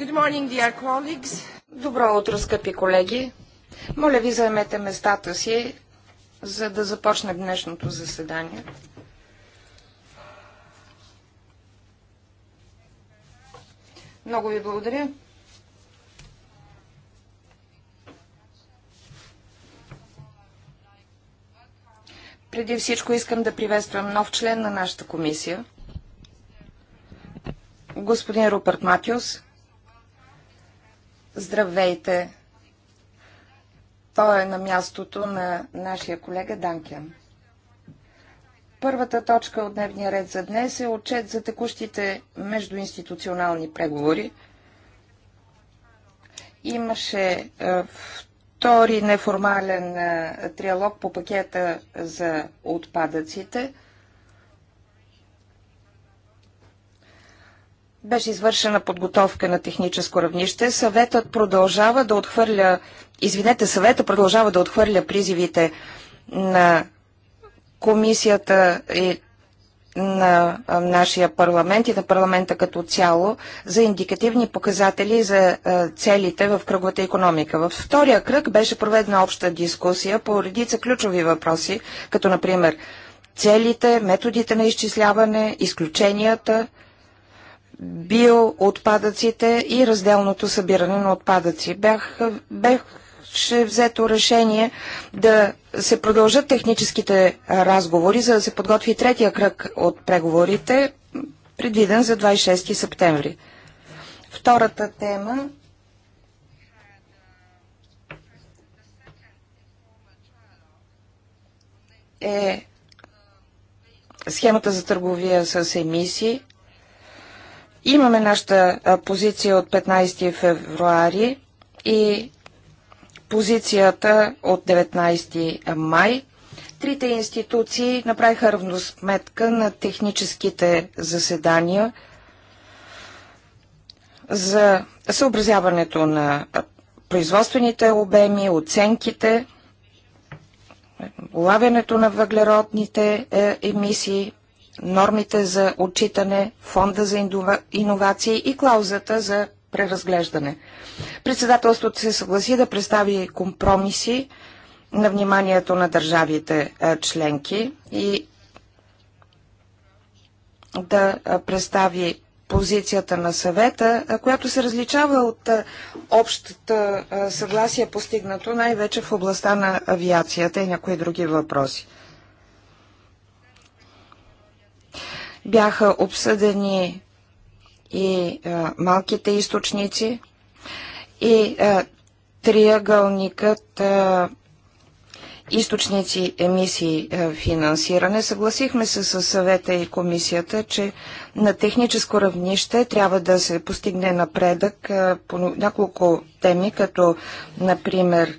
Good morning, dear colleagues. Добро утро, скъпи колеги. Моля ви, заемете местата си, за да започне днешното заседание. Много ви благодаря. Преди всичко искам да приветствам нов член на нашата комисия, господин Руперт Матиус. Здравейте! Той е на мястото на нашия колега Данкен. Първата точка от дневния ред за днес е отчет за текущите междуинституционални преговори. Имаше е, втори неформален е, триалог по пакета за отпадъците – Беше извършена подготовка на техническо равнище. Съветът продължава да отхвърля, извинете, съветът продължава да отхвърля призивите на комисията и на нашия парламент и на парламента като цяло за индикативни показатели за целите в кръговата економика. Във втория кръг беше проведена обща дискусия по редица ключови въпроси, като например целите, методите на изчисляване, изключенията – биоотпадъците и разделното събиране на отпадъци. Бях, бях ще взето решение да се продължат техническите разговори, за да се подготви третия кръг от преговорите, предвиден за 26 септември. Втората тема е схемата за търговия с емисии. Имаме нашата позиция от 15 февруари и позицията от 19 май. Трите институции направиха равносметка на техническите заседания за съобразяването на производствените обеми, оценките, лавянето на въглеродните е, емисии нормите за отчитане, фонда за иновации и клаузата за преразглеждане. Председателството се съгласи да представи компромиси на вниманието на държавите членки и да представи позицията на съвета, която се различава от общата съгласие постигнато най-вече в областта на авиацията и някои други въпроси. Бяха обсъдени и а, малките източници и а, триъгълникът а, източници емисии а, финансиране. Съгласихме се с съвета и комисията, че на техническо равнище трябва да се постигне напредък а, по няколко теми, като например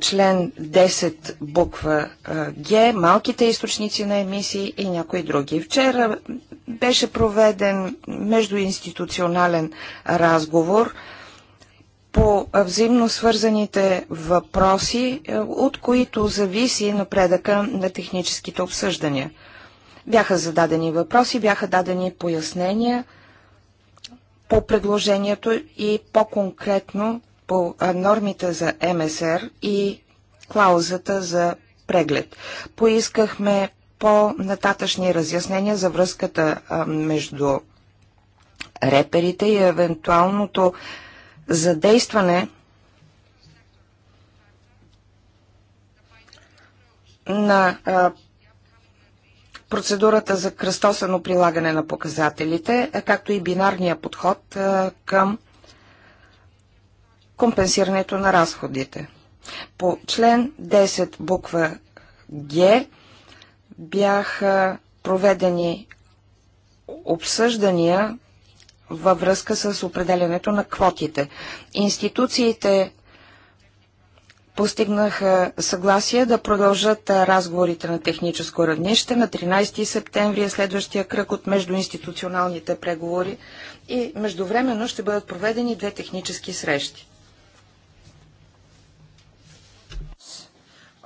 член 10 буква Г, малките източници на емисии и някои други. Вчера беше проведен междуинституционален разговор по взаимно свързаните въпроси, е, от които зависи напредъка на техническите обсъждания. Бяха зададени въпроси, бяха дадени пояснения по предложението и по-конкретно по нормите за МСР и клаузата за преглед. Поискахме по-нататъчни разяснения за връзката между реперите и евентуалното задействане на процедурата за кръстосано прилагане на показателите, както и бинарния подход към компенсирането на разходите. По член 10 буква Г бяха проведени обсъждания във връзка с определенето на квотите. Институциите постигнаха съгласие да продължат разговорите на техническо равнище. На 13 септември е следващия кръг от междуинституционалните преговори и междувременно ще бъдат проведени две технически срещи.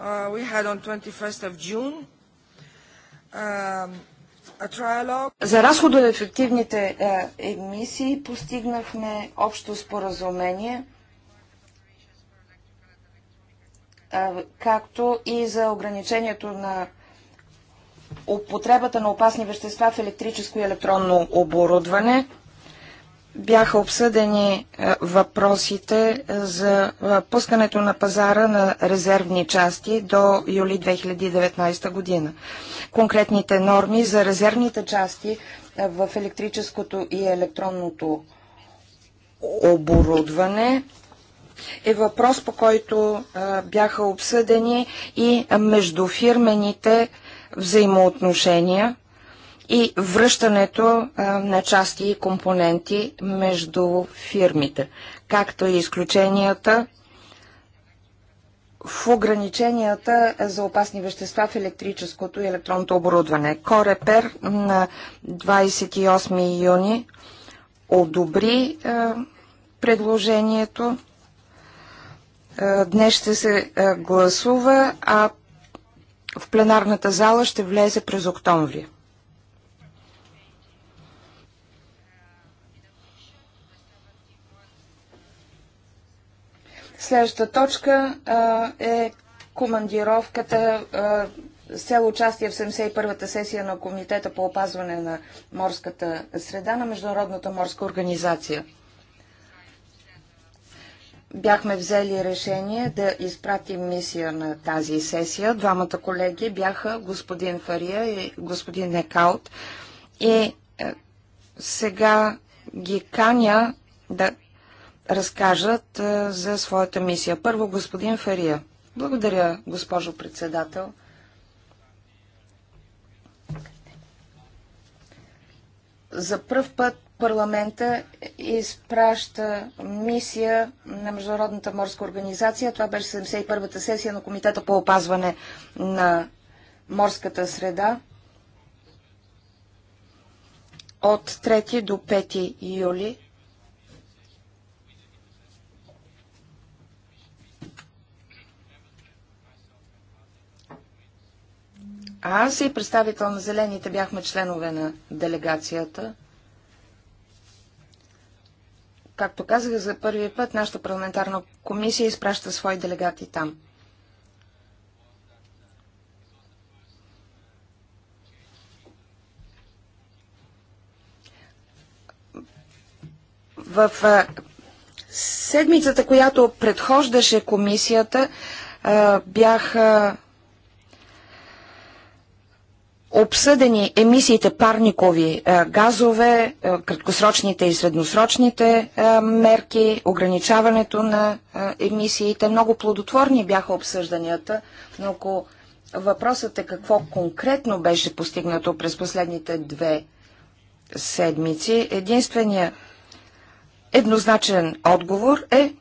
Uh, we had on 21st of June. Um, trialogue. за разходоефективните е, емисии постигнахме общо споразумение, е, както и за ограничението на употребата на опасни вещества в електрическо и електронно оборудване – бяха обсъдени е, въпросите е, за е, пускането на пазара на резервни части до юли 2019 година. Конкретните норми за резервните части в електрическото и електронното оборудване е въпрос, по който бяха обсъдени и междуфирмените взаимоотношения и връщането на части и компоненти между фирмите, както и изключенията в ограниченията за опасни вещества в електрическото и електронното оборудване. Корепер на 28 юни одобри а, предложението. днес ще се гласува, а в пленарната зала ще влезе през октомври. Следващата точка а, е командировката а, с цел участие в 71-та сесия на Комитета по опазване на морската среда на Международната морска организация. Бяхме взели решение да изпратим мисия на тази сесия. Двамата колеги бяха господин Фария и господин Некаут. И е, сега ги каня да разкажат е, за своята мисия. Първо господин Фария. Благодаря, госпожо председател. За първ път парламента изпраща мисия на Международната морска организация. Това беше 71-та сесия на Комитета по опазване на морската среда от 3 до 5 юли Аз и представител на Зелените бяхме членове на делегацията. Както казах, за първи път нашата парламентарна комисия изпраща свои делегати там. В седмицата, която предхождаше комисията, бяха обсъдени емисиите парникови е, газове, е, краткосрочните и средносрочните е, мерки, ограничаването на емисиите. Много плодотворни бяха обсъжданията, но ако въпросът е какво конкретно беше постигнато през последните две седмици, единственият еднозначен отговор е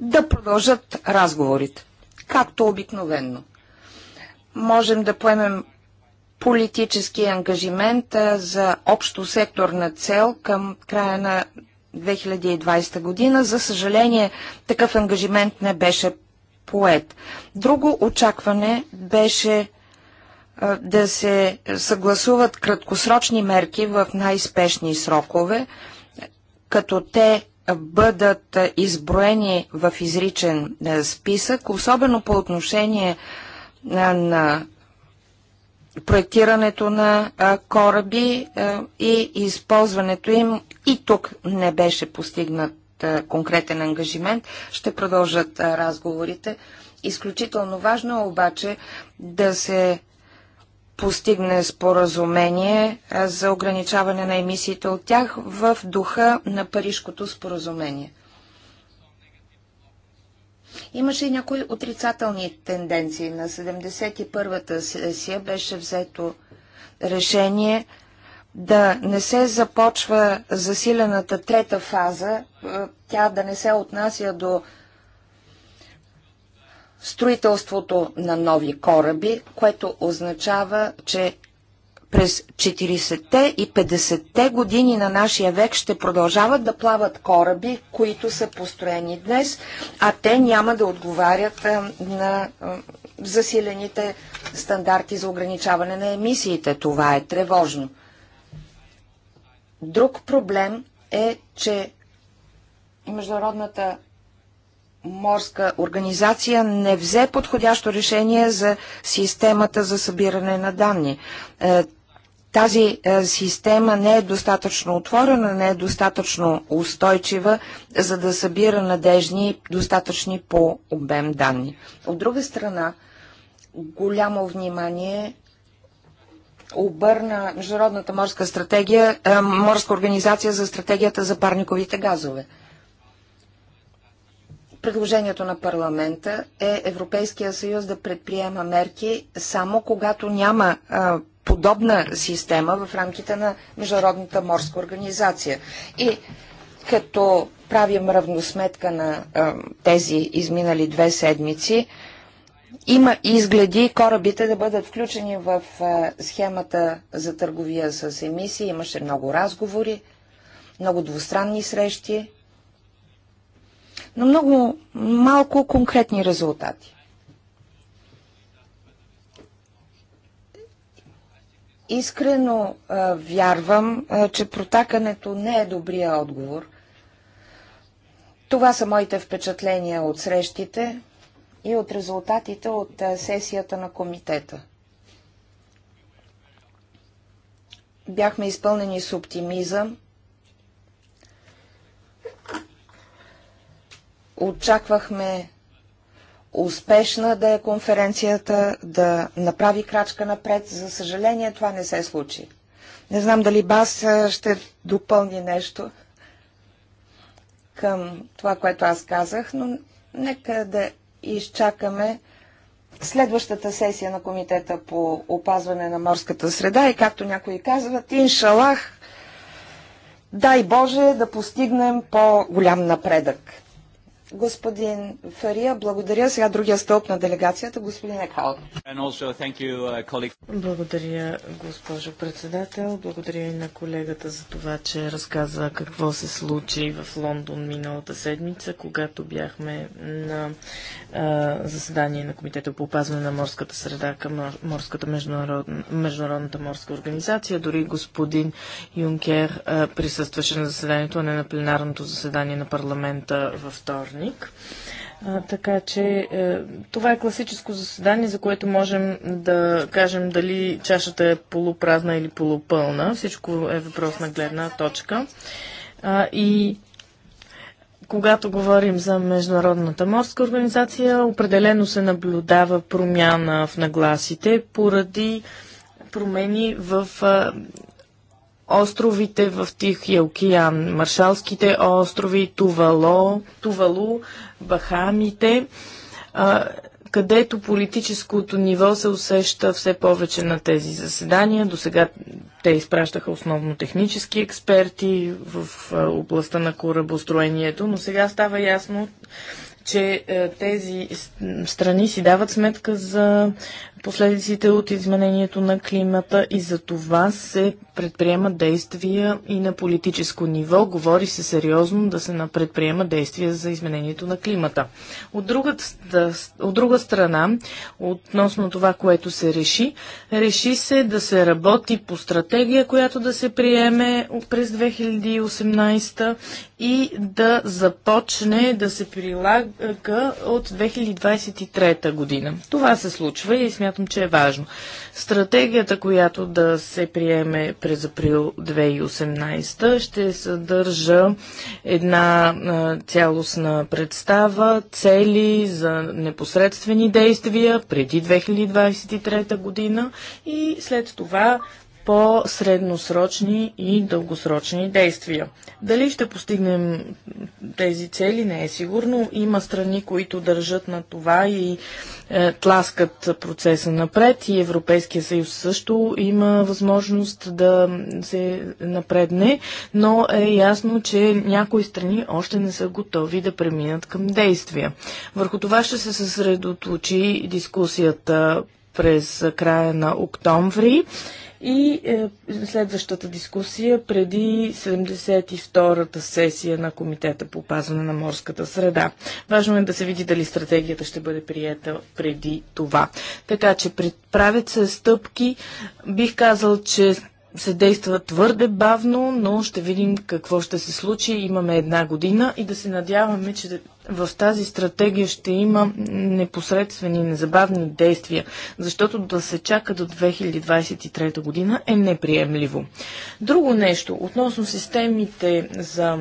да продължат разговорите, както обикновенно. Можем да поемем политически ангажимент за общо секторна цел към края на 2020 година. За съжаление, такъв ангажимент не беше поет. Друго очакване беше да се съгласуват краткосрочни мерки в най-спешни срокове, като те бъдат изброени в изричен списък, особено по отношение на проектирането на кораби и използването им. И тук не беше постигнат конкретен ангажимент. Ще продължат разговорите. Изключително важно е обаче да се постигне споразумение за ограничаване на емисиите от тях в духа на Парижкото споразумение. Имаше и някои отрицателни тенденции. На 71-та сесия беше взето решение да не се започва засилената трета фаза, е, тя да не се отнася до строителството на нови кораби, което означава, че през 40-те и 50-те години на нашия век ще продължават да плават кораби, които са построени днес, а те няма да отговарят на засилените стандарти за ограничаване на емисиите. Това е тревожно. Друг проблем е, че Международната морска организация не взе подходящо решение за системата за събиране на данни. Е, тази е, система не е достатъчно отворена, не е достатъчно устойчива, за да събира надежни и достатъчни по обем данни. От друга страна, голямо внимание обърна Международната морска стратегия, е, морска организация за стратегията за парниковите газове. Предложението на парламента е Европейския съюз да предприема мерки само когато няма е, подобна система в рамките на Международната морска организация. И като правим равносметка на а, тези изминали две седмици, има изгледи корабите да бъдат включени в а, схемата за търговия с емисии. Имаше много разговори, много двустранни срещи, но много малко конкретни резултати. Искрено а, вярвам, а, че протакането не е добрия отговор. Това са моите впечатления от срещите и от резултатите от а, сесията на комитета. Бяхме изпълнени с оптимизъм. Очаквахме успешна да е конференцията, да направи крачка напред. За съжаление, това не се случи. Не знам дали Бас ще допълни нещо към това, което аз казах, но нека да изчакаме следващата сесия на Комитета по опазване на морската среда и както някои казват, иншалах, дай Боже да постигнем по-голям напредък. Господин Фария, благодаря. Сега другия стълб на делегацията, господин Екал. Uh, благодаря, госпожо председател. Благодаря и на колегата за това, че разказа какво се случи в Лондон миналата седмица, когато бяхме на заседание на Комитета по опазване на морската среда към морската международна, международната морска организация. Дори господин Юнкер присъстваше на заседанието, а не на пленарното заседание на парламента във вторник празник. А, така че е, това е класическо заседание, за което можем да кажем дали чашата е полупразна или полупълна. Всичко е въпрос на гледна точка. А, и когато говорим за Международната морска организация, определено се наблюдава промяна в нагласите поради промени в а, островите в Тихия океан, Маршалските острови, Тувало, Тувалу, Бахамите, където политическото ниво се усеща все повече на тези заседания. До сега те изпращаха основно технически експерти в областта на корабостроението, но сега става ясно, че е, тези страни си дават сметка за последиците от изменението на климата и за това се предприемат действия и на политическо ниво. Говори се сериозно да се предприема действия за изменението на климата. От друга, от друга страна, относно това, което се реши, реши се да се работи по стратегия, която да се приеме през 2018 и да започне да се прилага рамка от 2023 година. Това се случва и смятам, че е важно. Стратегията, която да се приеме през април 2018, ще съдържа една цялостна представа, цели за непосредствени действия преди 2023 година и след това по средносрочни и дългосрочни действия. Дали ще постигнем тези цели, не е сигурно. Има страни, които държат на това и е, тласкат процеса напред и Европейския съюз също има възможност да се напредне, но е ясно, че някои страни още не са готови да преминат към действия. Върху това ще се съсредоточи дискусията през края на октомври и е, следващата дискусия преди 72-та сесия на Комитета по опазване на морската среда. Важно е да се види дали стратегията ще бъде приета преди това. Така че правят се стъпки. Бих казал, че се действа твърде бавно, но ще видим какво ще се случи. Имаме една година и да се надяваме, че в тази стратегия ще има непосредствени, незабавни действия, защото да се чака до 2023 година е неприемливо. Друго нещо, относно системите за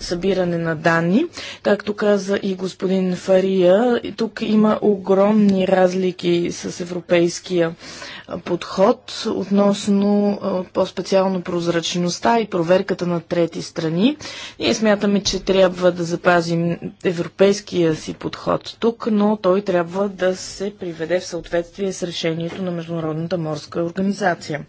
събиране на данни. Както каза и господин Фария, тук има огромни разлики с европейския подход относно по-специално прозрачността и проверката на трети страни. Ние смятаме, че трябва да запазим европейския си подход тук, но той трябва да се приведе в съответствие с решението на Международната морска организация.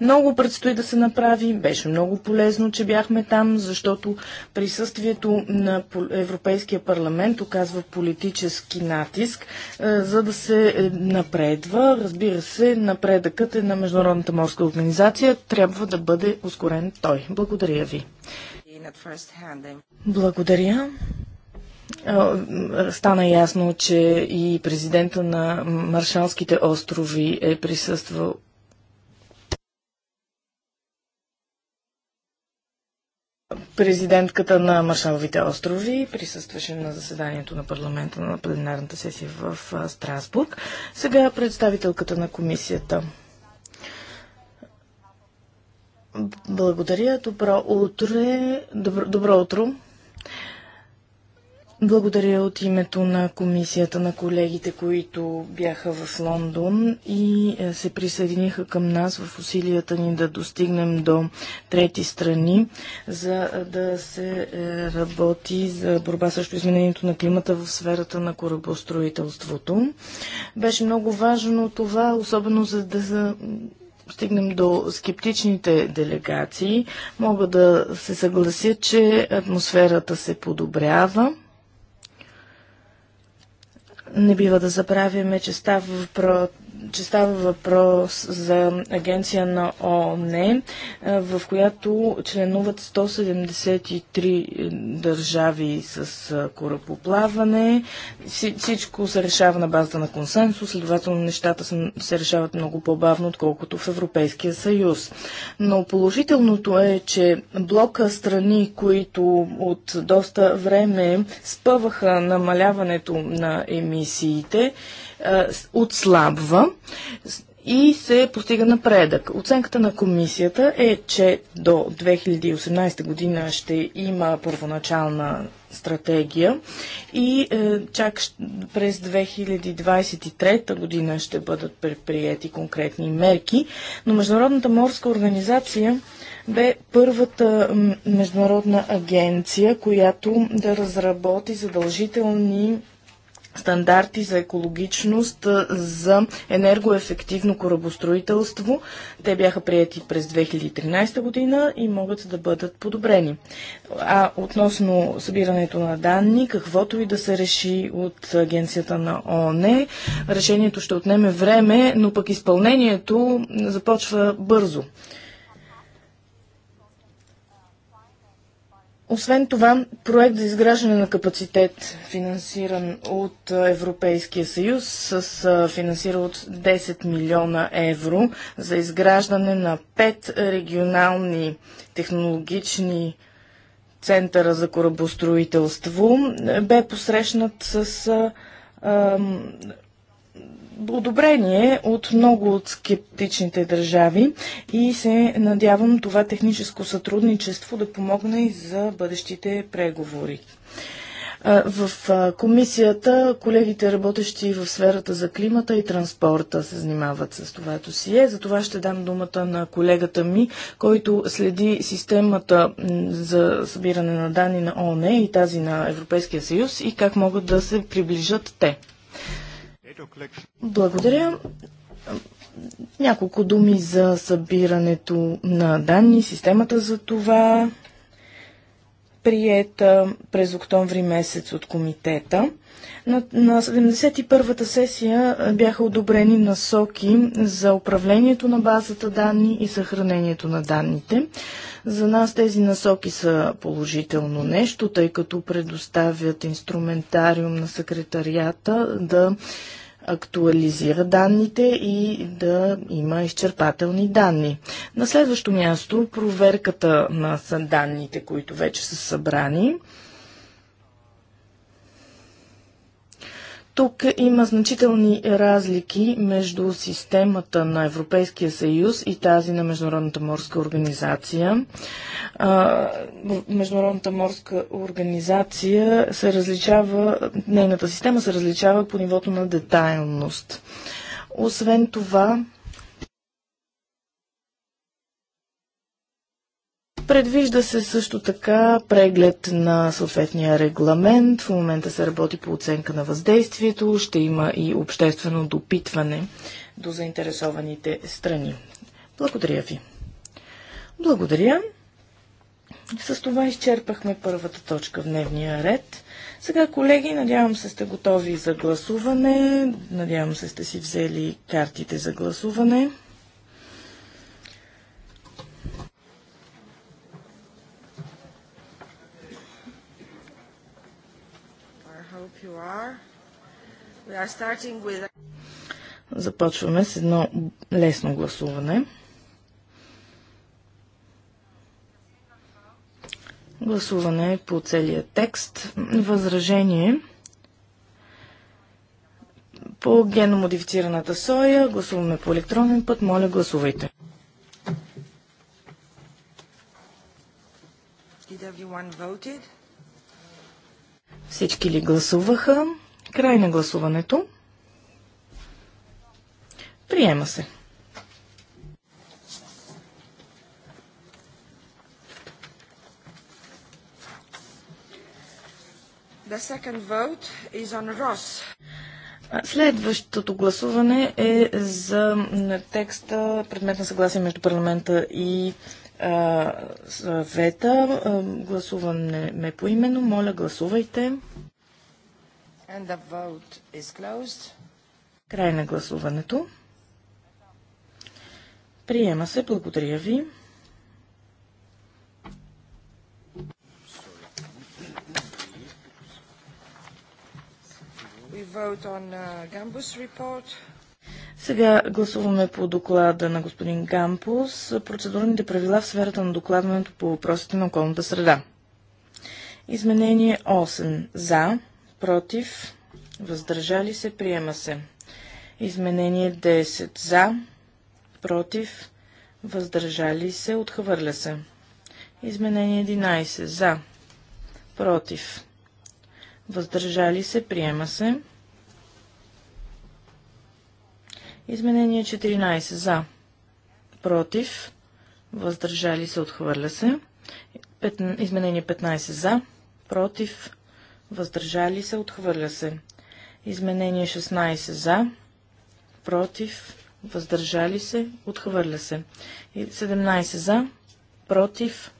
Много предстои да се направи. Беше много полезно, че бяхме там, защото Присъствието на Европейския парламент оказва политически натиск, е, за да се е, напредва. Разбира се, напредъкът е на Международната морска организация. Трябва да бъде ускорен той. Благодаря ви. Благодаря. Стана ясно, че и президента на Маршалските острови е присъствал Президентката на Маршаловите острови присъстваше на заседанието на парламента на пленарната сесия в Страсбург. Сега представителката на комисията. Благодаря. Добро утре. Добро, добро утро. Благодаря от името на комисията на колегите, които бяха в Лондон и е, се присъединиха към нас в усилията ни да достигнем до трети страни, за е, да се е, работи за борба срещу изменението на климата в сферата на корабостроителството. Беше много важно това, особено за да стигнем до скептичните делегации, мога да се съглася, че атмосферата се подобрява не бива да забравяме, че става въпрос че става въпрос за агенция на ООН, е, в която членуват 173 е, държави с е, корабоплаване. Всичко се решава на базата на консенсус, следователно нещата се решават много по-бавно, отколкото в Европейския съюз. Но положителното е, че блока страни, които от доста време спъваха намаляването на емисиите, е, отслабва и се постига напредък. Оценката на комисията е, че до 2018 година ще има първоначална стратегия и е, чак през 2023 година ще бъдат предприяти конкретни мерки, но Международната морска организация бе първата международна агенция, която да разработи задължителни стандарти за екологичност за енергоефективно корабостроителство. Те бяха прияти през 2013 година и могат да бъдат подобрени. А относно събирането на данни, каквото и да се реши от агенцията на ООН, решението ще отнеме време, но пък изпълнението започва бързо. Освен това, проект за изграждане на капацитет, финансиран от Европейския съюз, с финансира от 10 милиона евро за изграждане на 5 регионални технологични центъра за корабостроителство, бе посрещнат с одобрение от много от скептичните държави и се надявам това техническо сътрудничество да помогне и за бъдещите преговори. В комисията колегите, работещи в сферата за климата и транспорта, се занимават с това досие. За това ще дам думата на колегата ми, който следи системата за събиране на данни на ООН и тази на Европейския съюз и как могат да се приближат те. Благодаря. Няколко думи за събирането на данни, системата за това, приета през октомври месец от комитета. На, на 71-та сесия бяха одобрени насоки за управлението на базата данни и съхранението на данните. За нас тези насоки са положително нещо, тъй като предоставят инструментариум на секретарията да актуализира данните и да има изчерпателни данни. На следващо място проверката на данните, които вече са събрани. Тук има значителни разлики между системата на Европейския съюз и тази на Международната морска организация. Международната морска организация се различава, нейната система се различава по нивото на детайлност. Освен това, Предвижда се също така преглед на съответния регламент. В момента се работи по оценка на въздействието. Ще има и обществено допитване до заинтересованите страни. Благодаря ви. Благодаря. С това изчерпахме първата точка в дневния ред. Сега, колеги, надявам се сте готови за гласуване. Надявам се сте си взели картите за гласуване. Започваме с едно лесно гласуване. Гласуване по целия текст. Възражение по геномодифицираната соя. Гласуваме по електронен път. Моля, гласувайте. Did everyone voted? Всички ли гласуваха? Край на гласуването. Приема се. The second vote is on Ross. Следващото гласуване е за текста предмет на съгласие между парламента и съвета. гласуване ме по имено. Моля, гласувайте. And the vote is closed. Край на гласуването. Приема се. Благодаря ви. We vote on uh, Gambus report. Сега гласуваме по доклада на господин с процедурните правила в сферата на докладването по въпросите на околната среда. Изменение 8. За, против, въздържали се, приема се. Изменение 10. За, против, въздържали се, отхвърля се. Изменение 11. За, против, въздържали се, приема се. Изменение 14 за, против, въздържали се, отхвърля се. Изменение 15 за, против, въздържали се, отхвърля се. Изменение 16 за, против, въздържали се, отхвърля се. 17 за, против,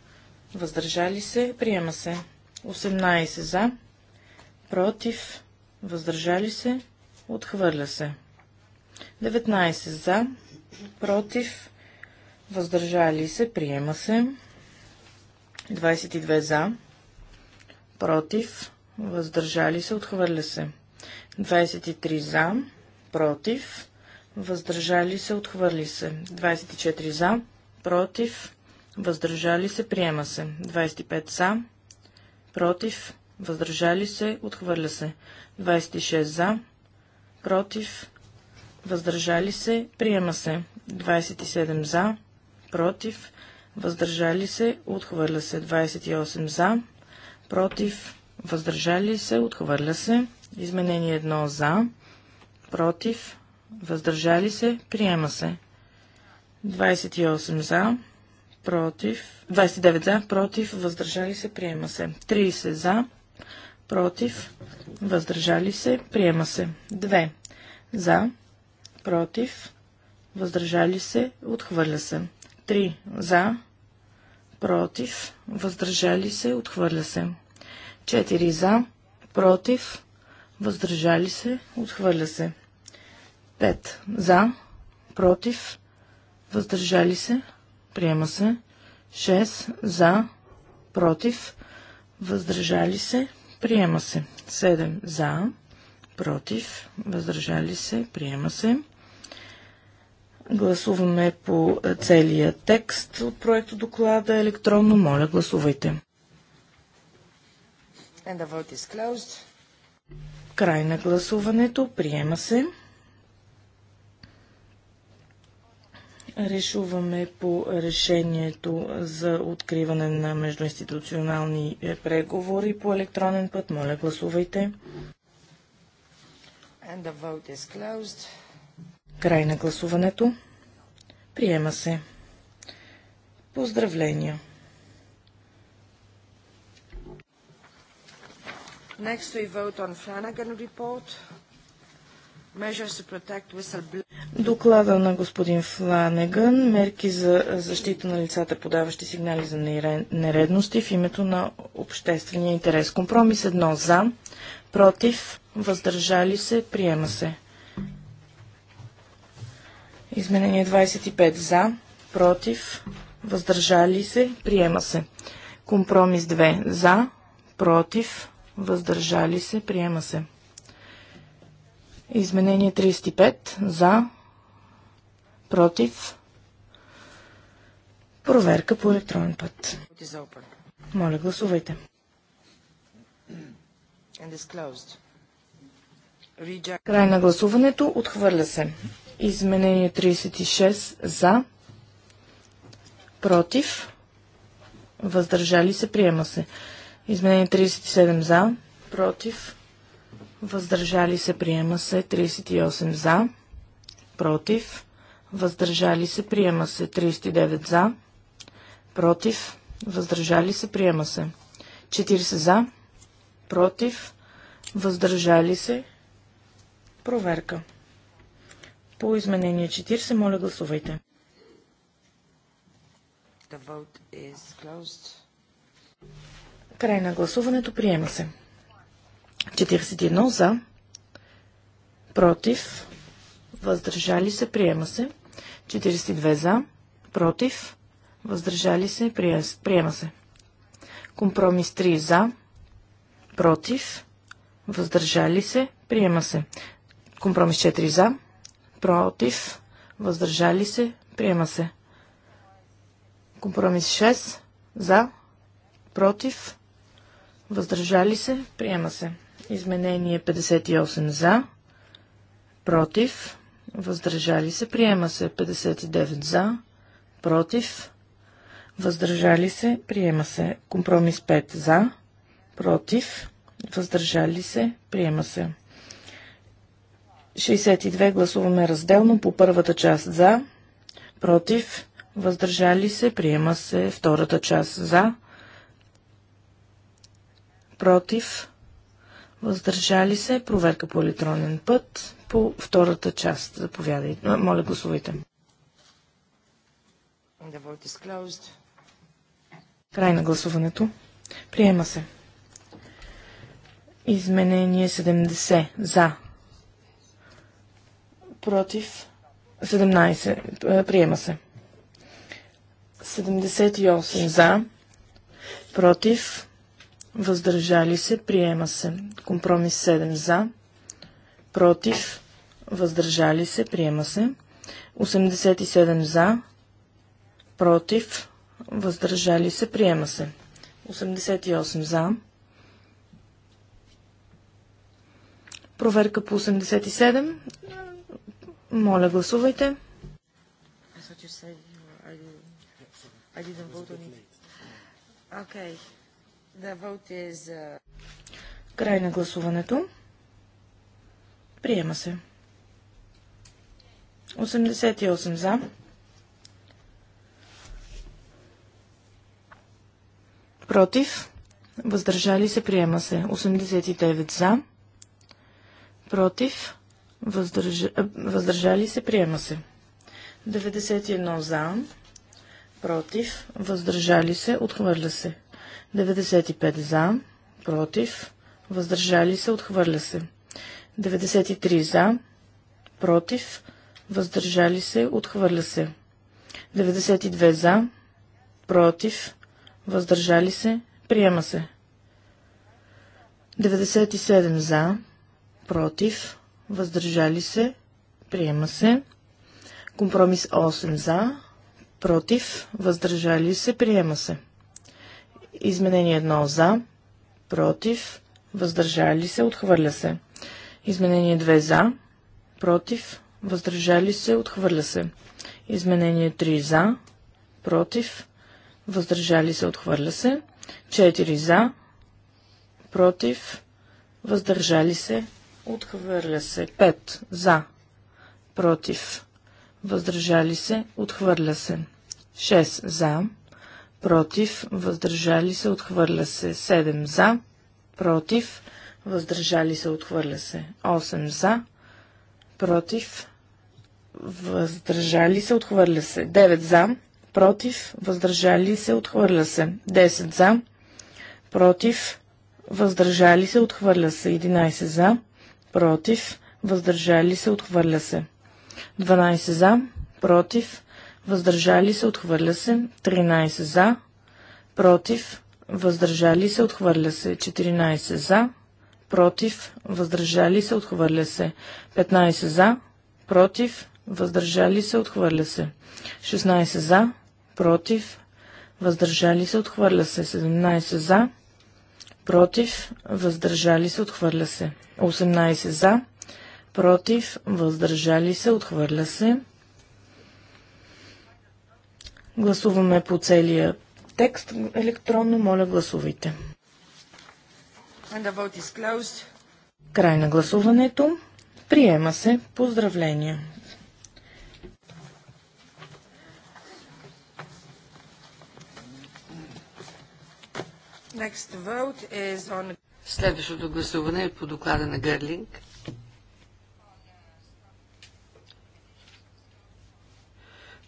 въздържали се, приема се. 18 за, против, въздържали се, отхвърля се. 19 за, против, въздържали се, приема се. 22 за, против, въздържали се, отхвърля се. 23 за, против, въздържали се, отхвърли се. 24 за, против, въздържали се, приема се. 25 за, против, въздържали се, отхвърля се. 26 за, против, въздържали се, приема се. 27 за, против, въздържали се, отхвърля се. 28 за, против, въздържали се, отхвърля се. Изменение 1 за, против, въздържали се, приема се. 28 за, против, 29 за, против, въздържали се, приема се. 30 за, против, въздържали се, приема се. 2 за, против, въздържали се, отхвърля се. 3. За, против, въздържали се, отхвърля се. 4. За, против, въздържали се, отхвърля се. 5. За, против, въздържали се, приема се. 6. За, против, въздържали се, приема се. 7. За, против, въздържали се, приема се. Гласуваме по целия текст от проекта доклада електронно. Моля, гласувайте. Край на гласуването. Приема се. Решуваме по решението за откриване на междуинституционални преговори по електронен път. Моля, гласувайте. And the vote is closed. Край на гласуването. Приема се. Поздравления! Next we vote on Flanagan report. Measures to protect whistleblowers. Доклада на господин Фланеган мерки за защита на лицата, подаващи сигнали за нередности в името на обществения интерес. Компромис едно за, против, въздържали се, приема се. Изменение 25 за, против, въздържали се, приема се. Компромис 2 за, против, въздържали се, приема се. Изменение 35 за, против, проверка по електронен път. Моля, гласувайте. Край на гласуването отхвърля се. Изменение 36 за, против, въздържали се, приема се. Изменение 37 за, против, въздържали се, приема се. 38 за, против, въздържали се, приема се. 39 за, против, въздържали се, приема се. 40 за, против, въздържали се, проверка. По изменение 40, моля гласувайте. The vote is closed. Край на гласуването приема се. 41 за, против, въздържали се, приема се. 42 за, против, въздържали се, приема се. Компромис 3 за, против, въздържали се, приема се. Компромис 4 за, против, въздържали се, приема се. Компромис 6 за, против, въздържали се, приема се. Изменение 58 за, против, въздържали се, приема се. 59 за, против, въздържали се, приема се. Компромис 5 за, против, въздържали се, приема се. 62 гласуваме разделно по първата част за, против, въздържали се, приема се втората част за, против, въздържали се, проверка по електронен път по втората част. Заповядайте. Моля, гласувайте. Край на гласуването. Приема се. Изменение 70 за, против 17. Е, приема се. 78 за, против, въздържали се, приема се. Компромис 7 за, против, въздържали се, приема се. 87 за, против, въздържали се, приема се. 88 за. Проверка по 87. Моля, гласувайте. Uh, Край на гласуването. Приема се. 88 за. Против. Въздържали се. Приема се. 89 за. Против въздържа, въздържали се, приема се. 91 за, против, въздържали се, отхвърля се. 95 за, против, въздържали се, отхвърля се. 93 за, против, въздържали се, отхвърля се. 92 за, против, въздържали се, приема се. 97 за, против, въздържали се, приема се. Компромис 8 за, против, въздържали се, приема се. Изменение 1 за, против, въздържали се, отхвърля се. Изменение 2 за, против, въздържали се, отхвърля се. Изменение 3 за, против, въздържали се, отхвърля се. 4 за, против, въздържали се, Отхвърля се. 5. За. Против. Въздържали се. Отхвърля се. 6. За. Против. Въздържали се. Отхвърля се. 7. За. Против. Въздържали се. Отхвърля се. 8. За. Против. Въздържали се. Отхвърля се. 9. За. Против. Въздържали се. Отхвърля се. 10. За. Против. Въздържали се. Отхвърля се. 11. За против, въздържали се, отхвърля се. 12 за, против, въздържали се, отхвърля се. 13 за, против, въздържали се, отхвърля се. 14 за, против, въздържали се, отхвърля се. 15 за, против, въздържали се, отхвърля се. 16 за, против, въздържали се, отхвърля се. 17 за, против, въздържали се, отхвърля се. 18 за, против, въздържали се, отхвърля се. Гласуваме по целия текст електронно. Моля, гласувайте. Край на гласуването. Приема се. Поздравления. On... Следващото гласуване е по доклада на Гърлинг.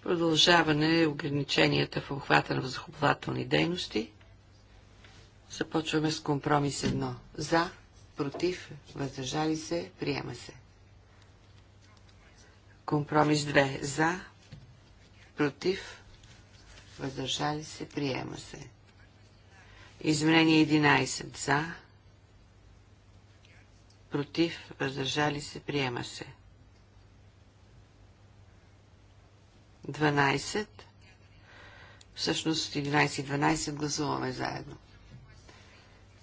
Продължаване е ограниченията в обхвата на въздухоплавателни дейности. Започваме с компромис 1. За, против, въздържали се, приема се. Компромис 2. За, против, въздържали се, приема се. Изменение 11 за, против, въздържали се, приема се. 12. Всъщност 11 и 12 гласуваме заедно.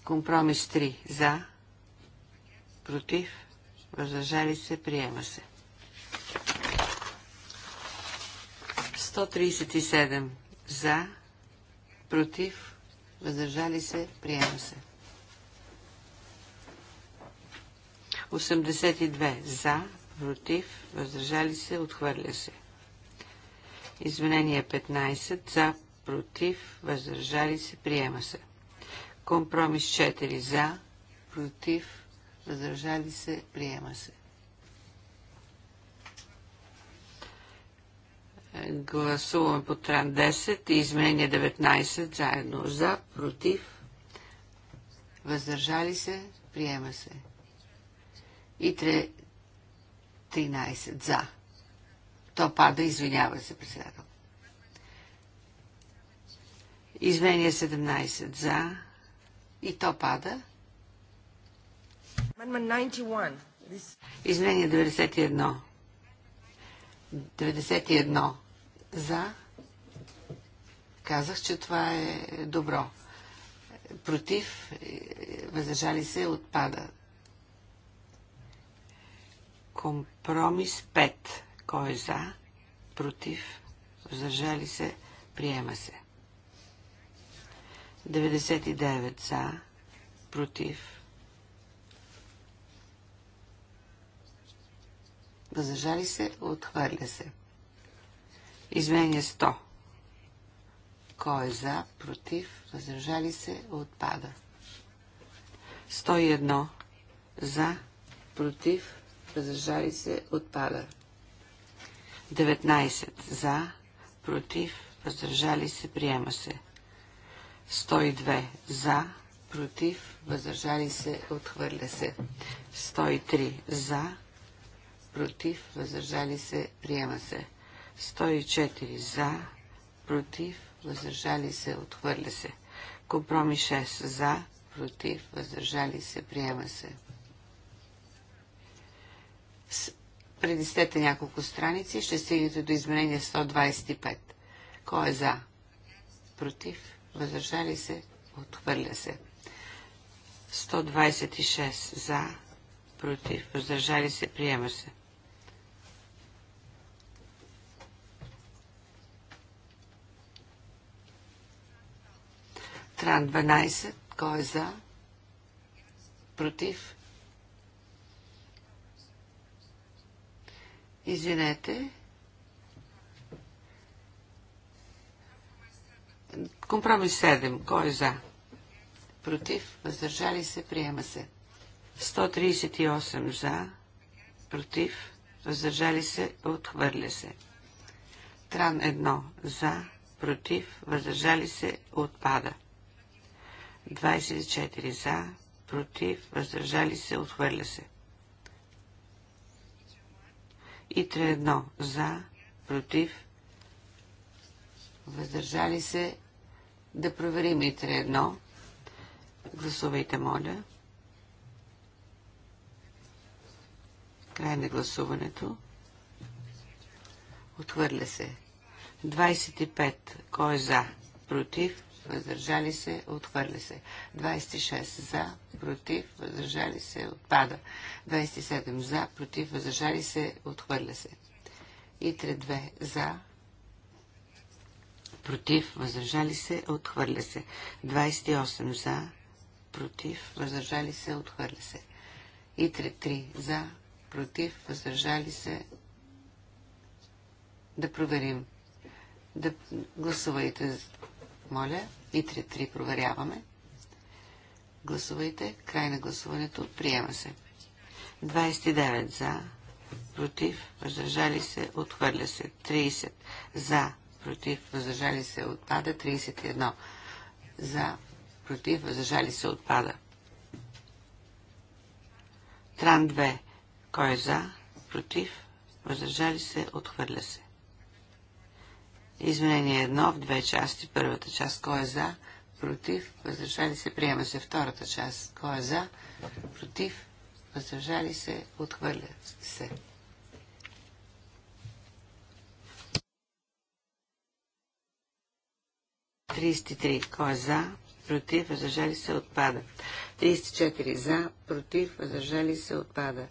Компромис 3 за, против, въздържали се, приема се. 137 за, против, въздържали се, приема се. 82 за, против, въздържали се, отхвърля се. Изменение 15 за, против, въздържали се, приема се. Компромис 4 за, против, въздържали се, приема се. Гласуваме по тран 10 и изменение 19 заедно за, против, въздържали се, приема се. И 13 за. То пада, извинява се, председател. Изменение 17 за. И то пада. Изменение 91. 91 за. Казах, че това е добро. Против. Въздържали се. Отпада. Компромис 5. Кой е за? Против. Въздържали се. Приема се. 99 за. Против. Въздържали се, отхвърля се. Извинение 100. Кой е за, против, въздържали се, отпада. 101. За, против, въздържали се, отпада. 19. За, против, въздържали се, приема се. 102. За, против, въздържали се, отхвърля се. 103. За, против, въздържали се, приема се. 104 за, против, въздържали се, отхвърля се. Компромис 6 за, против, въздържали се, приема се. Предистете няколко страници, ще стигнете до изменение 125. Кой е за? Против, въздържали се, отхвърля се. 126 за, против, въздържали се, приема се. Тран 12. Кой е за? Против? Извинете. Компромис 7. Кой е за? Против? Въздържали се? Приема се. 138 за. Против? Въздържали се? Отхвърля се. Тран 1 за. Против? Въздържали се? Отпада. 24 за, против, въздържали се, отхвърля се. И 31 1 за, против, въздържали се. Да проверим и 31. Гласувайте, моля. Край на гласуването. Отхвърля се. 25. Кой е за? Против? въздържали се, отхвърля се. 26 за, против, въздържали се, отпада. 27 за, против, въздържали се, отхвърля се. И 32 2 за, против, въздържали се, отхвърля се. 28 за, против, въздържали се, отхвърля се. И 3 за, против, въздържали се. Да проверим. Да гласувайте моля, и 3-3 проверяваме. Гласувайте. Край на гласуването. Приема се. 29 за, против, въздържали се, отхвърля се. 30 за, против, въздържали се, отпада. 31 за, против, въздържали се, отпада. Тран 2. Кой е за? Против? Въздържали се? Отхвърля се. Изменение едно в две части. Първата част кой е за, против, въздържали се, приема се. Втората част кой е за, против, въздържали се, отхвърля се. Тридцати три. Кой е за? Против, въздържали се, отпада. 34 за, против, въздържали се, отпада.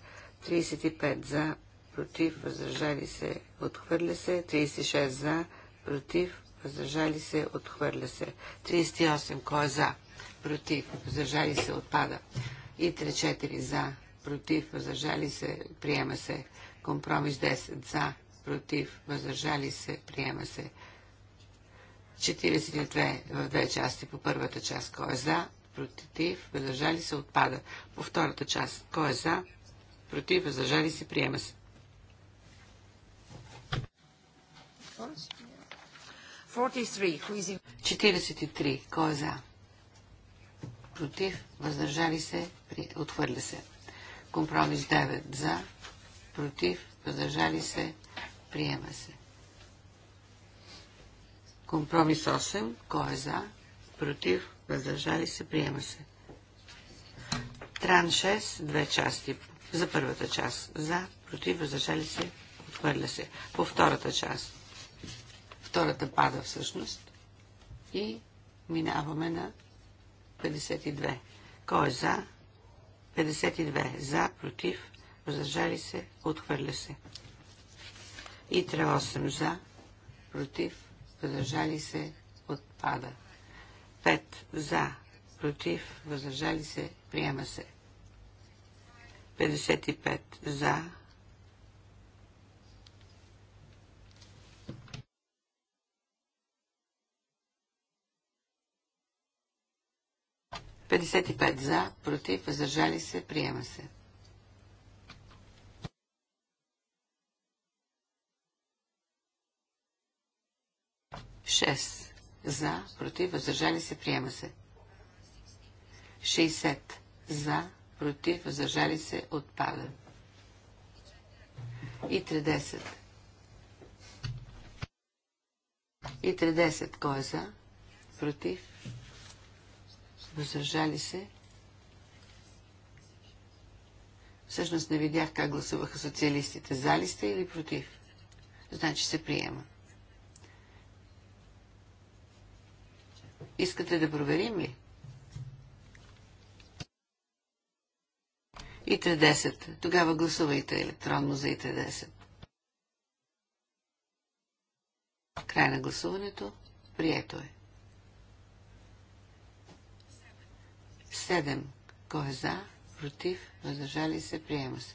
35 за, против, въздържали се, отхвърля се. 36 за, против, въздържали се, отхвърля се. 38. Кой е за? Против, въздържали се, отпада. И 3-4 за, против, въздържали се, приема се. Компромис 10 за, против, въздържали се, приема се. 42 в две части. По първата част, кой е за, против, въздържали се, отпада. По втората част, кой е за, против, въздържали се, приема се. course. 43. Кой е за? Против. Въздържали се. При... Отхвърля се. Компромис 9. За. Против. Въздържали се. Приема се. Компромис 8. Кой е за? Против. Въздържали се. Приема се. Тран 6. Две части. За първата част. За. Против. Въздържали се. Отхвърля се. По втората част. Втората пада всъщност. И минаваме на 52. Кой е за? 52. За, против, въздържали се, отхвърля се. И 8 за, против, въздържали се, отпада. 5 за, против, въздържали се, приема се. 55 за, 55 за, против, въздържали се, приема се. Шест. За, против, въздържали се, приема се. 60. За, против, въздържали се, отпада. И 30. И 30. Кой е за? Против? въздържали се. Всъщност не видях как гласуваха социалистите. За ли сте или против? Значи се приема. Искате да проверим ли? И 10. Тогава гласувайте електронно за ит 10. Край на гласуването. Прието е. 7. Кой е за? Против? Въздържали се? Приема се.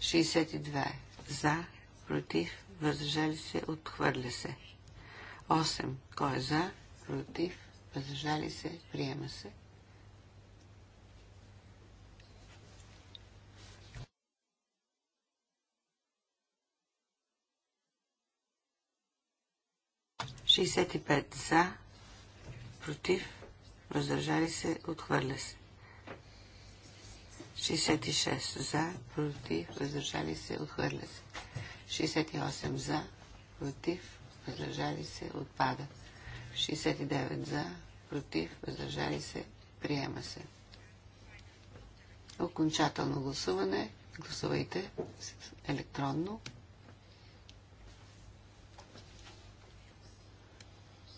62. За? Против? Въздържали се? Отхвърля се. 8. Кой е за? Против? Въздържали се? Приема се. Шестдесет и пет за, против, въздържали се, отхвърля се. 66 за, против, въздържали се, отхвърля се. 68 за, против, въздържали се, отпада. 69 за, против, въздържали се, приема се. Окончателно гласуване. Гласувайте електронно.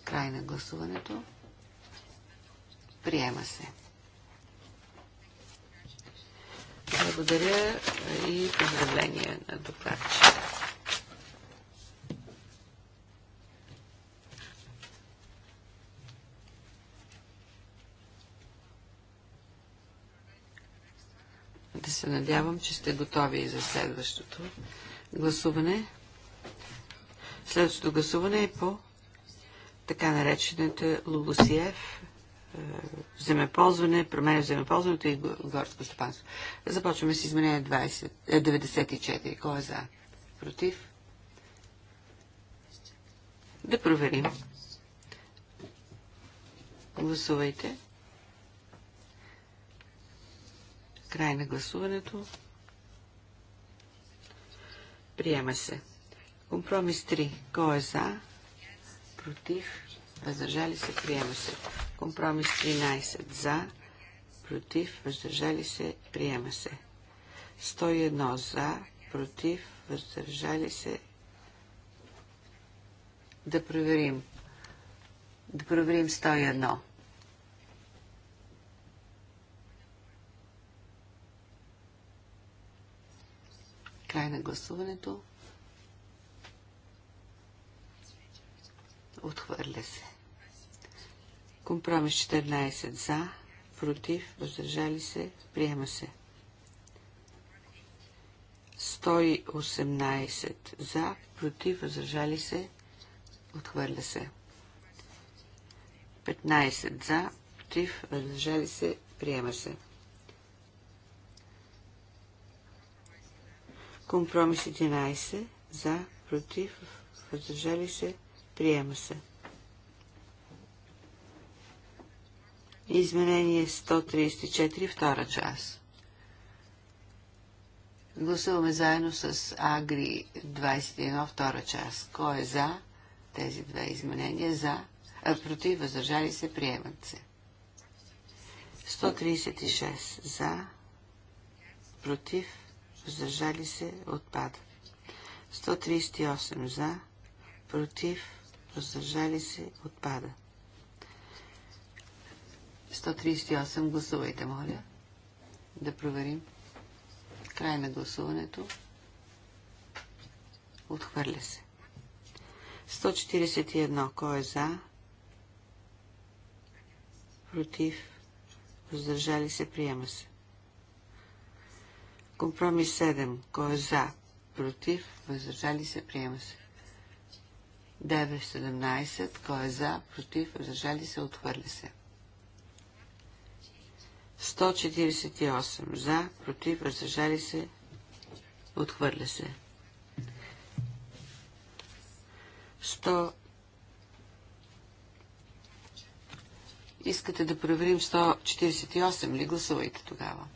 Край на гласуването. Приема се. Благодаря и поздравление на докладчика. Да се надявам, че сте готови и за следващото гласуване. Следващото гласуване е по така наречената Лугосиев земеползване, променя земеползването и горско стопанство. Започваме с изменение 20, 94. Е, Кой е за? Против? Да проверим. Гласувайте. Край на гласуването. Приема се. Компромис 3. Кой е за? Против? въздържали се, приема се. Компромис 13 за, против, въздържали се, приема се. 101 за, против, въздържали се. Да проверим. Да проверим 101. Край на гласуването. Отхвърля се. Компромис 14 за, против, въздържали се, приема се. 118 за, против, въздържали се, отхвърля се. 15 за, против, въздържали се, приема се. Компромис 11 за, против, въздържали се, приема се. Изменение 134, втора част. Гласуваме заедно с Агри 21, втора част. Кой е за тези две изменения? За, а против, въздържали се, приемат се. 136 за, против, въздържали се, отпада. 138 за, против, въздържали се, отпада. 138 гласувайте, моля. Да проверим. Край на гласуването. Отхвърля се. 141. Кой е за? Против? Въздържали се? Приема се. Компромис 7. Кой е за? Против? Въздържали се? Приема се. 9.17. Кой е за? Против? Въздържали се? Отхвърля се. 10. 148 за, против, въздържали се, отхвърля се. 100 Искате да проверим 148 ли? Гласувайте тогава.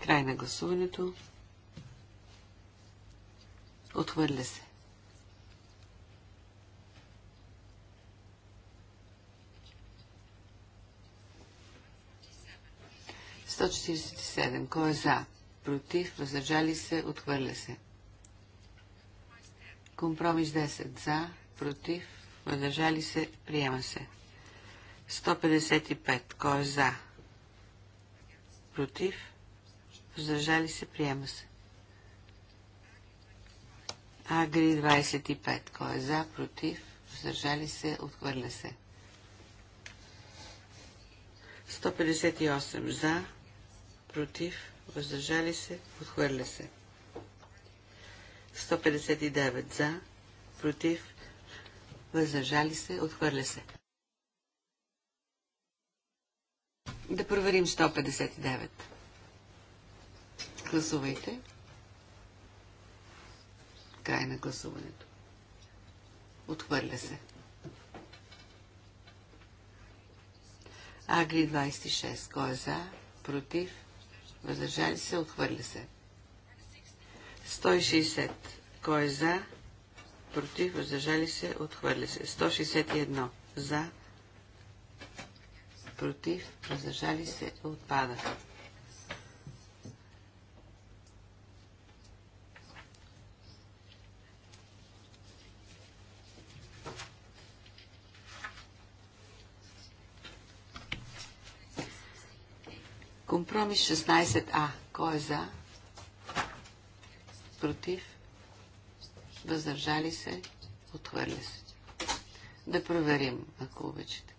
Край на гласуването. Отхвърля се. 147. Кой е за? Против, въздържали се, отхвърля се. Компромис 10. За, против, въздържали се, приема се. 155. Кой е за? Против, въздържали се, приема се. Агри 25. Кой е за? Против, въздържали се, отхвърля се. 158 за, против, въздържали се, отхвърля се. 159 за, против, въздържали се, отхвърля се. Да проверим 159. Гласувайте. Край на гласуването. Отхвърля се. Агри 26. Кой е за? Против? въздържали се, отхвърля се. 160. Кой е за? Против, въздържали се, отхвърля се. 161. За? Против, въздържали се, отпада. Компромис 16А. Кой е за? Против? Въздържали се? Отхвърля се. Да проверим, ако обичате.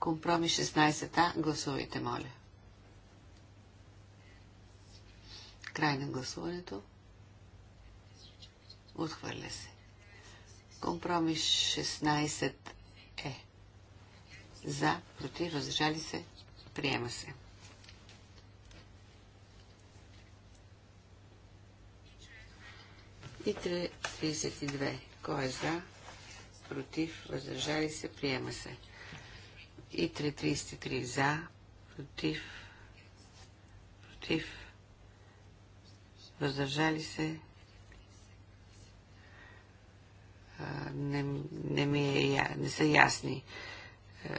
Компромис 16А. Гласувайте, моля. Край на гласуването. Отхвърля се. Компромис 16 е за, против, въздържали се, приема се. И 32. Кой е за, против, въздържали се, приема се. И 33. За, против, против, въздържали се, не, не, ми е, не са ясни е,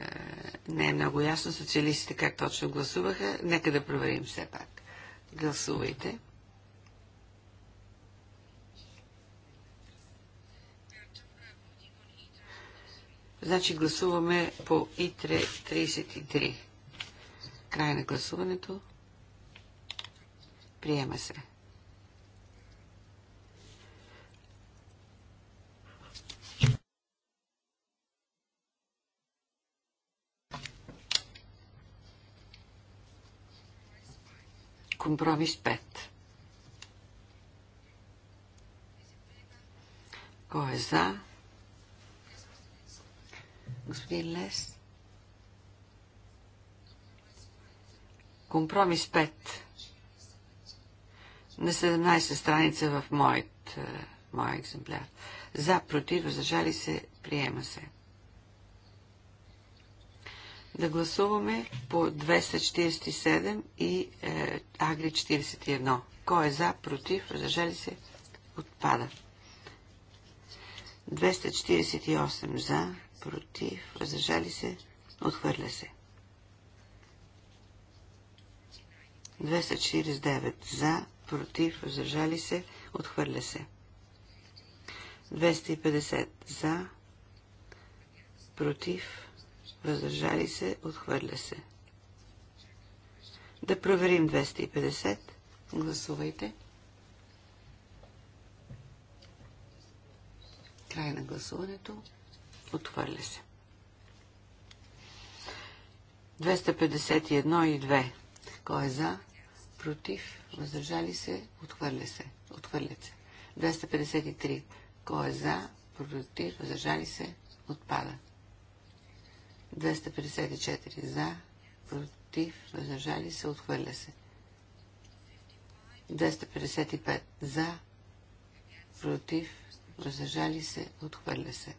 не е много ясно социалистите как точно гласуваха. Нека да проверим все пак. Гласувайте. Значи гласуваме по ИТРЕ 33. Край на гласуването. Приема се. Компромис 5. Кой е за? Господин Лес. Компромис 5. На 17 страница в моят, моя екземпляр. За, против, въздържали се, приема се да гласуваме по 247 и е, Агри 41. Кой е за, против, въздържали се, отпада. 248 за, против, въздържали се, отхвърля се. 249 за, против, въздържали се, отхвърля се. 250 за, против, въздържали се, отхвърля се. Да проверим 250. Гласувайте. Край на гласуването. Отхвърля се. 251 и 2. Кой е за? Против? Въздържали се? Отхвърля се. Отхвърля се. 253. Кой е за? Против? Въздържали се? Отпада. 254 за, против, въздържали се, отхвърля се. 255 за, против, въздържали се, отхвърля се.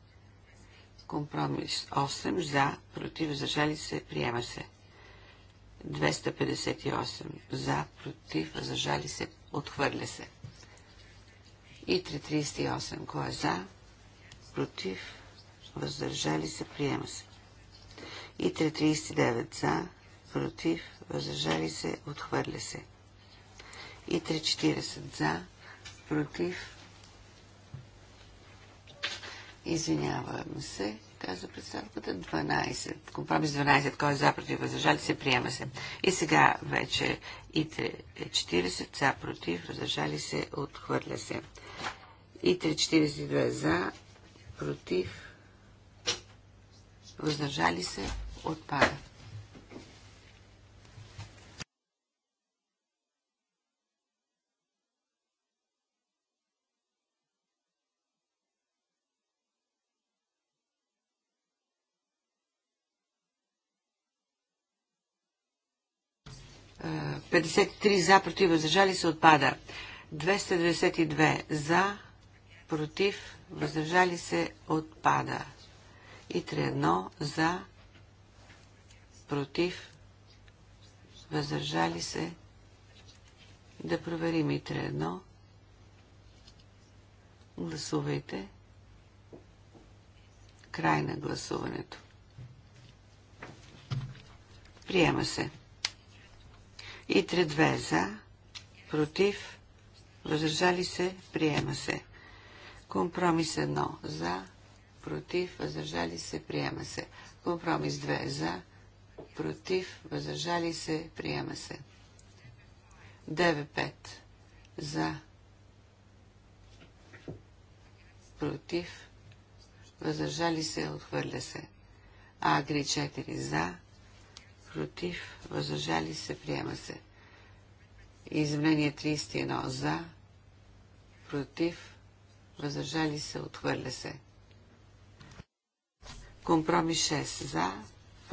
Компромис 8 за, против, въздържали се, приема се. 258 за, против, въздържали се, отхвърля се. И 338, кой е за, против, въздържали се, приема се и 339 за, против, въздържали се, отхвърля се. И 340 за, против, извиняваме се, каза представката 12. Компромис 12, кой е за, против, въздържали се, приема се. И сега вече и 40 за, против, въздържали се, отхвърля се. И 342 за, против, въздържали се, отпада. Петдесет три за, против, въздържали се, отпада. 292 за, против, въздържали се, отпада. И 3-1 за, против, въздържали се, да проверим и 3 едно. Гласувайте. Край на гласуването. Приема се. И 3-2 за, против, въздържали се, приема се. Компромис 1 за, против, въздържали се, приема се. Компромис 2 за, против, въздържали се, приема се. 9-5 за, против, въздържали се, отхвърля се. Агри 4 за, против, въздържали се, приема се. Изменение 31 за, против, въздържали се, отхвърля се. Компромис 6 за,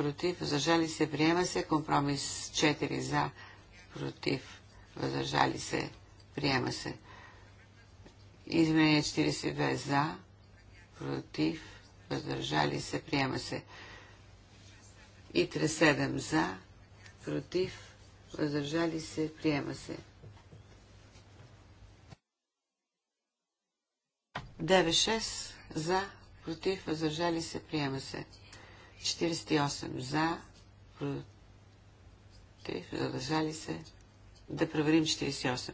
против, въздържали се, приема се. Компромис 4 за, против, въздържали се, приема се. Изменение 42 за, против, въздържали се, приема се. И 37 за, против, въздържали се, приема се. 9-6 за, против, въздържали се, приема се. 48 за, против, задържали се. Да проверим 48.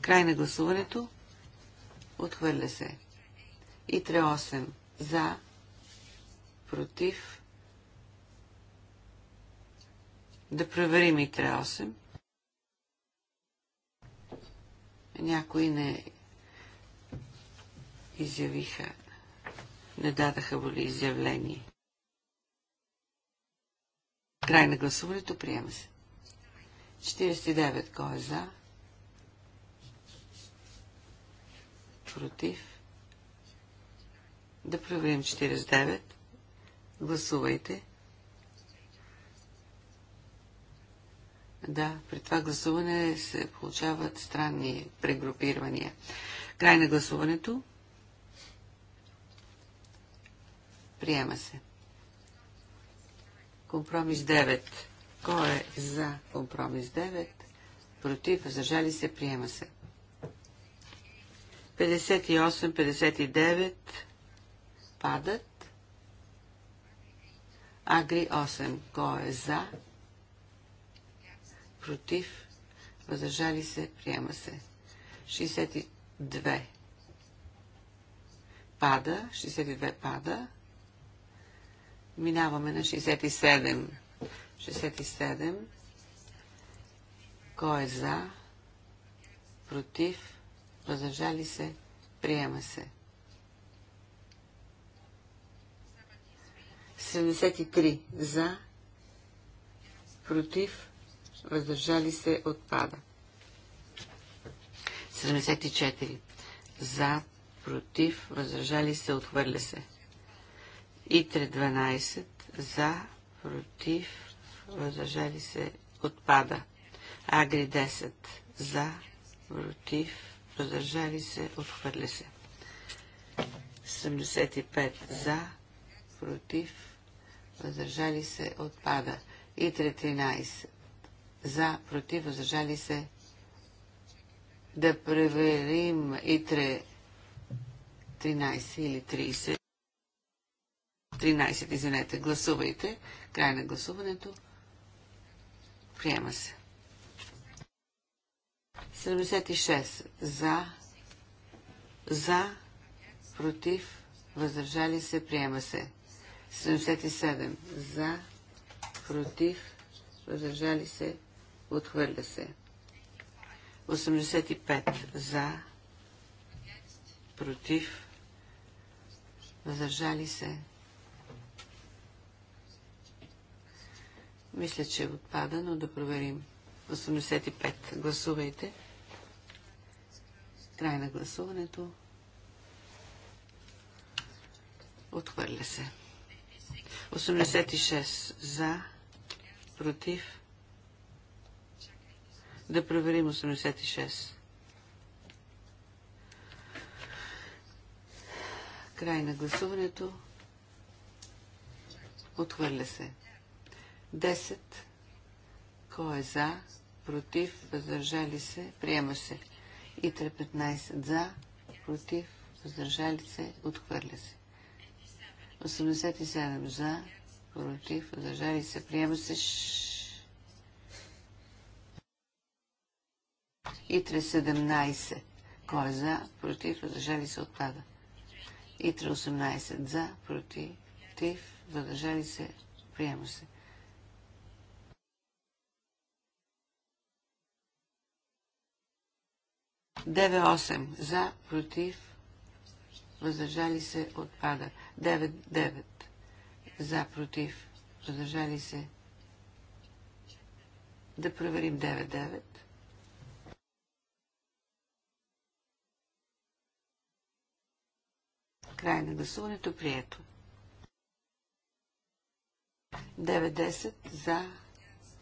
Край на гласуването. Отхвърля се. И 38 за, против. Да проверим и 8. някои не изявиха, не дадаха воли изявление. Край на гласуването приема се. 49 кой е за? Против? Да проверим 49. Гласувайте. Да, при това гласуване се получават странни прегрупирания. Край на гласуването. Приема се. Компромис 9. Кой е за компромис 9? Против, въздържали се, приема се. 58-59 падат. Агри 8. Кой е за? против, въздържали се, приема се. 62 пада, 62 пада. Минаваме на 67. 67. Кой е за? Против? Въздържали се? Приема се. 73 за, против, въздържали се, отпада. 74. За, против, въздържали се, отхвърля се. Итре 12. За, против, въздържали се, отпада. Агри 10. За, против, въздържали се, отхвърля се. 75. За, против, въздържали се, отпада. И 13 за, против, въздържали се. Да проверим и 13 или 30. 13, извинете, гласувайте. Край на гласуването. Приема се. 76 за, за, против, въздържали се, приема се. 77 за, против, въздържали се, Отхвърля се. 85 за. Против. Въздържали се. Мисля, че е отпада, но да проверим. 85. Гласувайте. Край на гласуването. Отхвърля се. 86 за, против, да проверим 86. Край на гласуването. Отхвърля се. 10. Кой е за? Против? Въздържали се? Приема се. И 3.15 за? Против? Въздържали се? Отхвърля се. 87 за? Против? Въздържали се? Приема се. Итре 17. Кой е за? Против. Въздържали се. Отпада. Итре 18. За. Против. Въздържали се. Приема се. ДВ 8. За. Против. Въздържали се. Отпада. 9. 9. За. Против. Въздържали се. Да проверим 9-9. Край на гласуването. Прието. 9-10 за,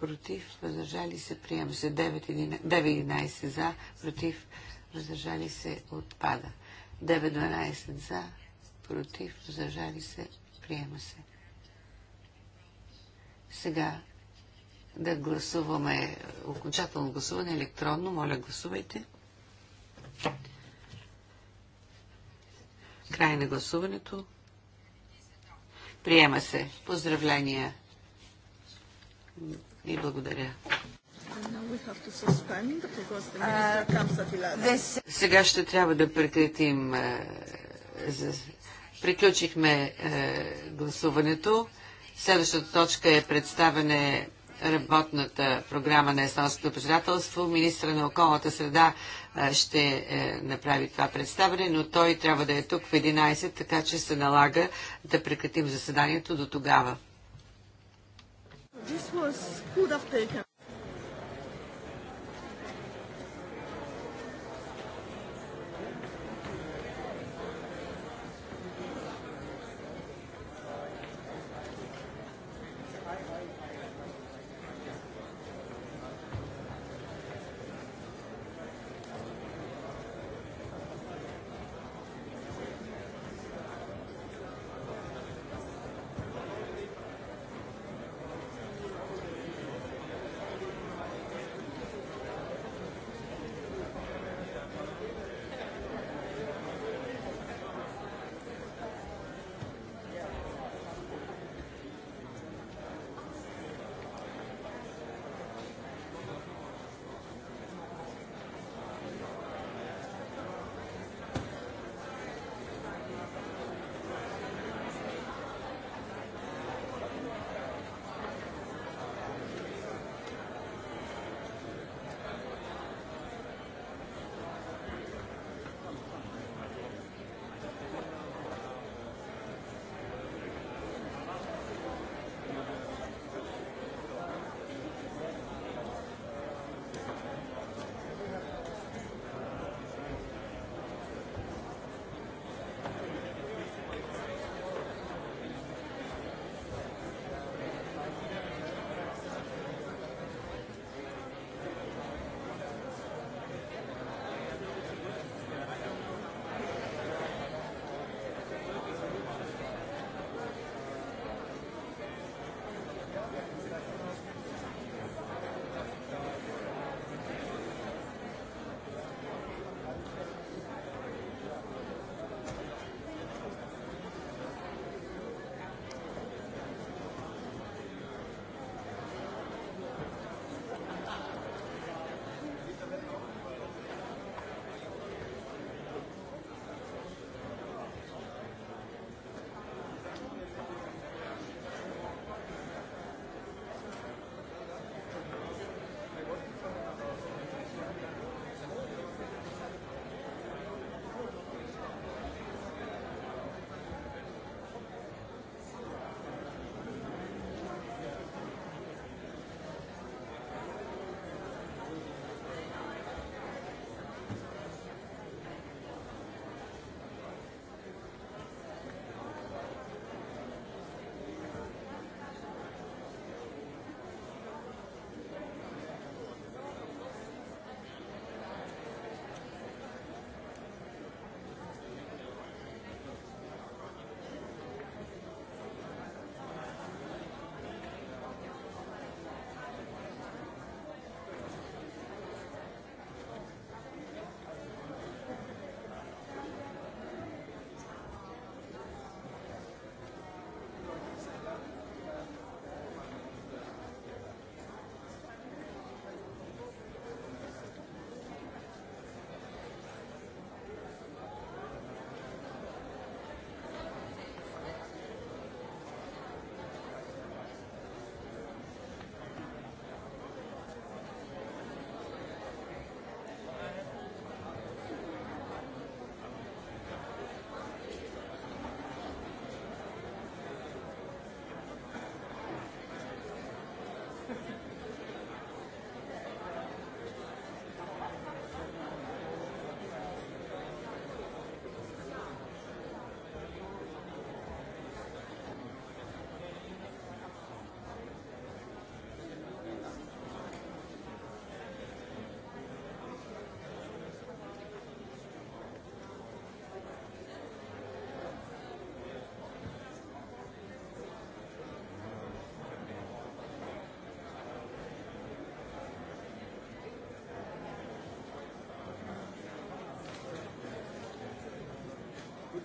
против, въздържали се, приема се. 9-11 за, против, въздържали се, отпада. 9-12 за, против, въздържали се, приема се. Сега да гласуваме окончателно гласуване електронно. Моля, гласувайте. Thank you. Край на гласуването. Приема се. Поздравления и благодаря. Сега ще трябва да прекратим. Е, приключихме е, гласуването. Следващата точка е представене работната програма на Естонското председателство. Министра на околната среда ще е, направи това представене, но той трябва да е тук в 11, така че се налага да прекратим заседанието до тогава. This was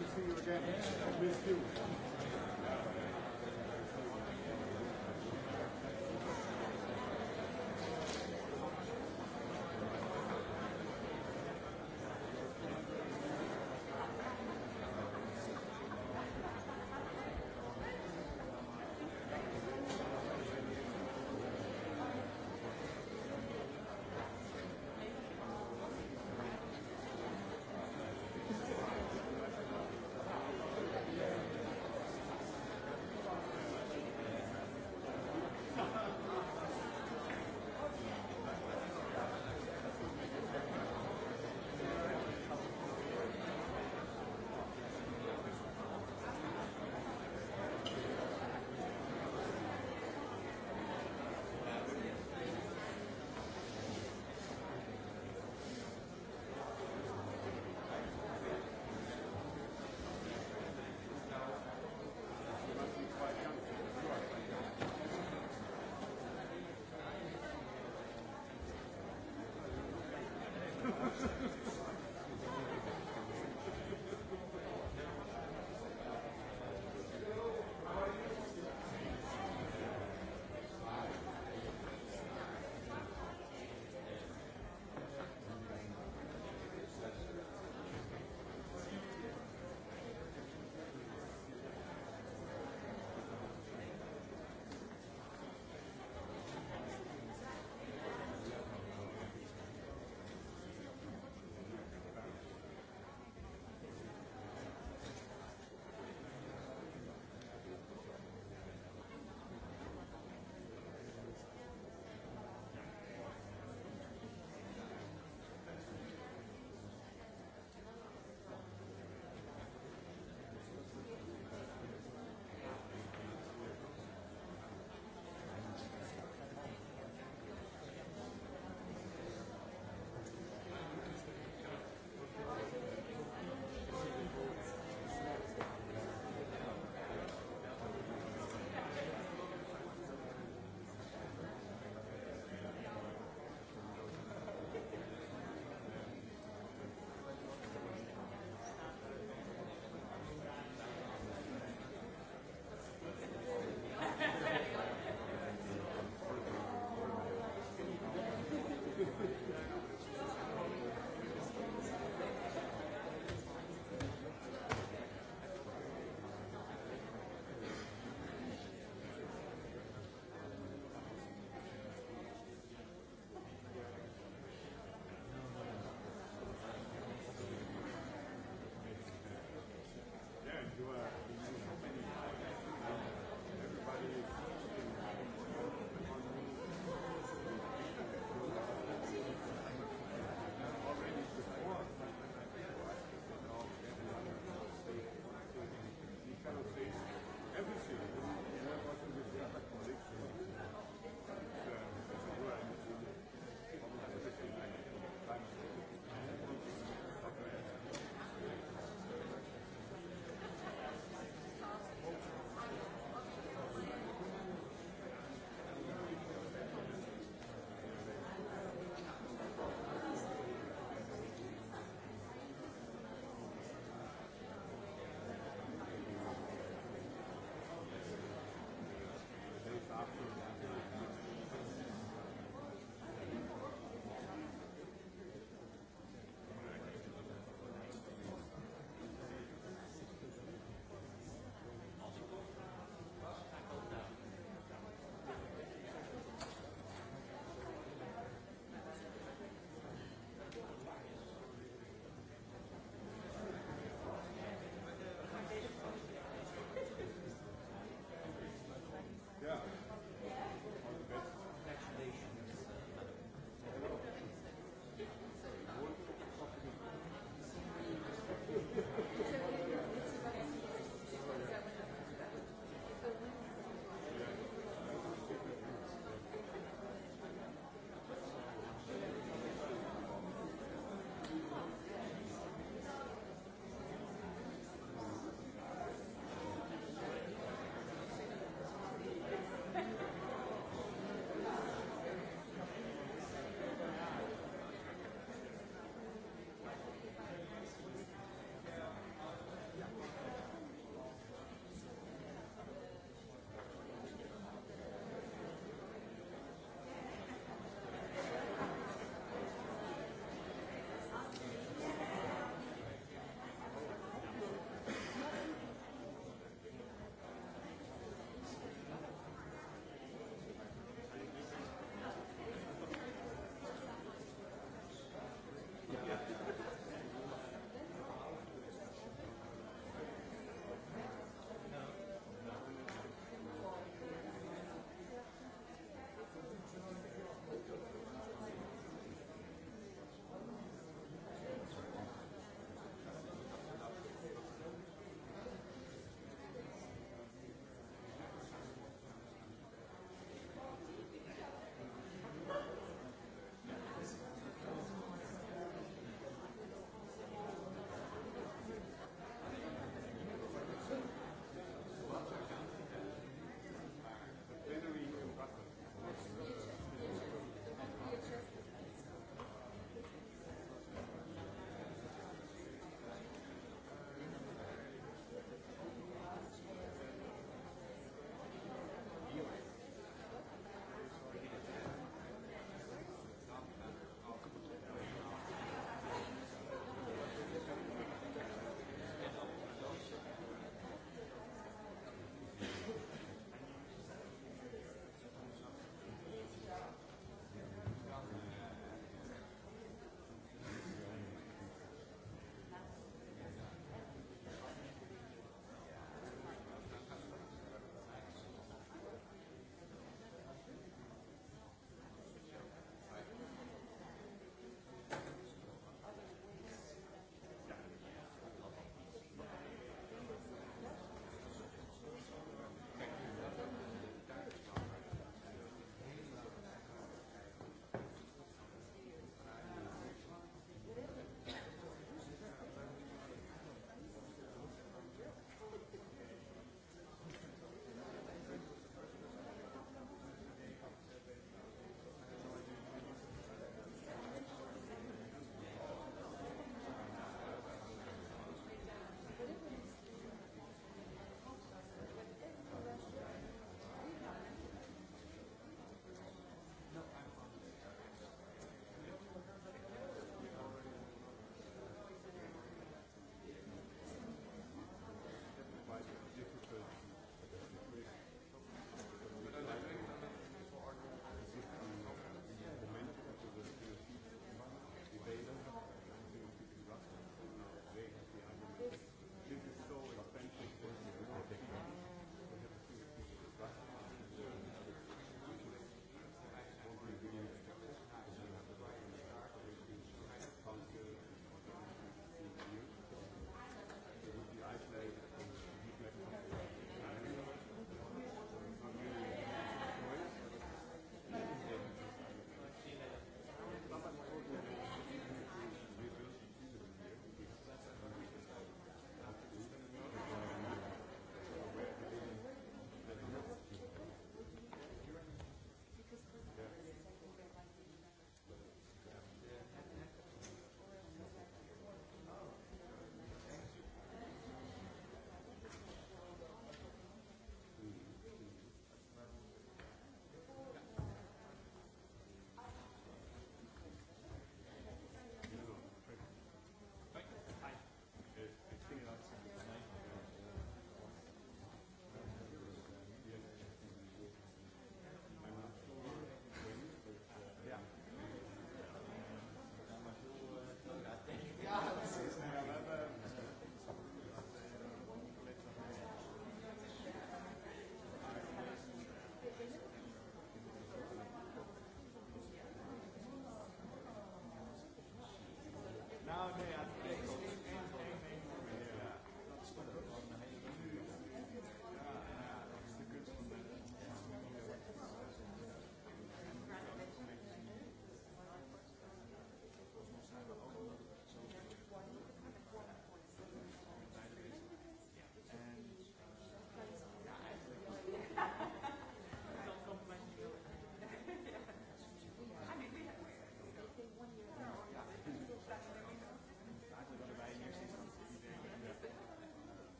to see you again. I missed you.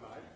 tonight.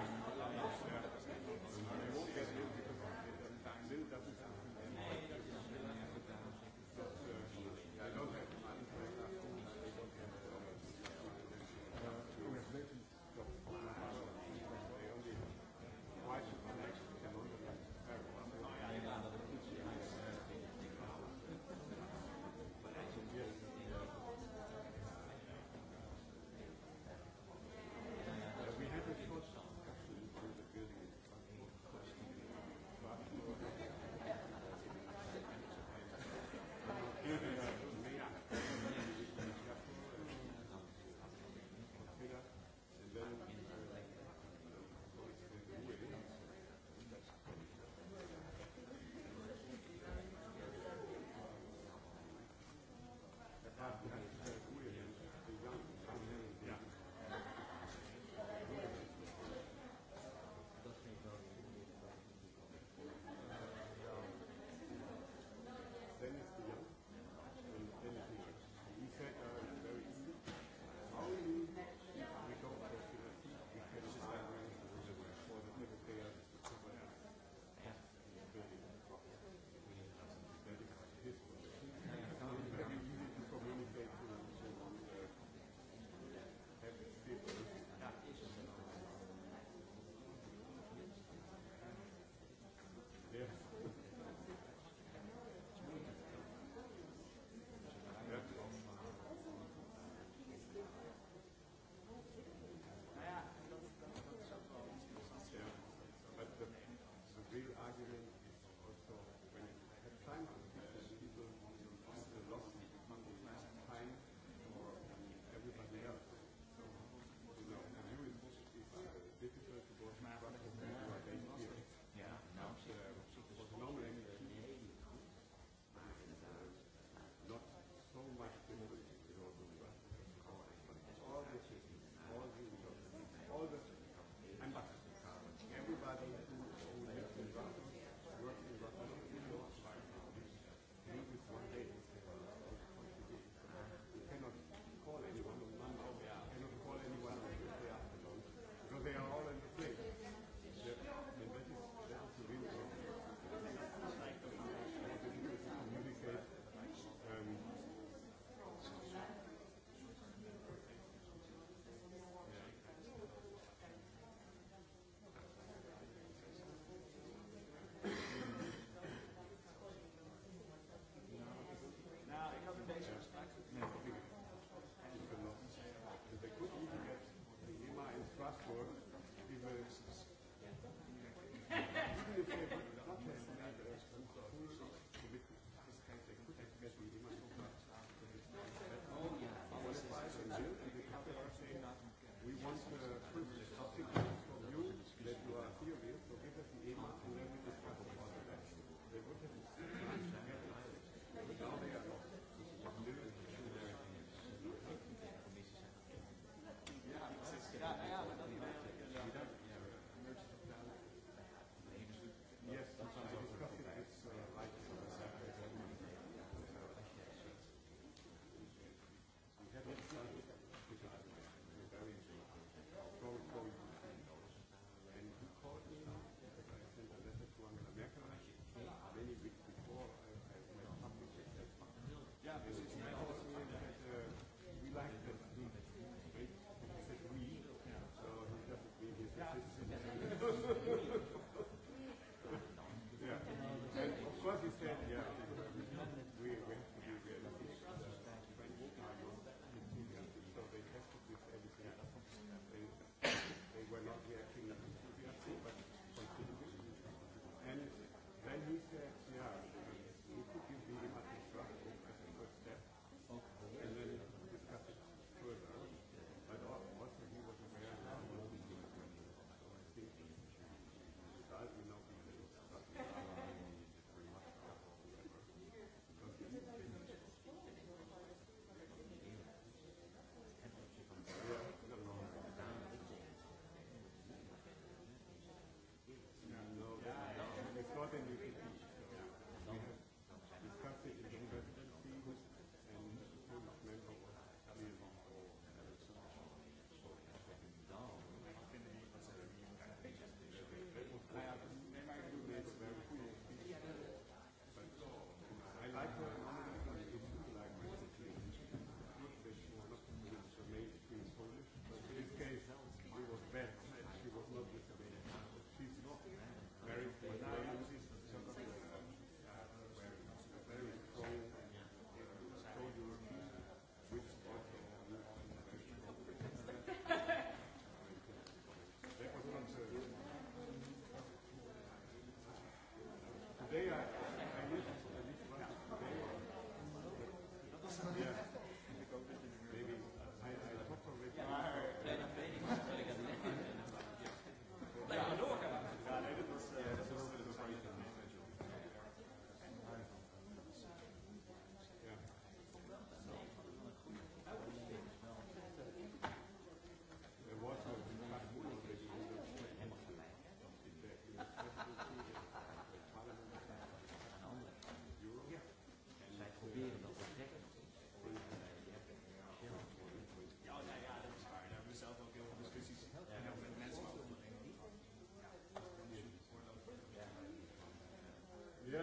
Yeah.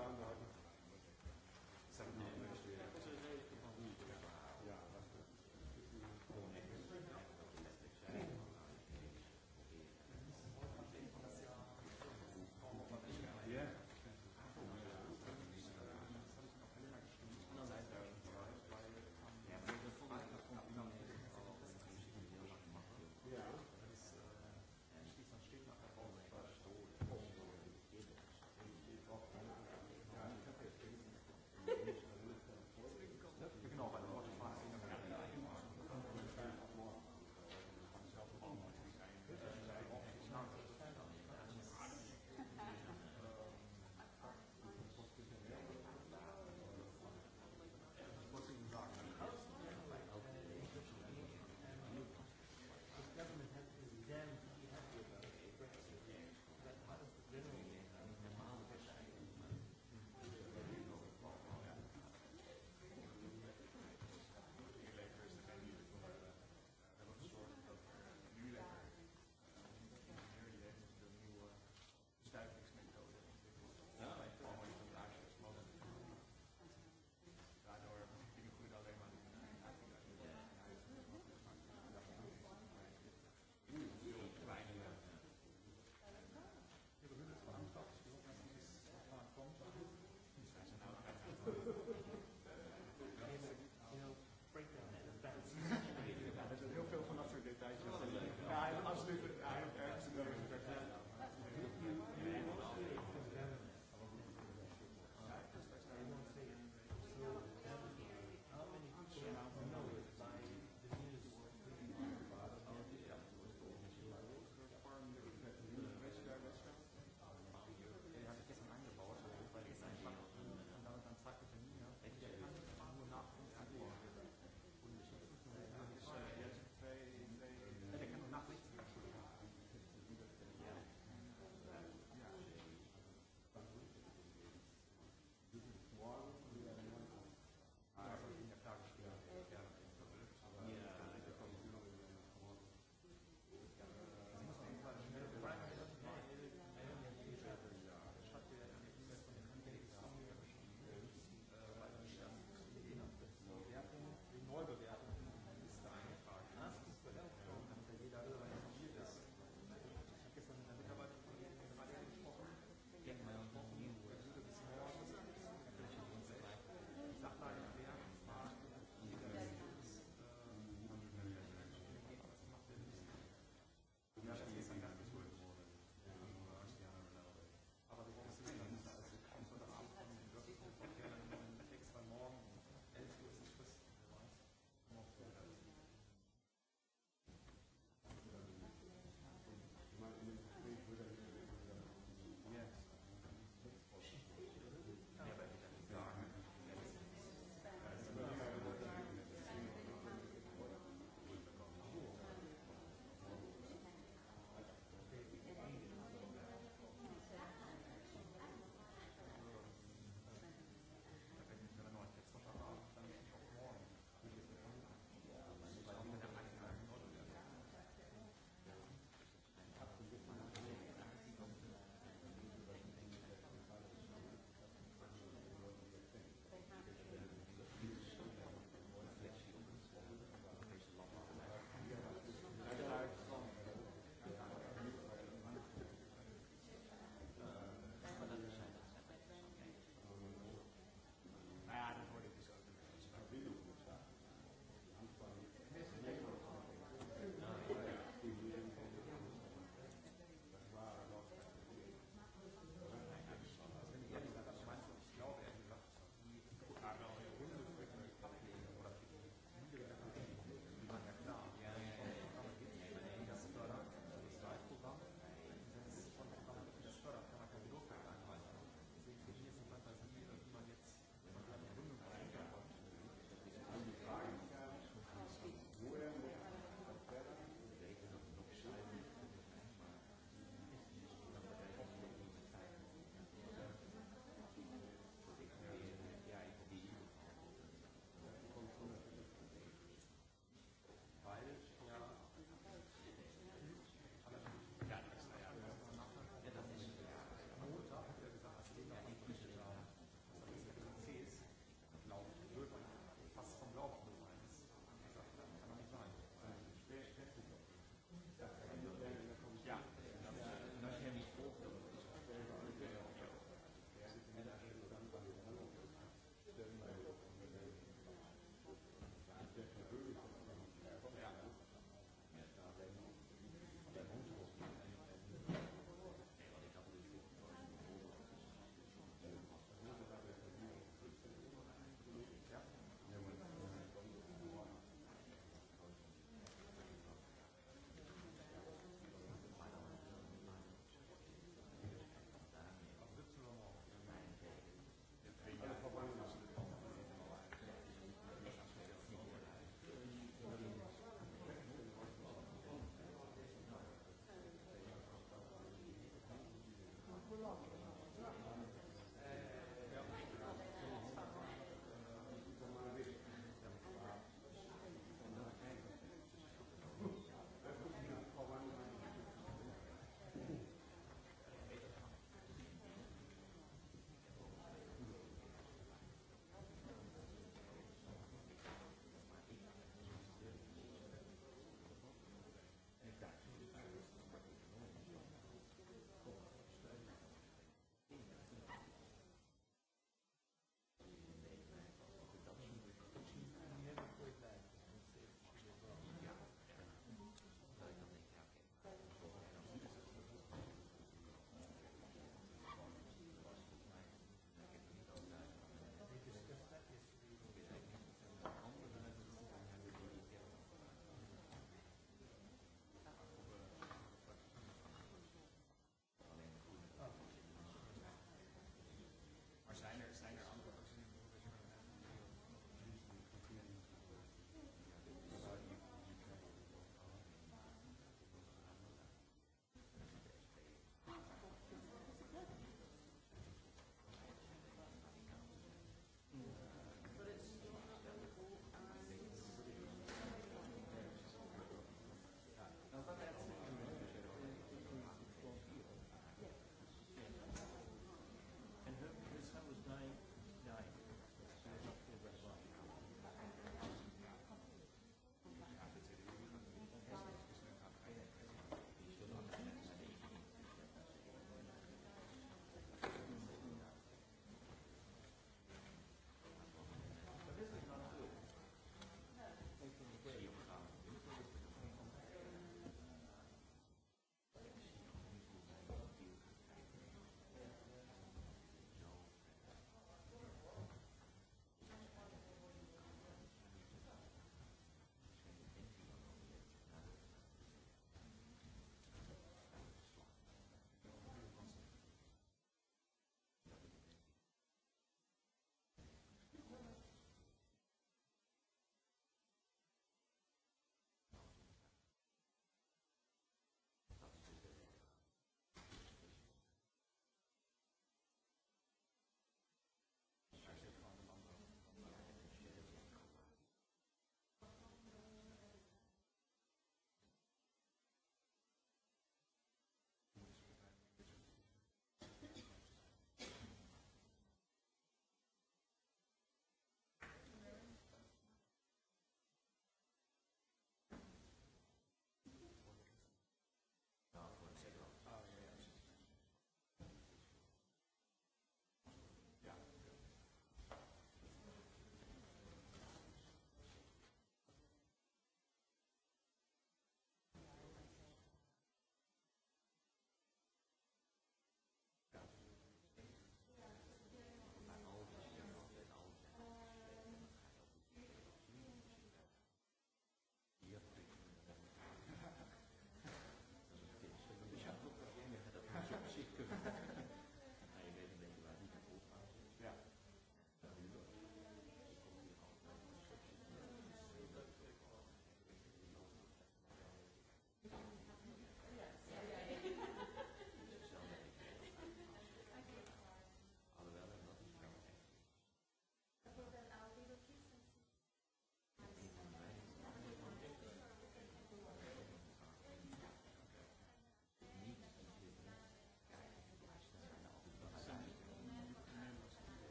Anlagen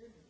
Thank you.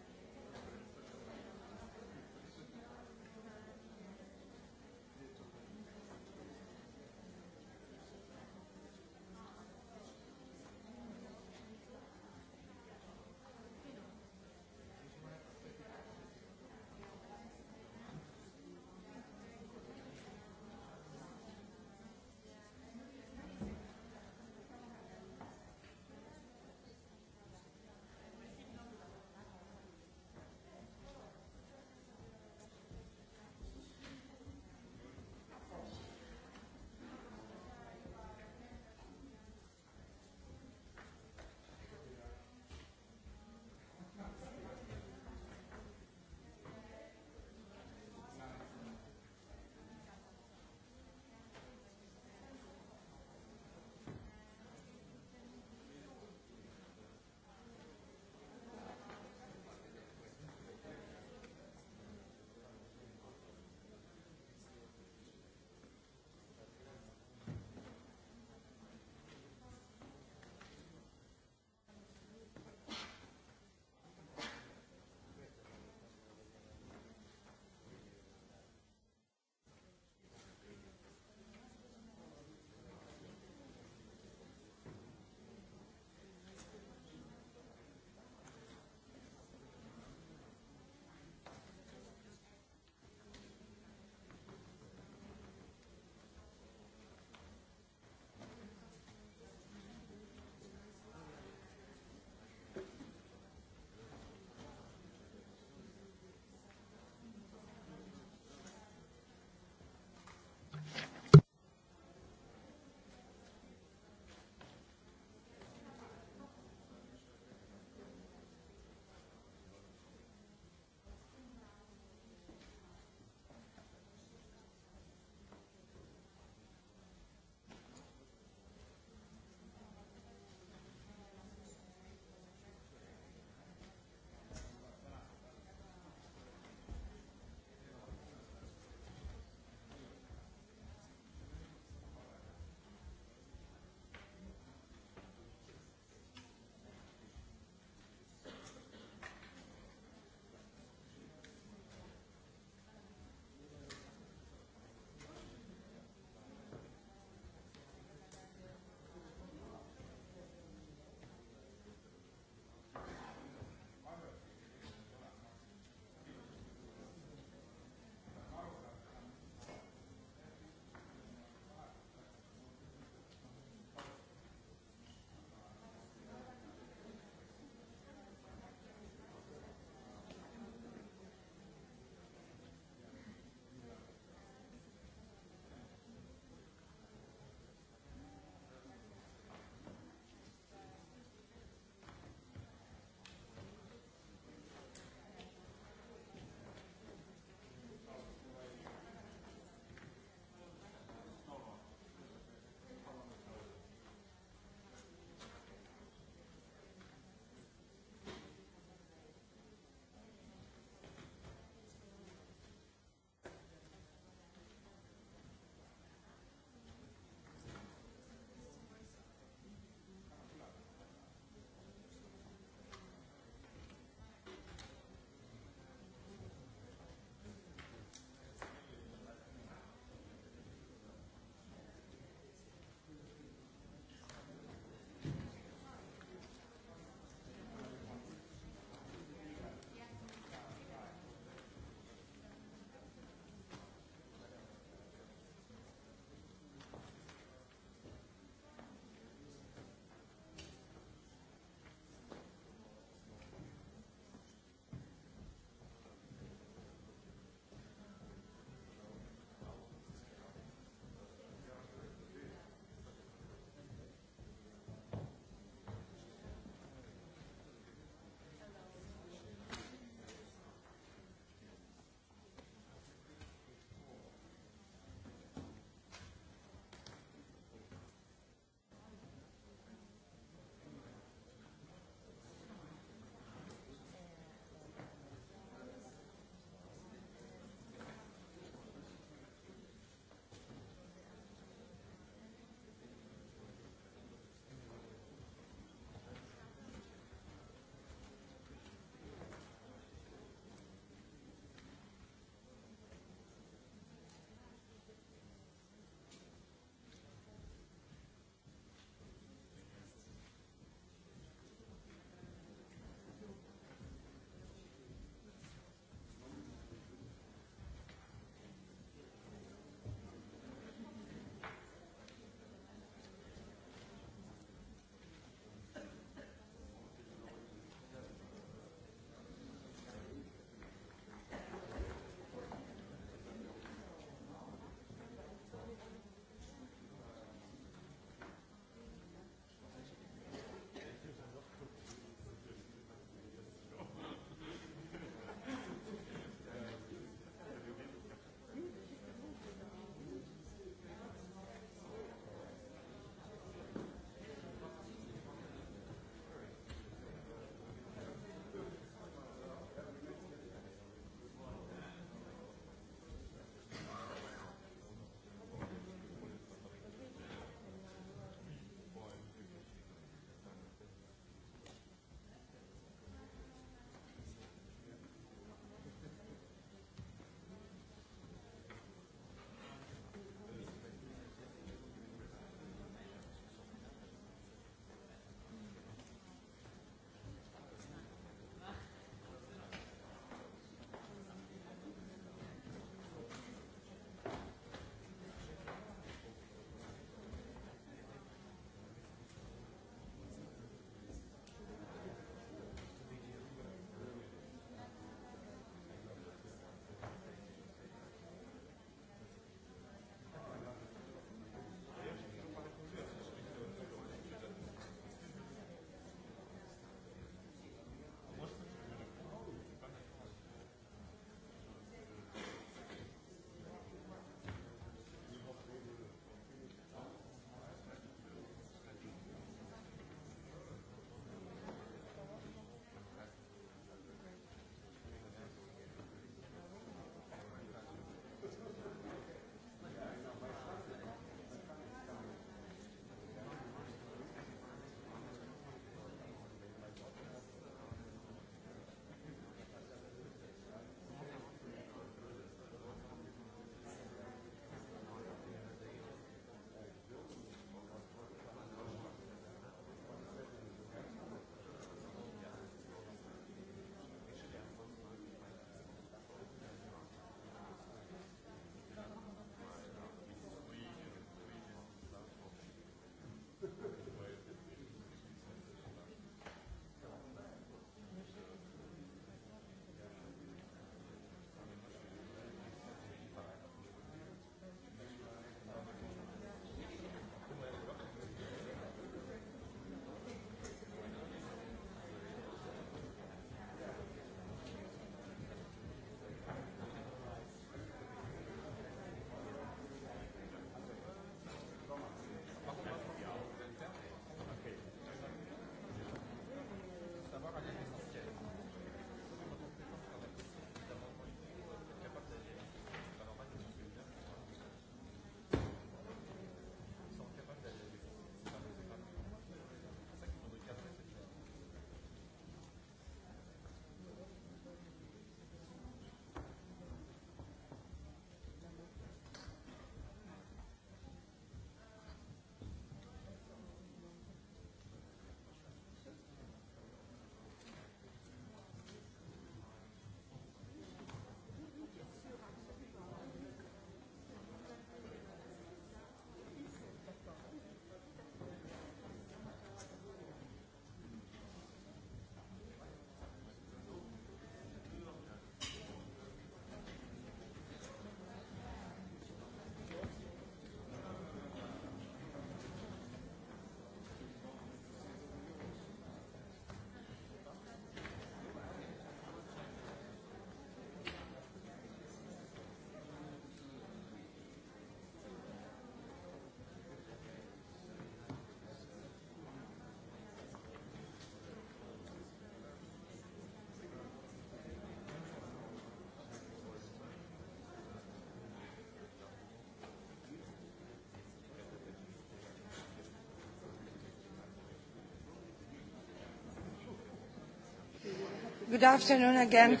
Again,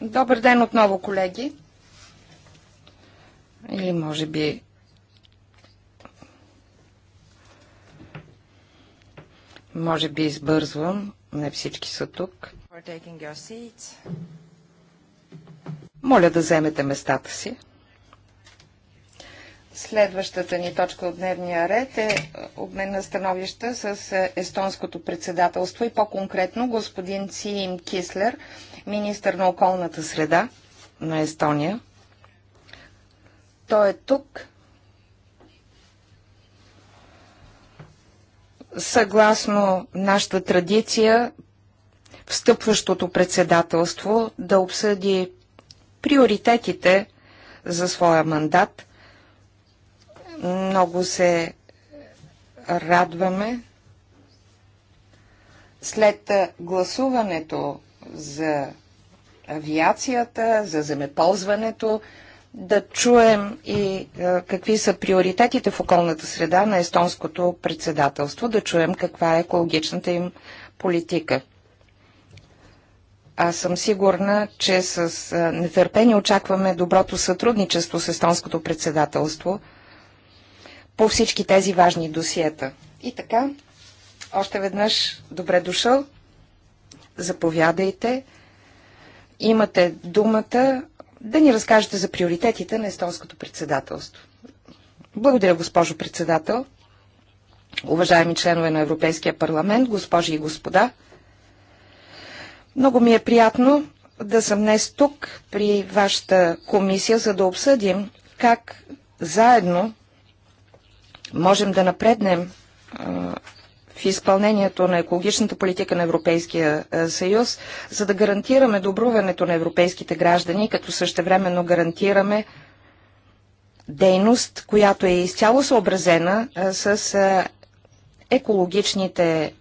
Добър ден отново, колеги. Или може би може би избързвам. Не всички са тук. Моля да вземете местата си. Следващата ни точка от дневния ред е обмен на становища с е, естонското председателство и по-конкретно господин Циим Кислер, министър на околната среда на Естония. Той е тук. Съгласно нашата традиция, встъпващото председателство да обсъди приоритетите за своя мандат. Много се радваме след гласуването за авиацията, за земеползването, да чуем и е, какви са приоритетите в околната среда на естонското председателство, да чуем каква е екологичната им политика. Аз съм сигурна, че с нетърпение очакваме доброто сътрудничество с естонското председателство – по всички тези важни досиета. И така, още веднъж добре дошъл. Заповядайте. Имате думата да ни разкажете за приоритетите на естонското председателство. Благодаря, госпожо председател. Уважаеми членове на Европейския парламент, госпожи и господа, много ми е приятно да съм днес тук при вашата комисия, за да обсъдим как заедно можем да напреднем в изпълнението на екологичната политика на Европейския съюз, за да гарантираме добруването на европейските граждани, като същевременно гарантираме дейност, която е изцяло съобразена с екологичните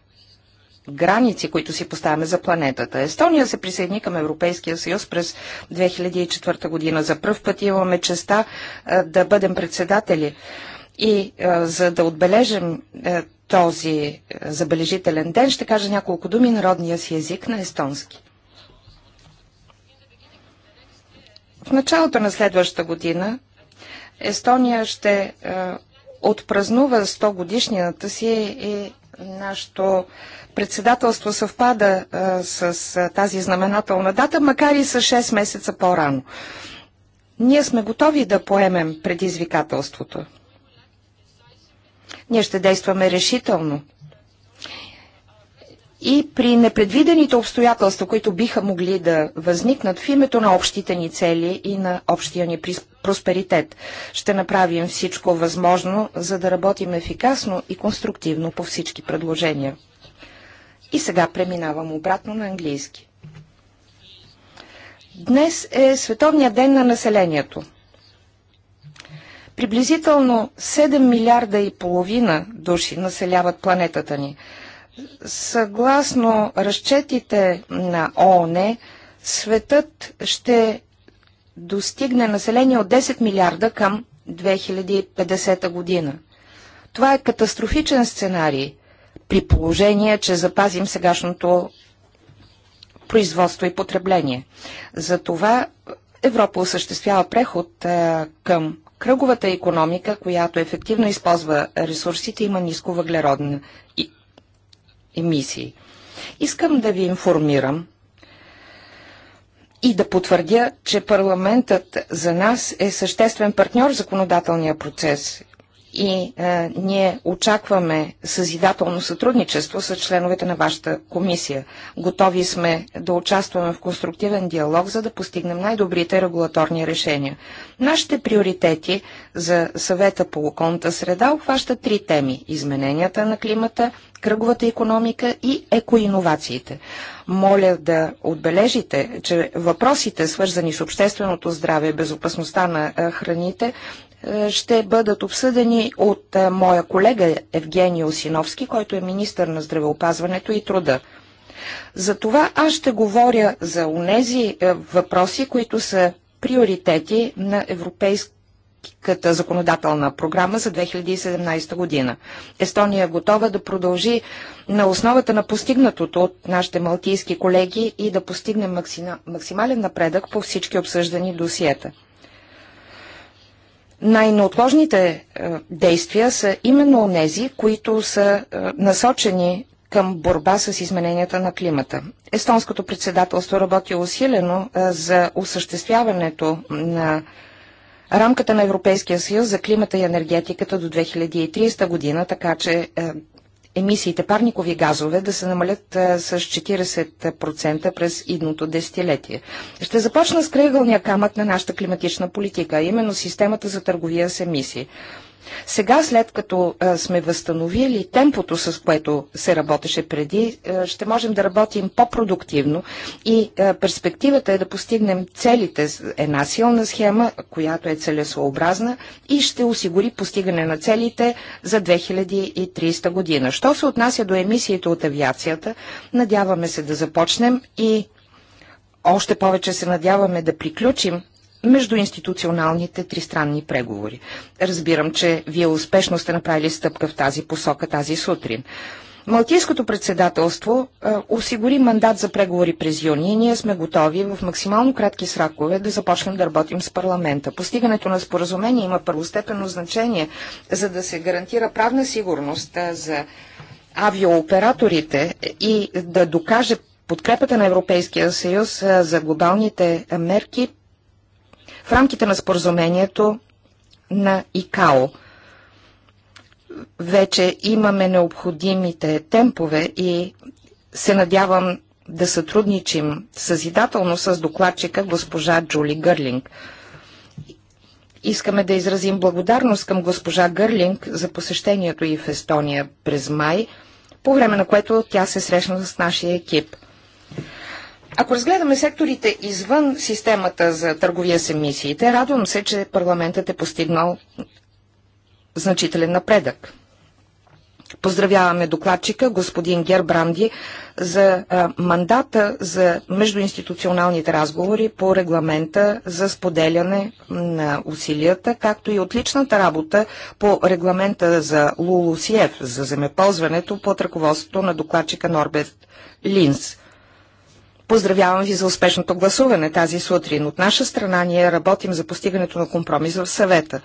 граници, които си поставяме за планетата. Естония се присъедини към Европейския съюз през 2004 година. За първ път имаме честа да бъдем председатели и а, за да отбележим а, този а, забележителен ден, ще кажа няколко думи народния си език на естонски. В началото на следващата година Естония ще а, отпразнува 100 годишнината си и нашето председателство съвпада а, с а, тази знаменателна дата, макар и с 6 месеца по-рано. Ние сме готови да поемем предизвикателството. Ние ще действаме решително. И при непредвидените обстоятелства, които биха могли да възникнат в името на общите ни цели и на общия ни просперитет, ще направим всичко възможно, за да работим ефикасно и конструктивно по всички предложения. И сега преминавам обратно на английски. Днес е Световният ден на населението. Приблизително 7 милиарда и половина души населяват планетата ни. Съгласно разчетите на ООН, светът ще достигне население от 10 милиарда към 2050 година. Това е катастрофичен сценарий, при положение, че запазим сегашното производство и потребление. Затова Европа осъществява преход към Кръговата економика, която ефективно използва ресурсите, има ниско въглеродни емисии. Искам да ви информирам и да потвърдя, че парламентът за нас е съществен партньор в законодателния процес и е, ние очакваме съзидателно сътрудничество с членовете на вашата комисия. Готови сме да участваме в конструктивен диалог, за да постигнем най-добрите регулаторни решения. Нашите приоритети за съвета по околната среда обхващат три теми – измененията на климата, кръговата економика и екоинновациите. Моля да отбележите, че въпросите, свързани с общественото здраве и безопасността на е, храните, ще бъдат обсъдени от моя колега Евгений Осиновски, който е министър на здравеопазването и труда. Затова аз ще говоря за онези е, въпроси, които са приоритети на Европейската законодателна програма за 2017 година. Естония е готова да продължи на основата на постигнатото от нашите малтийски колеги и да постигне максимален напредък по всички обсъждани досиета най-неотложните е, действия са именно онези, които са е, насочени към борба с измененията на климата. Естонското председателство работи усилено е, за осъществяването на рамката на Европейския съюз за климата и енергетиката до 2030 година, така че емисиите парникови газове да се намалят а, с 40% през идното десетилетие. Ще започна с кръгълния камък на нашата климатична политика, а именно системата за търговия с емисии. Сега, след като а, сме възстановили темпото, с което се работеше преди, а, ще можем да работим по-продуктивно и а, перспективата е да постигнем целите с една силна схема, която е целесообразна и ще осигури постигане на целите за 2030 година. Що се отнася до емисиите от авиацията, надяваме се да започнем и още повече се надяваме да приключим междуинституционалните тристранни преговори. Разбирам, че вие успешно сте направили стъпка в тази посока тази сутрин. Малтийското председателство а, осигури мандат за преговори през юни и ние сме готови в максимално кратки срокове да започнем да работим с парламента. Постигането на споразумение има първостепенно значение, за да се гарантира правна сигурност а, за авиооператорите и да докаже подкрепата на Европейския съюз за глобалните мерки в рамките на споразумението на ИКАО. Вече имаме необходимите темпове и се надявам да сътрудничим съзидателно с докладчика госпожа Джули Гърлинг. Искаме да изразим благодарност към госпожа Гърлинг за посещението и в Естония през май, по време на което тя се срещна с нашия екип. Ако разгледаме секторите извън системата за търговия с емисиите, радвам се, че парламентът е постигнал значителен напредък. Поздравяваме докладчика, господин Гербранди, за а, мандата за междуинституционалните разговори по регламента за споделяне на усилията, както и отличната работа по регламента за ЛУЛУСИЕФ, за земеползването под ръководството на докладчика Норберт Линс. Поздравявам ви за успешното гласуване тази сутрин. От наша страна ние работим за постигането на компромис в съвета.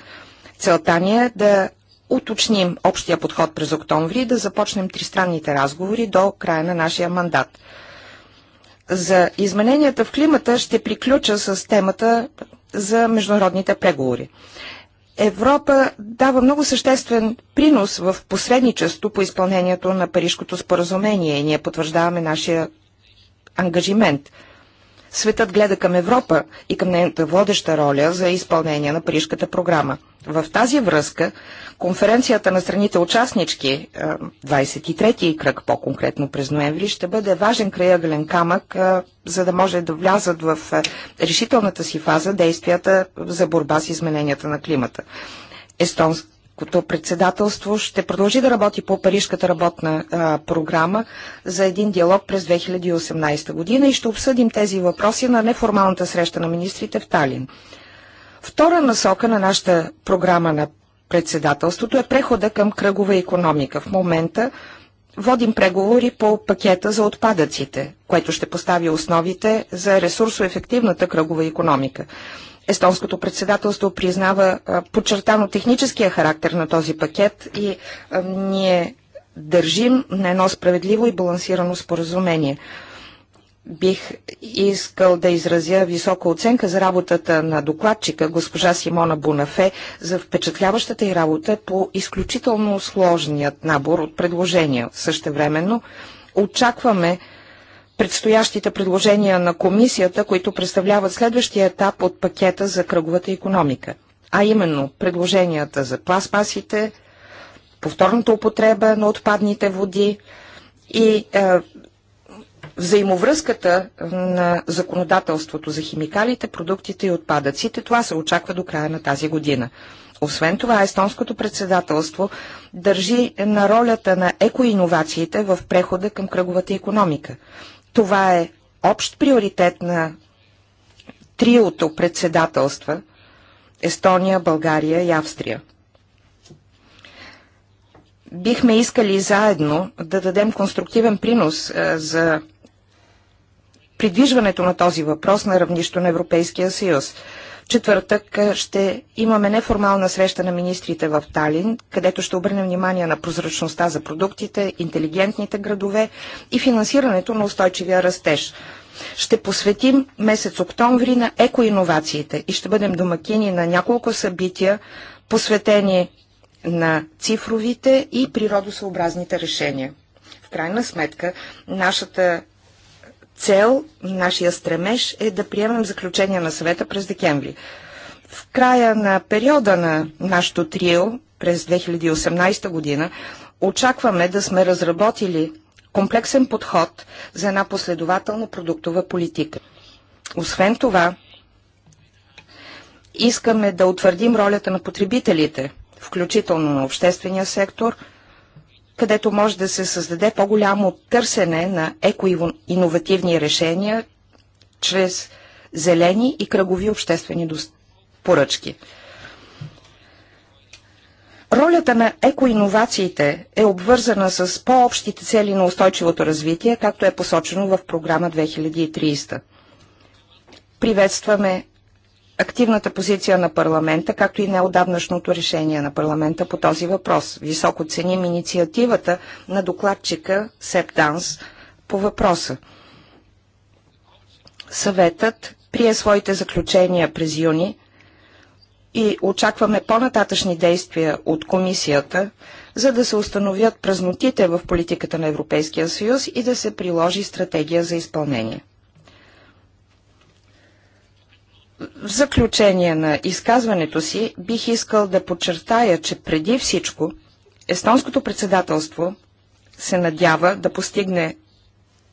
Целта ни е да уточним общия подход през октомври и да започнем тристранните разговори до края на нашия мандат. За измененията в климата ще приключа с темата за международните преговори. Европа дава много съществен принос в посредничество по изпълнението на Парижкото споразумение и ние потвърждаваме нашия ангажимент. Светът гледа към Европа и към нейната водеща роля за изпълнение на Парижката програма. В тази връзка конференцията на страните участнички, 23-ти е, кръг по-конкретно през ноември, ще бъде важен краягален камък, е, за да може да влязат в е, решителната си фаза действията за борба с измененията на климата. Естонската Финското председателство ще продължи да работи по Парижката работна а, програма за един диалог през 2018 година и ще обсъдим тези въпроси на неформалната среща на министрите в Талин. Втора насока на нашата програма на председателството е прехода към кръгова економика. В момента водим преговори по пакета за отпадъците, което ще постави основите за ресурсоефективната кръгова економика. Естонското председателство признава подчертано техническия характер на този пакет и ние държим на едно справедливо и балансирано споразумение. Бих искал да изразя висока оценка за работата на докладчика госпожа Симона Бунафе за впечатляващата й работа по изключително сложният набор от предложения. Същевременно очакваме предстоящите предложения на комисията, които представляват следващия етап от пакета за кръговата економика, а именно предложенията за пластмасите, повторната употреба на отпадните води и е, взаимовръзката на законодателството за химикалите, продуктите и отпадъците. Това се очаква до края на тази година. Освен това, естонското председателство държи на ролята на екоиновациите в прехода към кръговата економика. Това е общ приоритет на триото председателства Естония, България и Австрия. Бихме искали заедно да дадем конструктивен принос е, за придвижването на този въпрос на равнището на Европейския съюз четвъртък ще имаме неформална среща на министрите в Талин, където ще обърнем внимание на прозрачността за продуктите, интелигентните градове и финансирането на устойчивия растеж. Ще посветим месец октомври на екоинновациите и ще бъдем домакини на няколко събития, посветени на цифровите и природосъобразните решения. В крайна сметка, нашата цел, нашия стремеж е да приемем заключение на съвета през декември. В края на периода на нашото трио през 2018 година очакваме да сме разработили комплексен подход за една последователна продуктова политика. Освен това, искаме да утвърдим ролята на потребителите, включително на обществения сектор – където може да се създаде по-голямо търсене на еко-инновативни решения чрез зелени и кръгови обществени поръчки. Ролята на екоиновациите е обвързана с по-общите цели на устойчивото развитие, както е посочено в програма 2300. Приветстваме активната позиция на парламента, както и неодавнашното решение на парламента по този въпрос. Високо ценим инициативата на докладчика Сеп Данс по въпроса. Съветът прие своите заключения през юни и очакваме по-нататъчни действия от комисията, за да се установят празнотите в политиката на Европейския съюз и да се приложи стратегия за изпълнение. В заключение на изказването си бих искал да подчертая, че преди всичко естонското председателство се надява да постигне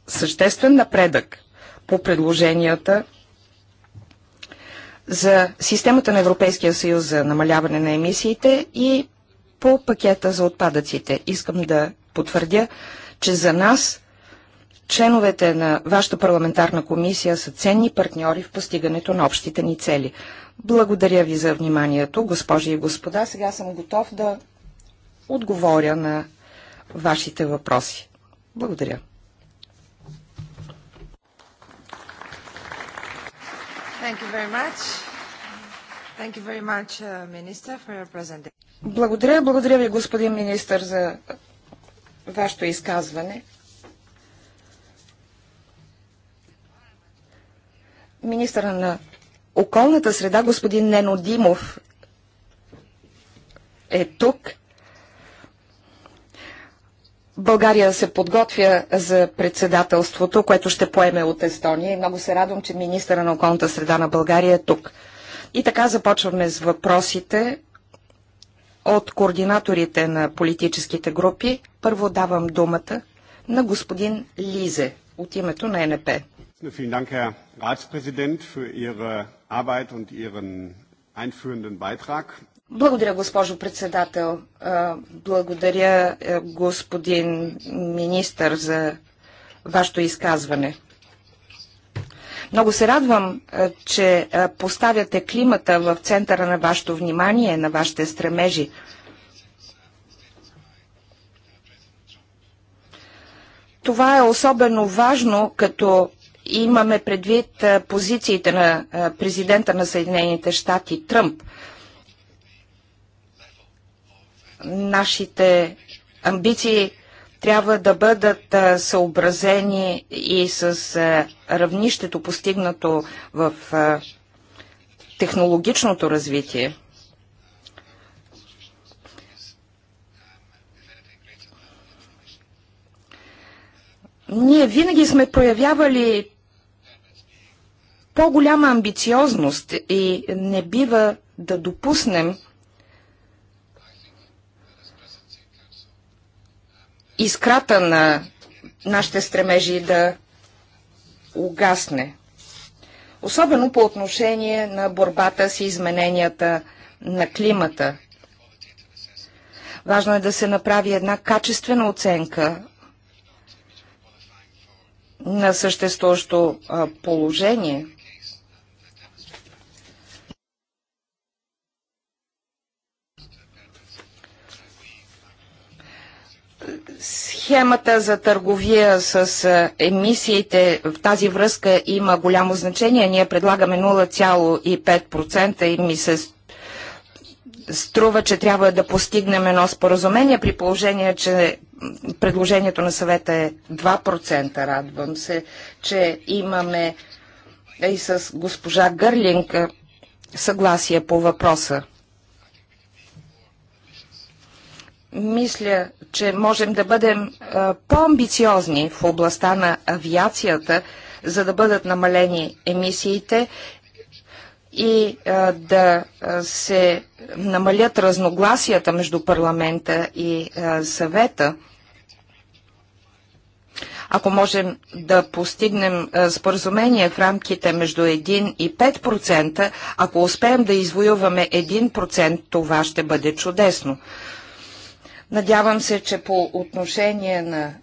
съществен напредък по предложенията за системата на Европейския съюз за намаляване на емисиите и по пакета за отпадъците. Искам да потвърдя, че за нас Членовете на вашата парламентарна комисия са ценни партньори в постигането на общите ни цели. Благодаря ви за вниманието, госпожи и господа. Сега съм готов да отговоря на вашите въпроси. Благодаря. Much, minister, благодаря, благодаря ви, господин министър, за вашето изказване. министъра на околната среда, господин Нено Димов, е тук. България се подготвя за председателството, което ще поеме от Естония и много се радвам, че министъра на околната среда на България е тук. И така започваме с въпросите от координаторите на политическите групи. Първо давам думата на господин Лизе от името на НП. Vielen Dank, Herr Ratspräsident, für Ihre Arbeit und Ihren einführenden Beitrag. Благодаря, госпожо председател. Благодаря, е, господин министър, за вашето изказване. Много се радвам, е, че е, поставяте климата в центъра на вашето внимание, на вашите стремежи. Това е особено важно, като имаме предвид позициите на президента на Съединените щати Тръмп, нашите амбиции трябва да бъдат съобразени и с равнището постигнато в технологичното развитие. Ние винаги сме проявявали по-голяма амбициозност и не бива да допуснем искрата на нашите стремежи да угасне. Особено по отношение на борбата с измененията на климата. Важно е да се направи една качествена оценка на съществуващо положение. Схемата за търговия с емисиите в тази връзка има голямо значение. Ние предлагаме 0,5% и ми се струва, че трябва да постигнем едно споразумение при положение, че предложението на съвета е 2%. Радвам се, че имаме и с госпожа Гърлинг съгласие по въпроса. Мисля, че можем да бъдем по-амбициозни в областта на авиацията, за да бъдат намалени емисиите и да се намалят разногласията между парламента и съвета. Ако можем да постигнем споразумение в рамките между 1 и 5%, ако успеем да извоюваме 1%, това ще бъде чудесно. Надявам се, че по отношение на е,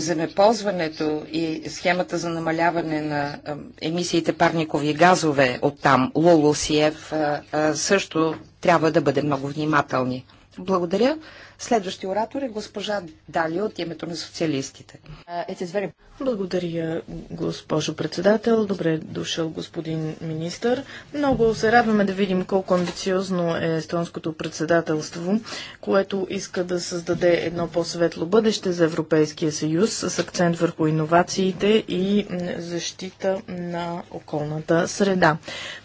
земеползването и схемата за намаляване на е, емисиите парникови газове от там, Лолосиев, е, е, също трябва да бъдем много внимателни. Благодаря. Следващия оратор е госпожа Дали от името на социалистите. Uh, Благодаря, госпожо председател. Добре е дошъл, господин министър. Много се радваме да видим колко амбициозно е естонското председателство, което иска да създаде едно по-светло бъдеще за Европейския съюз с акцент върху иновациите и защита на околната среда.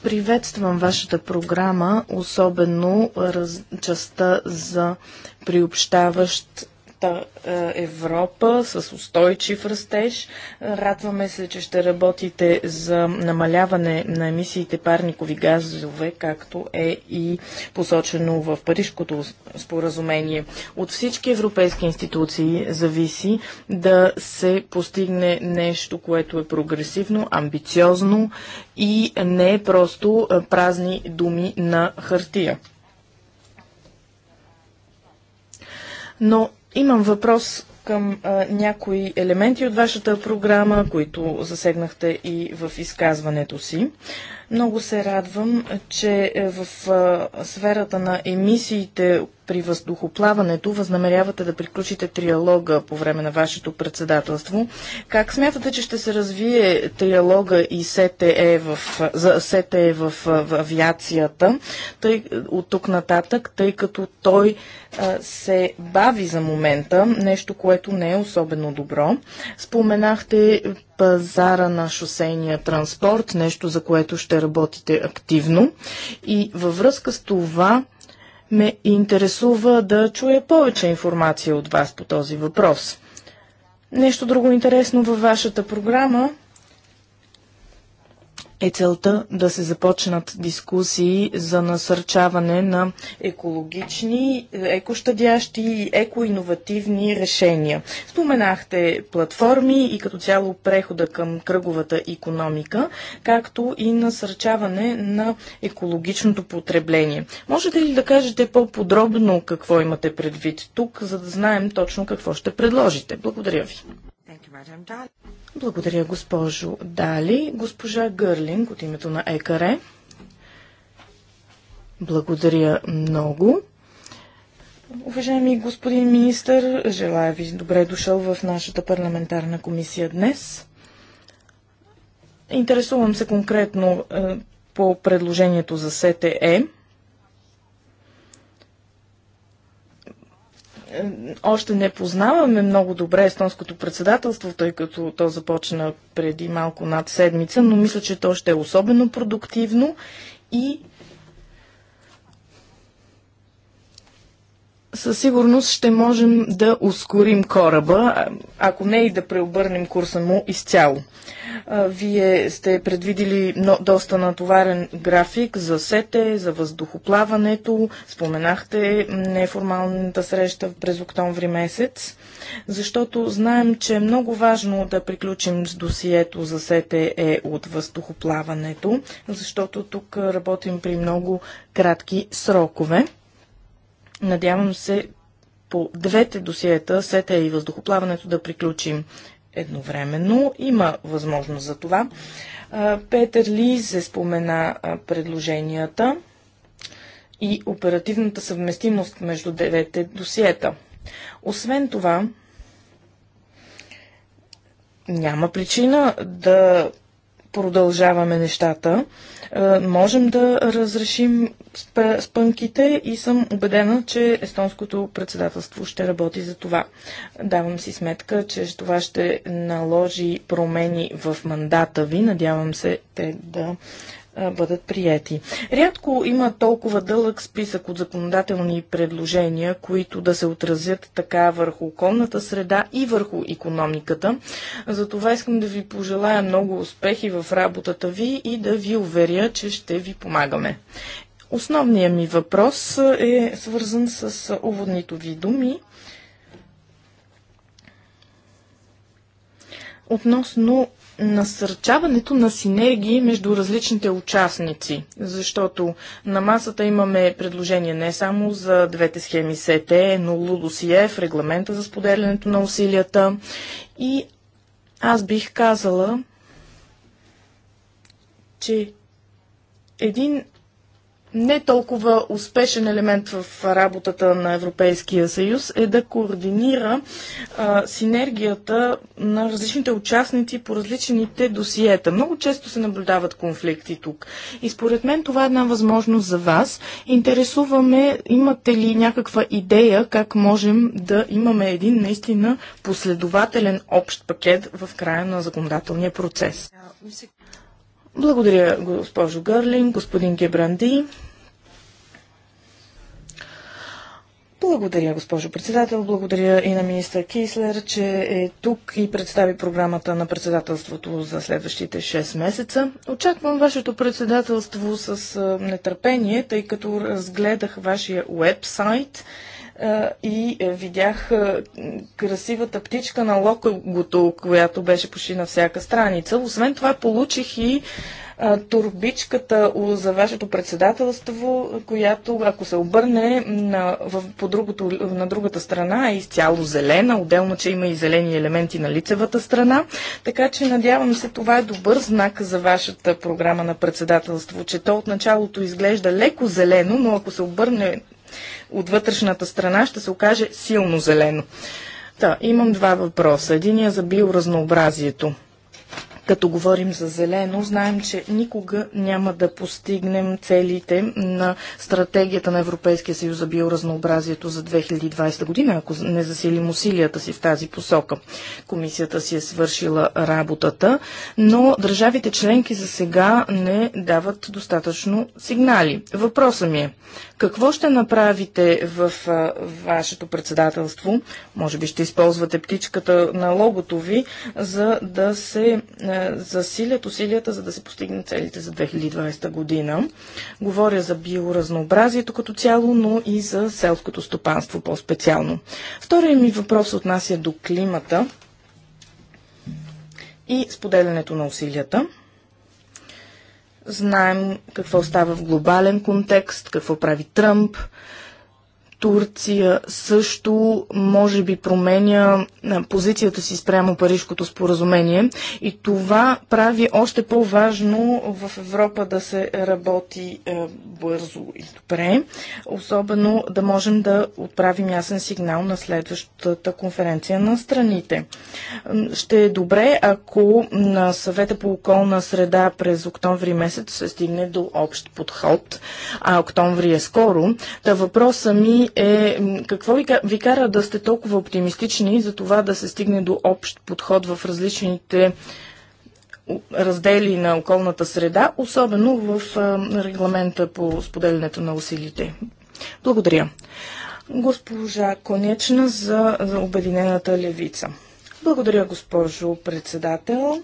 Приветствам вашата програма, особено раз... частта за приобщаващ е, Европа с устойчив растеж. Радваме се, че ще работите за намаляване на емисиите парникови газове, както е и посочено в Парижкото споразумение. От всички европейски институции зависи да се постигне нещо, което е прогресивно, амбициозно и не е просто е, празни думи на хартия. но имам въпрос към а, някои елементи от вашата програма, които засегнахте и в изказването си. Много се радвам, че е, в е, сферата на емисиите при въздухоплаването възнамерявате да приключите триалога по време на вашето председателство. Как смятате, че ще се развие триалога и СТЕ в, за СТЕ в, в авиацията тъй, от тук нататък, тъй като той а, е, се бави за момента, нещо, което не е особено добро. Споменахте пазара на шосейния транспорт, нещо за което ще работите активно. И във връзка с това ме интересува да чуя повече информация от вас по този въпрос. Нещо друго интересно във вашата програма е целта да се започнат дискусии за насърчаване на екологични, е, екощадящи и екоинновативни решения. Споменахте платформи и като цяло прехода към кръговата економика, както и насърчаване на екологичното потребление. Можете ли да кажете по-подробно какво имате предвид тук, за да знаем точно какво ще предложите? Благодаря ви. Благодаря, госпожо Дали. Госпожа Гърлинг от името на ЕКАРЕ. Благодаря много. Уважаеми господин министър, желая ви добре дошъл в нашата парламентарна комисия днес. Интересувам се конкретно е, по предложението за СТЕ. още не познаваме много добре естонското председателство, тъй като то започна преди малко над седмица, но мисля, че то ще е особено продуктивно и със сигурност ще можем да ускорим кораба, ако не и да преобърнем курса му изцяло. Вие сте предвидили доста натоварен график за сете, за въздухоплаването. Споменахте неформалната среща през октомври месец, защото знаем, че е много важно да приключим с досието за сете е от въздухоплаването, защото тук работим при много кратки срокове. Надявам се по двете досиета, сета и въздухоплаването да приключим едновременно. Има възможност за това. Петър се спомена предложенията и оперативната съвместимост между девете досиета. Освен това, няма причина да продължаваме нещата. Е, можем да разрешим спънките и съм убедена, че естонското председателство ще работи за това. Давам си сметка, че това ще наложи промени в мандата ви. Надявам се те да бъдат прияти. Рядко има толкова дълъг списък от законодателни предложения, които да се отразят така върху околната среда и върху економиката. Затова искам да ви пожелая много успехи в работата ви и да ви уверя, че ще ви помагаме. Основният ми въпрос е свързан с уводните ви думи. относно насърчаването на синергии между различните участници, защото на масата имаме предложение не само за двете схеми СЕТЕ, но Еф, регламента за споделянето на усилията и аз бих казала, че един не толкова успешен елемент в работата на Европейския съюз е да координира а, синергията на различните участници по различните досиета. Много често се наблюдават конфликти тук. И според мен това е една възможност за вас. Интересуваме, имате ли някаква идея как можем да имаме един наистина последователен общ пакет в края на законодателния процес. Благодаря, госпожо Гърлин, господин Гебранди. Благодаря, госпожо председател. Благодаря и на министър Кислер, че е тук и представи програмата на председателството за следващите 6 месеца. Очаквам вашето председателство с нетърпение, тъй като разгледах вашия уебсайт и видях красивата птичка на локото, която беше почти на всяка страница. Освен това получих и турбичката за вашето председателство, която, ако се обърне на, в, по другото, на другата страна, е изцяло зелена. Отделно, че има и зелени елементи на лицевата страна. Така че, надявам се, това е добър знак за вашата програма на председателство, че то от началото изглежда леко зелено, но ако се обърне от вътрешната страна ще се окаже силно зелено. Та, имам два въпроса. Единия е за биоразнообразието. Като говорим за зелено, знаем, че никога няма да постигнем целите на стратегията на Европейския съюз за биоразнообразието за 2020 година, ако не засилим усилията си в тази посока. Комисията си е свършила работата, но държавите членки за сега не дават достатъчно сигнали. Въпросът ми е, какво ще направите в а, вашето председателство? Може би ще използвате птичката на логото ви, за да се засилят усилията, за да се постигнат целите за 2020 година. Говоря за биоразнообразието като цяло, но и за селското стопанство по-специално. Втория ми въпрос отнася до климата и споделянето на усилията знаем какво става в глобален контекст, какво прави Тръмп, Турция също може би променя позицията си спрямо Парижското споразумение и това прави още по-важно в Европа да се работи е, бързо и добре, особено да можем да отправим ясен сигнал на следващата конференция на страните. Ще е добре, ако на съвета по околна среда през октомври месец се стигне до общ подход, а октомври е скоро. Та въпроса ми е какво ви, ви кара да сте толкова оптимистични за това да се стигне до общ подход в различните раздели на околната среда, особено в регламента по споделянето на усилите. Благодаря. Госпожа Конечна за, за Обединената левица. Благодаря, госпожо председател.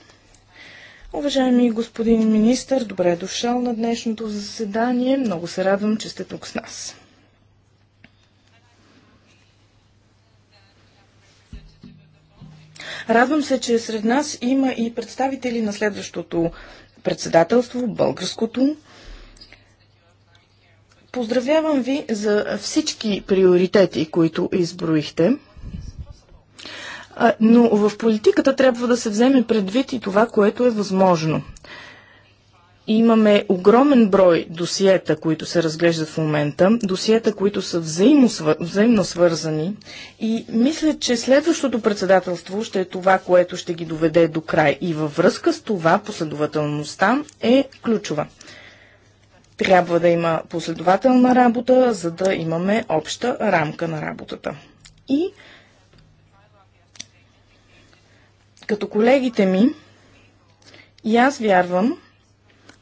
Уважаеми господин министр, добре е дошъл на днешното заседание. Много се радвам, че сте тук с нас. Радвам се, че сред нас има и представители на следващото председателство, българското. Поздравявам ви за всички приоритети, които изброихте. Но в политиката трябва да се вземе предвид и това, което е възможно – Имаме огромен брой досиета, които се разглеждат в момента, досиета, които са взаимно свързани и мисля, че следващото председателство ще е това, което ще ги доведе до край и във връзка с това последователността е ключова. Трябва да има последователна работа, за да имаме обща рамка на работата. И като колегите ми, и аз вярвам,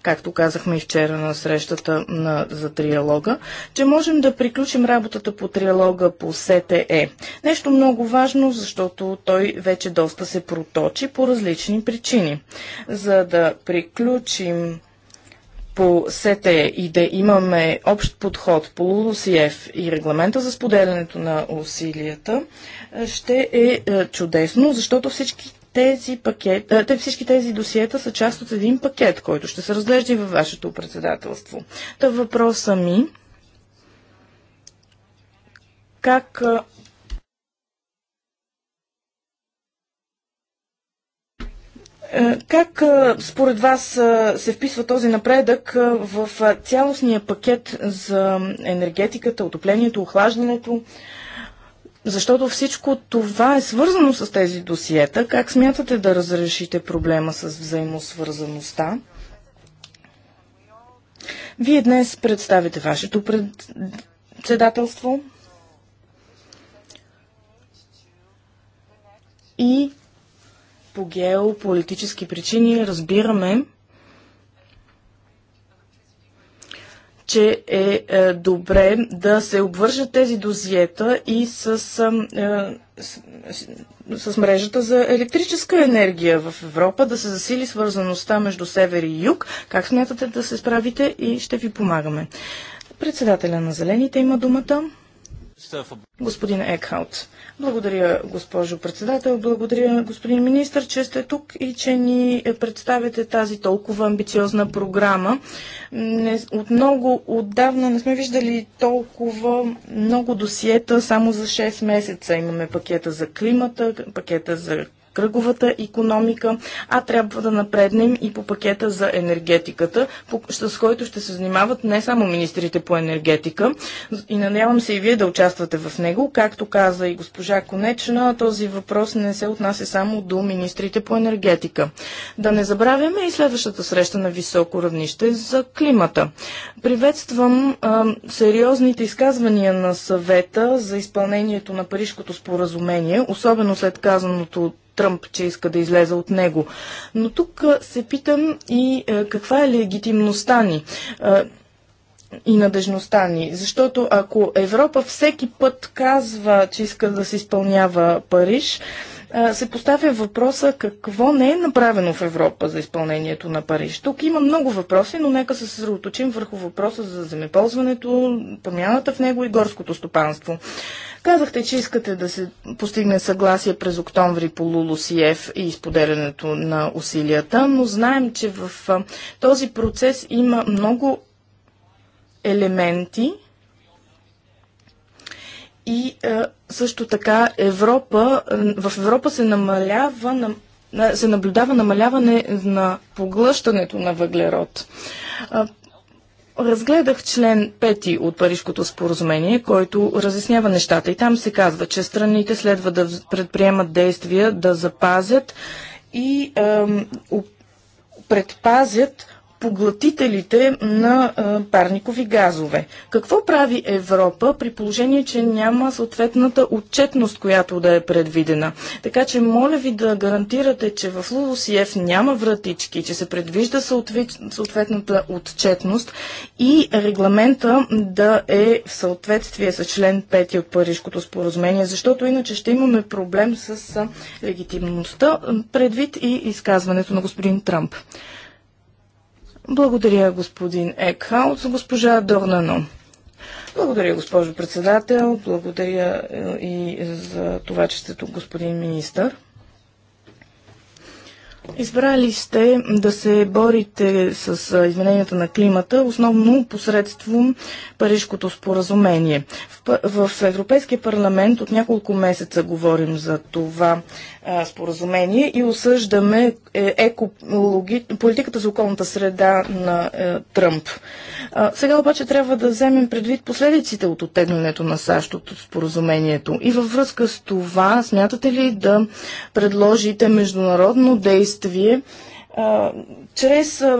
както казахме и вчера на срещата на, за триалога, че можем да приключим работата по триалога по СТЕ. Нещо много важно, защото той вече доста се проточи по различни причини. За да приключим по СТЕ и да имаме общ подход по ЛУСИЕФ и регламента за споделянето на усилията, ще е, е чудесно, защото всички тези пакет, те всички тези досиета са част от един пакет, който ще се разглежда и във вашето председателство. Та въпроса ми как Как според вас се вписва този напредък в цялостния пакет за енергетиката, отоплението, охлаждането? Защото всичко това е свързано с тези досиета. Как смятате да разрешите проблема с взаимосвързаността? Вие днес представите вашето председателство и по геополитически причини разбираме, че е, е добре да се обвържат тези дозиета и е, с, с, с мрежата за електрическа енергия в Европа, да се засили свързаността между север и юг. Как смятате да се справите и ще ви помагаме? Председателя на Зелените има думата. Господин Екхаут. Благодаря, госпожо председател. Благодаря, господин министр, че сте тук и че ни представяте тази толкова амбициозна програма. Не, от много отдавна не сме виждали толкова много досиета, само за 6 месеца имаме пакета за климата, пакета за кръговата економика, а трябва да напреднем и по пакета за енергетиката, с който ще се занимават не само министрите по енергетика. И надявам се и вие да участвате в него. Както каза и госпожа Конечна, този въпрос не се отнася само до министрите по енергетика. Да не забравяме и следващата среща на високо равнище за климата. Приветствам а, сериозните изказвания на съвета за изпълнението на Парижкото споразумение, особено след казаното Тръмп, че иска да излезе от него. Но тук се питам и каква е легитимността ни и надежността ни. Защото ако Европа всеки път казва, че иска да се изпълнява Париж, се поставя въпроса какво не е направено в Европа за изпълнението на Париж. Тук има много въпроси, но нека се съсредоточим върху въпроса за земеползването, промяната в него и горското стопанство. Казахте, че искате да се постигне съгласие през октомври по Лулусиев и изподелянето на усилията, но знаем, че в този процес има много елементи, и а, е, също така Европа, е, в Европа се намалява на се наблюдава намаляване на поглъщането на въглерод. Е, разгледах член 5 от Парижкото споразумение, който разяснява нещата и там се казва, че страните следва да предприемат действия да запазят и ем, предпазят поглътителите на парникови газове. Какво прави Европа при положение, че няма съответната отчетност, която да е предвидена? Така че моля ви да гарантирате, че в ЛУЛСИЕФ няма вратички, че се предвижда съответната отчетност и регламента да е в съответствие с член 5 от Парижкото споразумение, защото иначе ще имаме проблем с легитимността предвид и изказването на господин Трамп. Благодаря, господин Екхаут. Госпожа Дорнано. Благодаря, госпожо председател. Благодаря е, и за това, че сте тук, господин министър. Избрали сте да се борите с е, измененията на климата, основно посредством Парижкото споразумение. В, в Европейския парламент от няколко месеца говорим за това споразумение и осъждаме е, екологи... политиката за околната среда на е, Тръмп. А, сега обаче трябва да вземем предвид последиците от оттеглянето на САЩ от споразумението. И във връзка с това, смятате ли да предложите международно действие а, чрез а,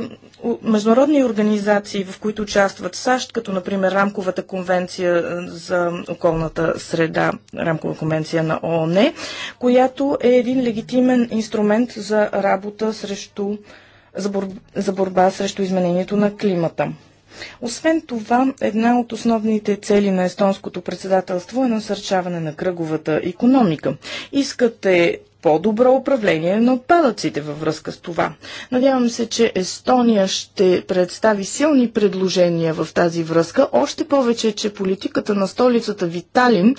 международни организации, в които участват САЩ, като например Рамковата конвенция е, за околната среда, Рамкова конвенция на ООН, която е един легитимен инструмент за работа срещу, за, борба, за борба срещу изменението на климата. Освен това, една от основните цели на естонското председателство е насърчаване на кръговата економика. Искате по-добро управление на отпадъците във връзка с това. Надявам се, че Естония ще представи силни предложения в тази връзка, още повече, че политиката на столицата Виталин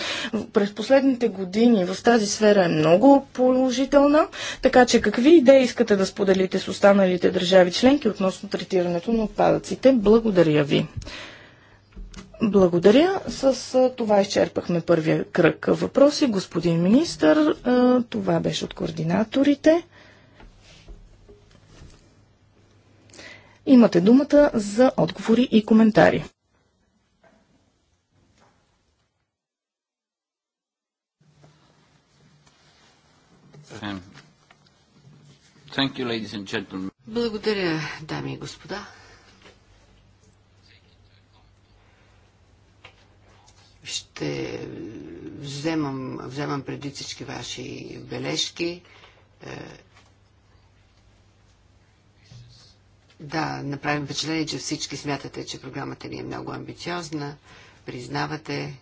през последните години в тази сфера е много положителна, така че какви идеи искате да споделите с останалите държави членки относно третирането на отпадъците? Благодаря ви. Благодаря. С това изчерпахме първия кръг въпроси. Господин министър, това беше от координаторите. Имате думата за отговори и коментари. Благодаря, дами и господа. Ще вземам, вземам преди всички ваши бележки. Е, да, направим впечатление, че всички смятате, че програмата ни е много амбициозна. Признавате,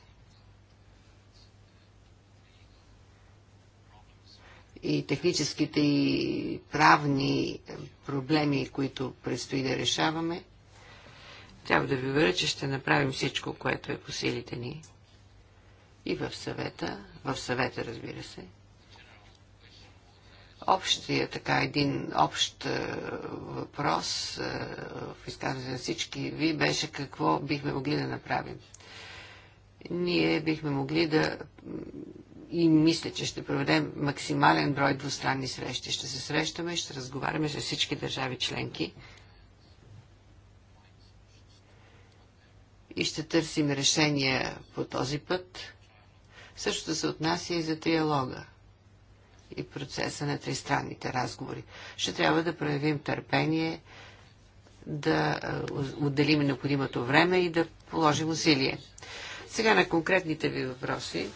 и техническите и правни проблеми, които предстои да решаваме. Трябва да ви уверя, че ще направим всичко, което е по силите ни. И в съвета, в съвета, разбира се. Общия, така, един общ е, въпрос е, в изказване на всички ви беше какво бихме могли да направим. Ние бихме могли да и мисля, че ще проведем максимален брой двустранни срещи. Ще се срещаме, ще разговаряме с всички държави членки и ще търсим решения по този път. Същото се отнася и за триалога и процеса на тристранните разговори. Ще трябва да проявим търпение, да отделим необходимото време и да положим усилие. Сега на конкретните ви въпроси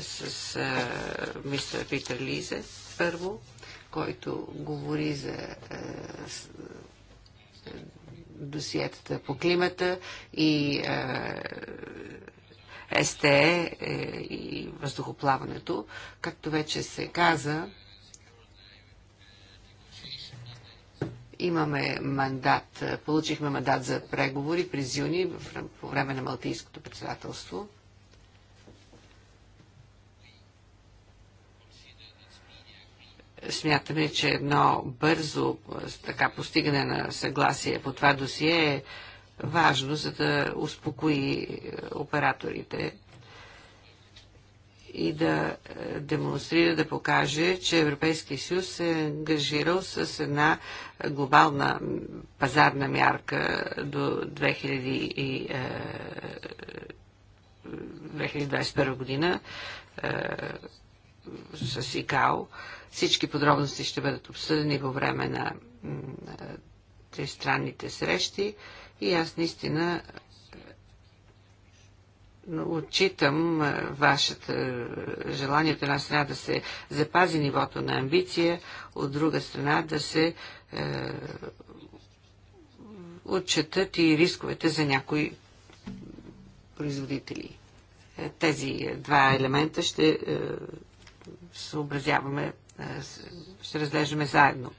с а, мистер Питър Лизе, първо, който говори за а, досиетата по климата и е, СТЕ е, и въздухоплаването. Както вече се каза, имаме мандат, получихме мандат за преговори през юни по време на Малтийското председателство. Смятаме, че едно бързо е, така, постигане на съгласие по това досие е важно, за да успокои е, операторите и да е, демонстрира, да покаже, че Европейския съюз се е ангажирал с една глобална пазарна мярка до 2021 година с ИКАО. Всички подробности ще бъдат обсъдени по време на тристранните срещи и аз наистина отчитам вашата желание от една страна да се запази нивото на амбиция, от друга страна да се отчитат и рисковете за някои производители. Тези два елемента ще съобразяваме, е, ще разглеждаме заедно.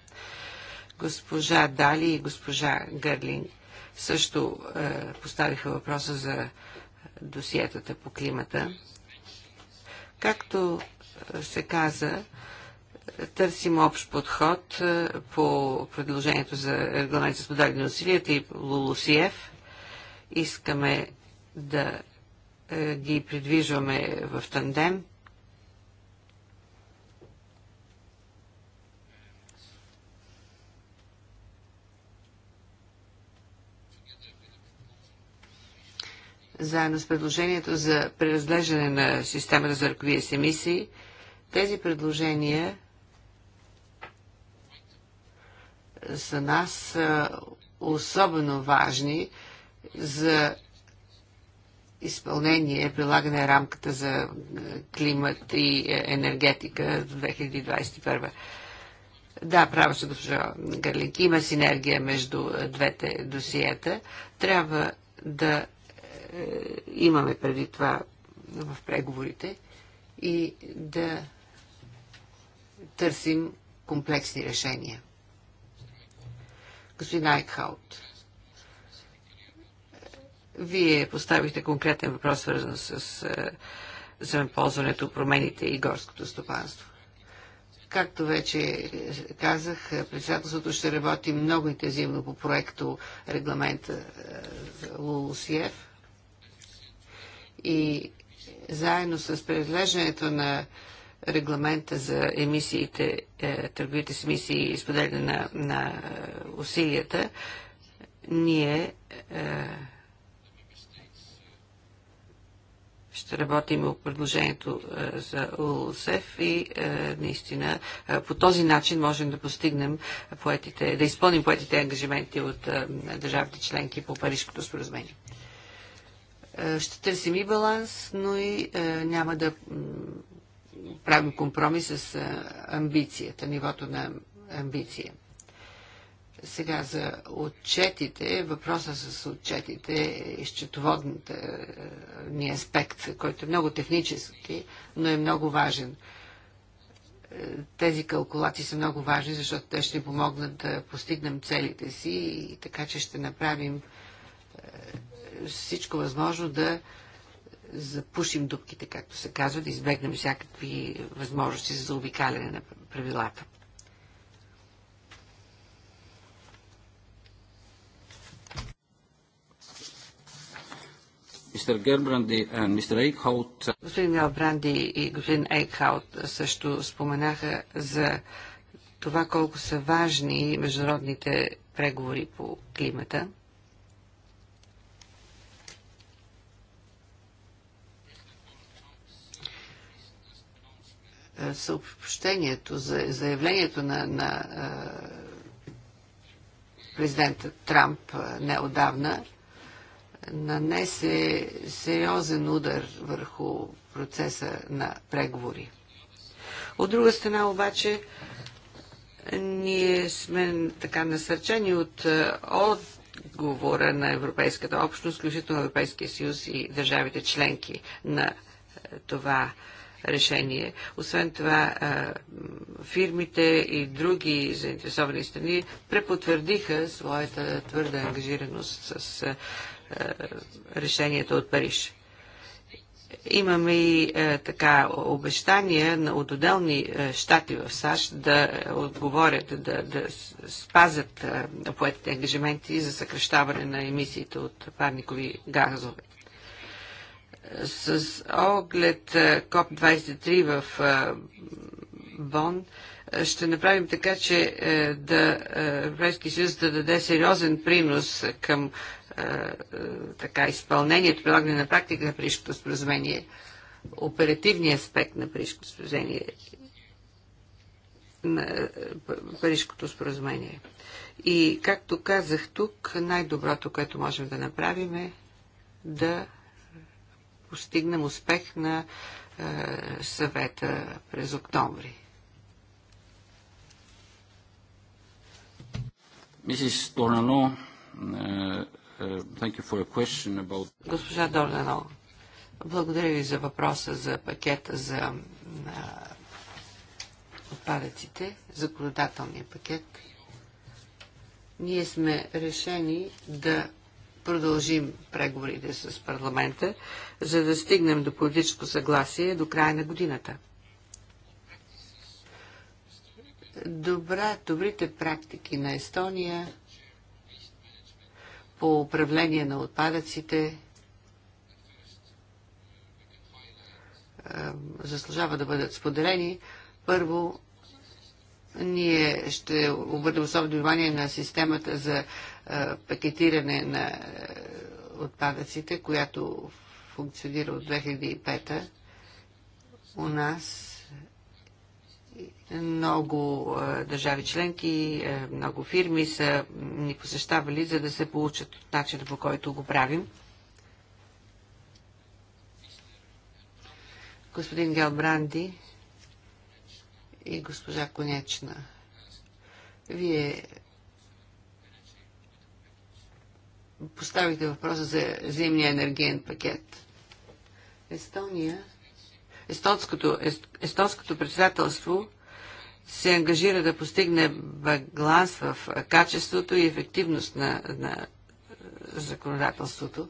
Госпожа Дали и госпожа Гърлин също е, поставиха въпроса за досиетата по климата. Както е, се каза, търсим общ подход по предложението за регламент за споделяне усилията и Лулусиев. Искаме да ги придвижваме в тандем – заедно с предложението за преразглеждане на системата за ръковия с емисии, тези предложения за нас са особено важни за изпълнение, прилагане на рамката за климат и енергетика 2021. Да, право се госпожа Гарлинг. Има синергия между двете досиета. Трябва да е, имаме преди това в преговорите и да търсим комплексни решения. Господин Айкхаут, вие поставихте конкретен въпрос, свързан с е, земеползването, промените и горското стопанство. Както вече казах, председателството ще работи много интензивно по проекто регламента е, за ЛУЛСИЕФ и заедно с преразглеждането на регламента за емисиите, е, търговите с емисии и споделяне на, на усилията, ние е, ще работим по предложението е, за ОЛСЕФ и е, наистина е, по този начин можем да постигнем поетите, да изпълним поетите ангажименти от е, държавите членки по Парижското споразумение. Е, ще търсим и баланс, но и е, няма да правим компромис с е, амбицията, нивото на амбиция. Сега за отчетите, въпроса с отчетите е счетоводната ни аспект, който е много технически, но е много важен. Тези калкулации са много важни, защото те ще помогнат да постигнем целите си и така, че ще направим всичко възможно да запушим дупките, както се казва, да избегнем всякакви възможности за заобикаляне на правилата. Мистер и е, мистер Ейкхаут. Е, господин Гелбранди и господин Ейкхаут също споменаха за това колко са важни международните преговори по климата. Е, съобщението, за заявлението на, на е, президента Трамп е, неодавна нанесе сериозен удар върху процеса на преговори. От друга страна обаче, ние сме така насърчени от отговора на Европейската общност, включително Европейския съюз и държавите членки на това решение. Освен това, фирмите и други заинтересовани страни препотвърдиха своята твърда ангажираност с решението от Париж. Имаме и е, така обещания на, от отделни е, щати в САЩ да отговорят, да, да спазят е, поетите ангажименти за съкрещаване на емисиите от парникови газове. С оглед КОП-23 в Бон, ще направим така, че е, да е, Европейски съюз да даде сериозен принос към е, така изпълнението, прилагане на практика на Парижското споразумение, оперативния аспект на Парижското споразумение, на Парижското споразумение. И, както казах тук, най-доброто, което можем да направим е да постигнем успех на е, съвета през октомври. Мисис Dornano, е, е, Госпожа Дорнано, благодаря ви за въпроса за пакета за отпадъците, законодателния пакет. Ние сме решени да продължим преговорите с парламента, за да стигнем до политическо съгласие до края на годината. Добра, добрите практики на Естония по управление на отпадъците заслужава да бъдат споделени. Първо, ние ще обърнем особено внимание на системата за е, пакетиране на е, отпадъците, която функционира от 2005 у нас много а, е, държави членки, а, много фирми са ни посещавали, за да се получат от начина по който го правим. Господин Гелбранди и госпожа Конечна. Вие поставите въпроса за зимния енергиен пакет. Естония, естонското, ест, естонското председателство се ангажира да постигне баланс в качеството и ефективност на, на законодателството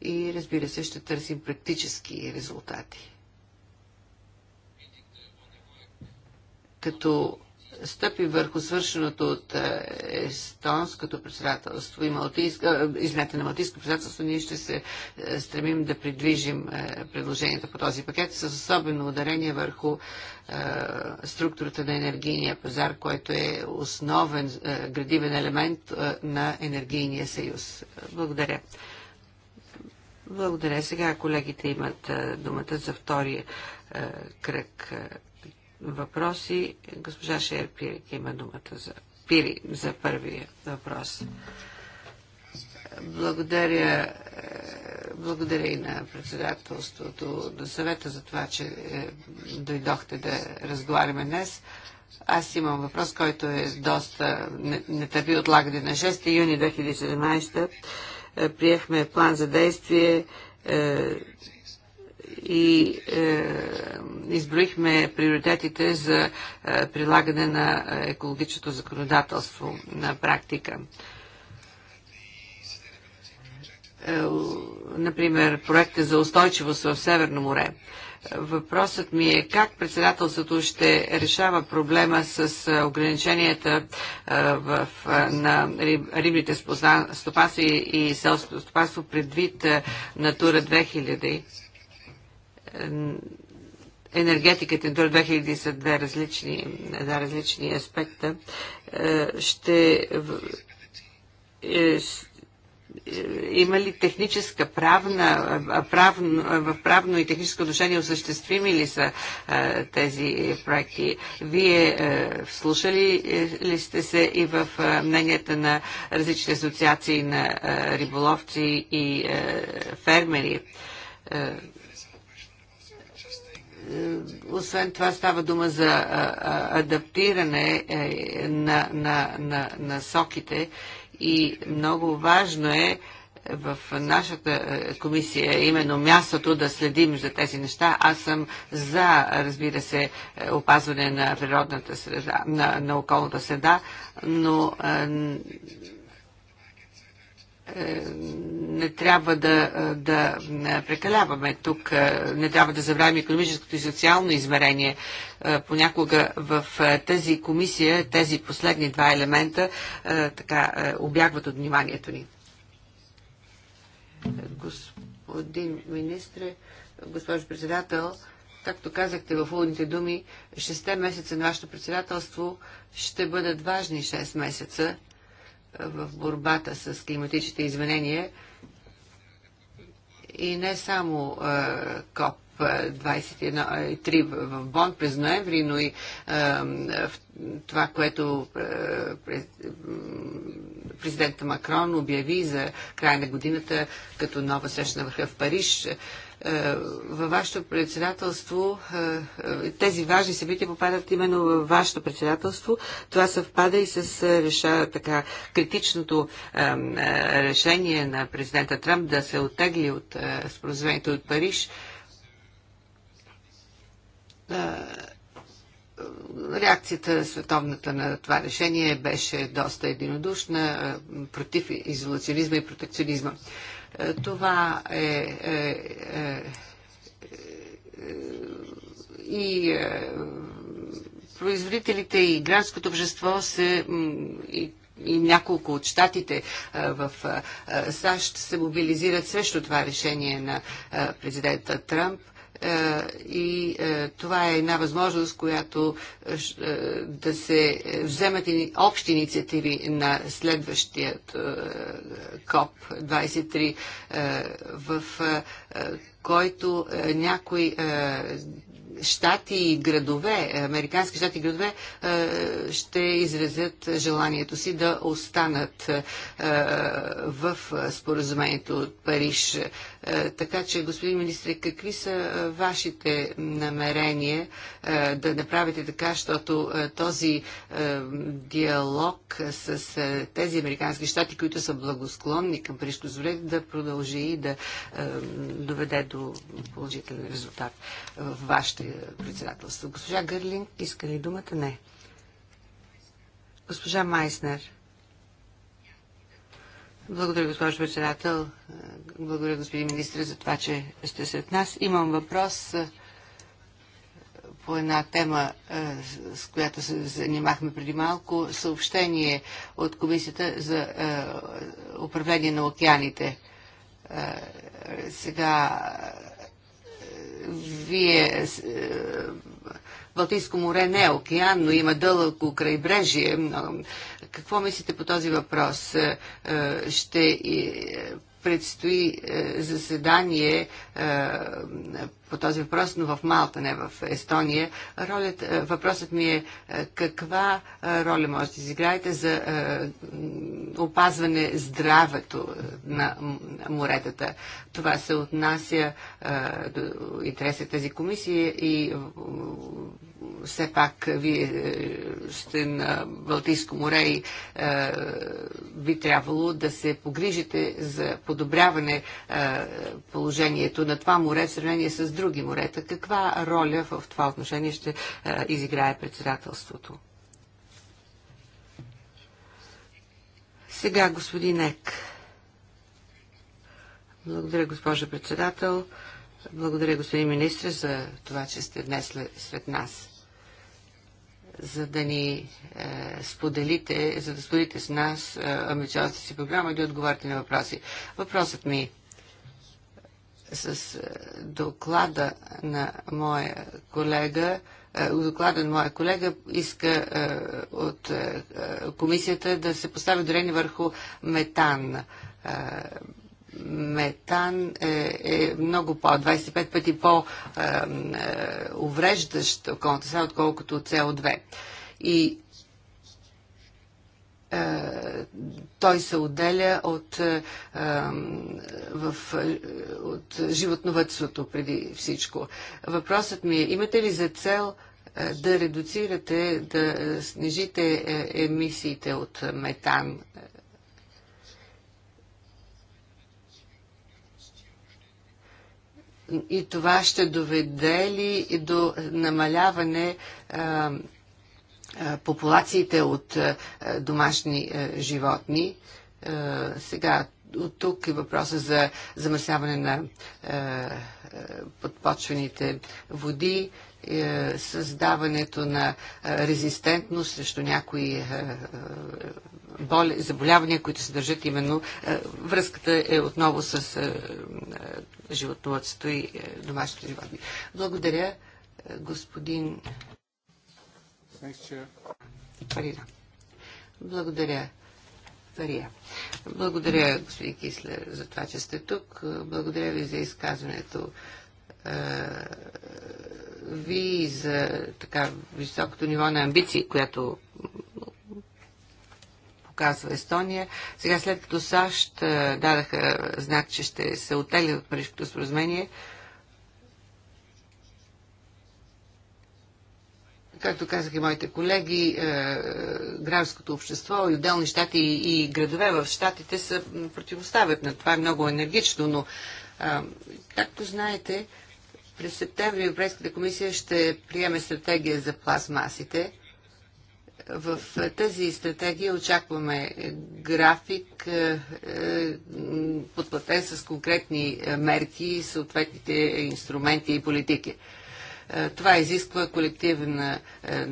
и разбира се ще търсим практически резултати. като стъпи върху свършеното от е, естонското председателство и малтийско, е, извинете, на малтийско председателство, ние ще се е, стремим да придвижим предложенията по този пакет с особено ударение върху структурата на енергийния пазар, който е основен градивен елемент на енергийния съюз. Благодаря. Благодаря. Сега колегите имат думата за втория кръг въпроси. Госпожа Шер Пирик има думата за, Пири, за първия въпрос. Благодаря, е, благодаря и на председателството, на съвета за това, че е, дойдохте да разговаряме днес. Аз имам въпрос, който е доста нетърпи отлагане на 6 юни 2017. Е, приехме план за действие и е, изброихме приоритетите за е, прилагане на екологичното законодателство на практика. Е, например, проекта за устойчивост в Северно море. Въпросът ми е как председателството ще решава проблема с е, ограниченията е, в, е, на рибните стопанства и, селското стопанство предвид Натура 2000 енергетиката до 2000 са два различни, различни аспекта, е, ще е, е, има ли техническа, правна, правно, в правно и техническо отношение осъществими ли са тези проекти? Вие слушали ли сте се и в мненията на различни асоциации на риболовци и фермери? Е, освен това става дума за адаптиране е, на, на, на, на соките и много важно е, е в нашата комисия именно мястото да следим за тези неща. Аз съм за, разбира се, опазване на природната среда, на, на околната среда, но е, не трябва да, е, да е, прекаляваме тук, не трябва да забравим економическото и социално измерение. Понякога в тази комисия тези последни два елемента така обягват от вниманието ни. Господин министре, госпожо председател, както казахте в уводните думи, 6 месеца на вашето председателство ще бъдат важни 6 месеца в борбата с климатичните изменения и не само КОП 23 в Бон през ноември, но и в това, което президента Макрон обяви за края на годината като нова среща на върха в Париж. Е, във вашето председателство, е, е, тези важни събития попадат именно във вашето председателство. Това съвпада и с реша, така, критичното решение на президента Трамп да се оттегли от споразумението от Париж реакцията световната на това решение беше доста единодушна против изолационизма и протекционизма. Е, това е, е, е, е и е, производителите и градското общество се и, и няколко от щатите в САЩ се мобилизират срещу това решение на президента Трамп е, и е, това е една възможност, която е, да се вземат и общи инициативи на следващият КОП-23, в който някои щати и градове, американски щати и градове, ще изразят желанието си да останат в споразумението от Париж е, така че, господин министр, какви са е, вашите намерения е, да направите така, защото този диалог с тези американски щати, които са благосклонни към Парижко да продължи и да доведе до положителен резултат в вашите председателство. Госпожа Гърлинг, иска ли думата? Не. Госпожа Майснер. Благодаря, госпожо председател. Благодаря, господин министр, за това, че сте след нас. Имам въпрос по една тема, с която се занимахме преди малко. Съобщение от Комисията за управление на океаните. Сега вие Балтийско море не е океан, но има дълъг крайбрежие, какво мислите по този въпрос? Е, е, ще е, предстои заседание по този въпрос, но в Малта, не в Естония. Ролят, е, въпросът ми е, е каква е, роля можете да изиграете за опазване здравето на моретата. Това се отнася до интереса тази комисия и все пак вие сте на Балтийско море и е, би трябвало да се погрижите за подобряване е, положението на това море в сравнение с други други морета. Каква роля в това отношение ще е, изиграе председателството? Сега господин Ек. Благодаря, госпожа председател. Благодаря, господин министр, за това, че сте днес сред нас. За да ни е, споделите, за да споделите с нас е, амбициозната си програма и да отговорите на въпроси. Въпросът ми с е, доклада на моя колега, е, доклада на моя колега иска е, от комисията да се постави дарение върху метан. Метан е, е много по, 25 пъти по-увреждащ околната среда, отколкото CO2. И е, той се отделя от, е, в, от животновътството преди всичко. Въпросът ми е, имате ли за цел е, да редуцирате, да снижите емисиите от метан? И това ще доведе ли до намаляване популациите от домашни животни. Сега от тук е въпроса за замърсяване на подпочвените води, е, създаването на резистентност срещу някои заболявания, които се държат именно. Връзката е отново с животновътството и домашните животни. Благодаря, господин Фарида. Благодаря. Фария. Благодаря, господин Кислер, за това, че сте тук. Благодаря ви за изказването ви за така високото ниво на амбиции, която показва Естония. Сега след като САЩ дадаха знак, че ще се отели от Парижкото споразумение, както казах и моите колеги, е, гражданското общество и отделни щати и градове в щатите се противоставят на това много енергично, но както знаете, през септември Европейската комисия ще приеме стратегия за пластмасите. В тази стратегия очакваме график, е, е, подплатен с конкретни мерки, съответните инструменти и политики. Е, това изисква колективен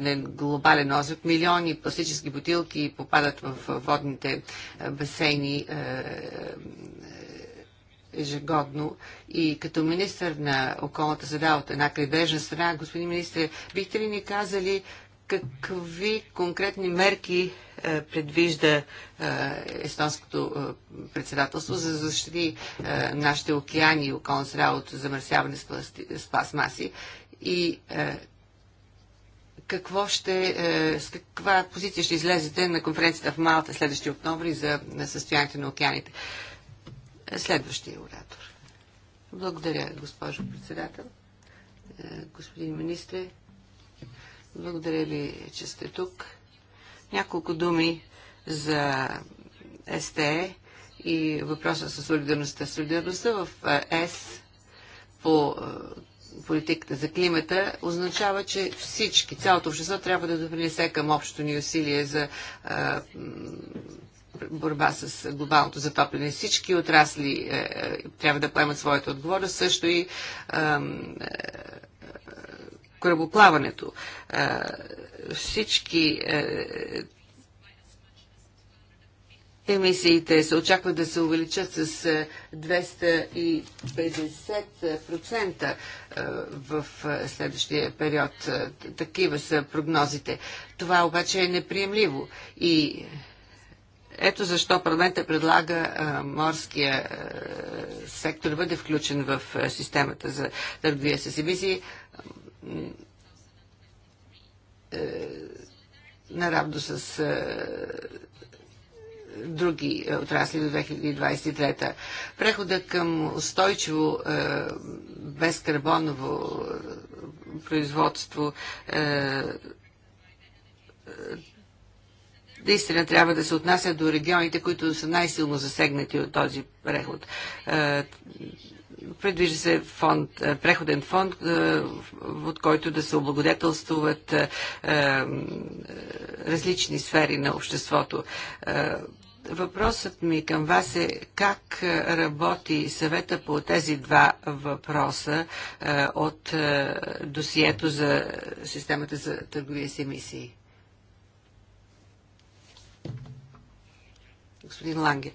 е, глобален озък. Милиони пластически бутилки попадат в водните е, басейни ежегодно. И като министр на околната среда от една крайбрежна страна, господин министр, бихте ли ни казали какви конкретни мерки предвижда естонското председателство за да защити нашите океани и околна среда от замърсяване с пластмаси и е, какво ще, е, с каква позиция ще излезете на конференцията в Малта следващия октомври за състоянието на океаните. Следващия оратор. Благодаря, госпожо председател. Е, господин министр, благодаря ви, че сте тук. Няколко думи за СТЕ и въпроса с солидарността. Солидарността в е, ЕС по е, политиката за климата, означава, че всички, цялото общество трябва да допринесе към общото ни усилие за а, борба с глобалното затопляне. Всички отрасли е, е, трябва да поемат своята отговорност, също и кръвоплаването. Е, корабоплаването. всички Емисиите се очаква да се увеличат с 250% е, е, в е, следващия период. Такива са прогнозите. Това обаче е неприемливо и ето защо парламента предлага морския сектор да бъде включен в системата за търговия с емисии наравно с други е, отрасли до 2023. Прехода към устойчиво е, безкарбоново е, производство наистина трябва да се отнася до регионите, които са най-силно засегнати от този преход. Предвижда се фонд, преходен фонд, от който да се облагодетелствуват различни сфери на обществото. Въпросът ми към вас е как е, работи съвета по тези два въпроса е, от е, досието за системата за търговия с емисии. Господин Ланге.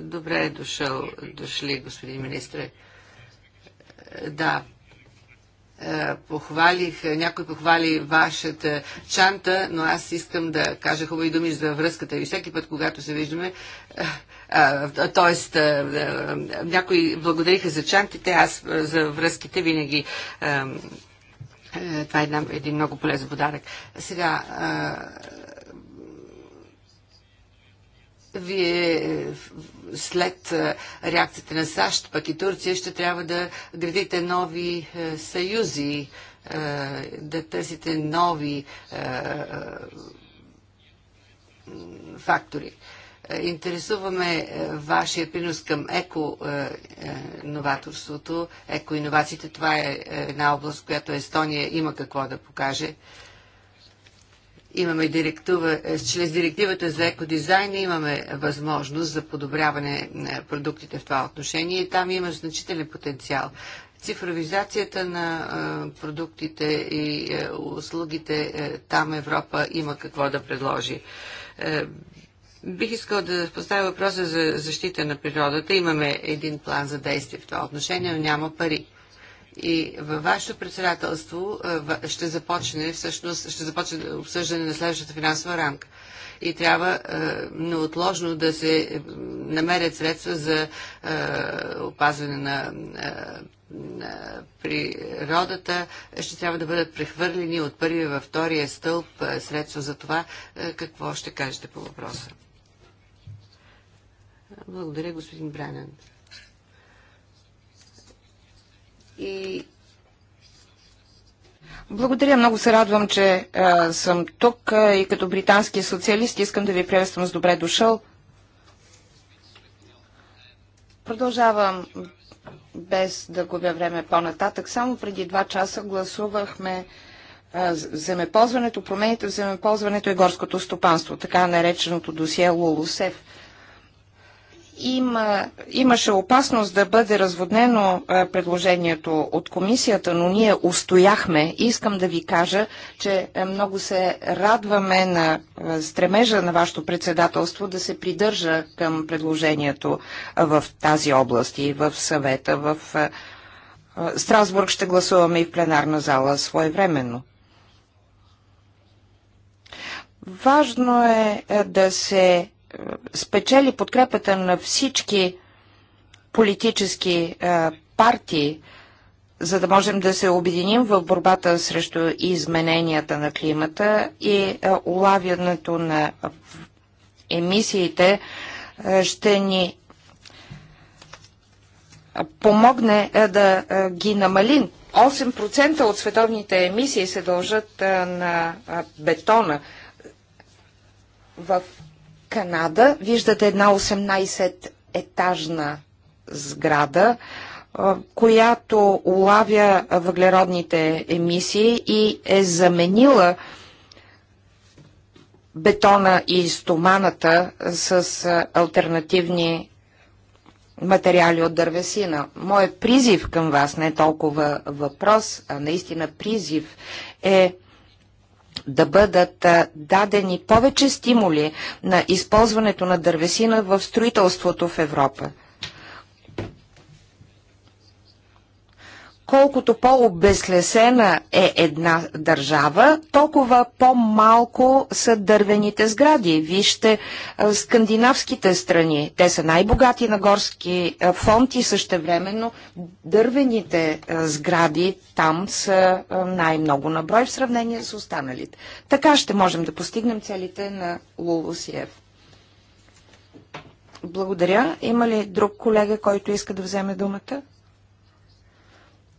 Добре е дошъл, дошли, господин министре. Да, е, похвалих, е, някой похвали вашата чанта, но аз искам да кажа хубави думи за връзката ви. Всеки път, когато се виждаме, т.е. Е, някои благодариха за чантите, аз за връзките винаги това е един много полезен подарък. Сега, вие след реакцията на САЩ, пък и Турция, ще трябва да градите нови съюзи, да търсите нови фактори. Интересуваме вашия принос към еко-новаторството, еко-инновациите. Това е, е една област, в която Естония има какво да покаже имаме директива, е, чрез директивата за екодизайн имаме възможност за подобряване на продуктите в това отношение и там има значителен потенциал. Цифровизацията на е, продуктите и е, услугите, там Европа има какво да предложи. Бих искал да поставя въпроса за защита на природата. Имаме един план за действие в това отношение, но няма пари. И във вашето председателство ще започне, всъщност, ще започне обсъждане на следващата финансова рамка. И трябва е, неотложно да се намерят средства за е, опазване на, е, на природата. Ще трябва да бъдат прехвърлени от първия във втория стълб средства за това. Какво ще кажете по въпроса? Благодаря, господин Бранен. И благодаря, много се радвам, че а, съм тук а, и като британски социалист искам да ви приветствам с добре дошъл. Продължавам без да губя време по-нататък. Само преди два часа гласувахме а, земеползването, промените в земеползването и горското стопанство, така нареченото досие Лулусев. Има, имаше опасност да бъде разводнено е, предложението от комисията, но ние устояхме. Искам да ви кажа, че е, много се радваме на е, стремежа на вашето председателство да се придържа към предложението в тази област и в съвета. В Страсбург ще гласуваме и в пленарна зала своевременно. Важно е да се спечели подкрепата на всички политически партии, за да можем да се обединим в борбата срещу измененията на климата и улавянето на емисиите ще ни помогне да ги намалим. 8% от световните емисии се дължат на бетона. В Канада. Виждате една 18-етажна сграда, която улавя въглеродните емисии и е заменила бетона и стоманата с альтернативни материали от дървесина. Моят призив към вас, не е толкова въпрос, а наистина призив е да бъдат дадени повече стимули на използването на дървесина в строителството в Европа. колкото по-обезлесена е една държава, толкова по-малко са дървените сгради. Вижте скандинавските страни. Те са най-богати на горски фонд и същевременно дървените сгради там са най-много на брой в сравнение с останалите. Така ще можем да постигнем целите на Лулусиев. Благодаря. Има ли друг колега, който иска да вземе думата?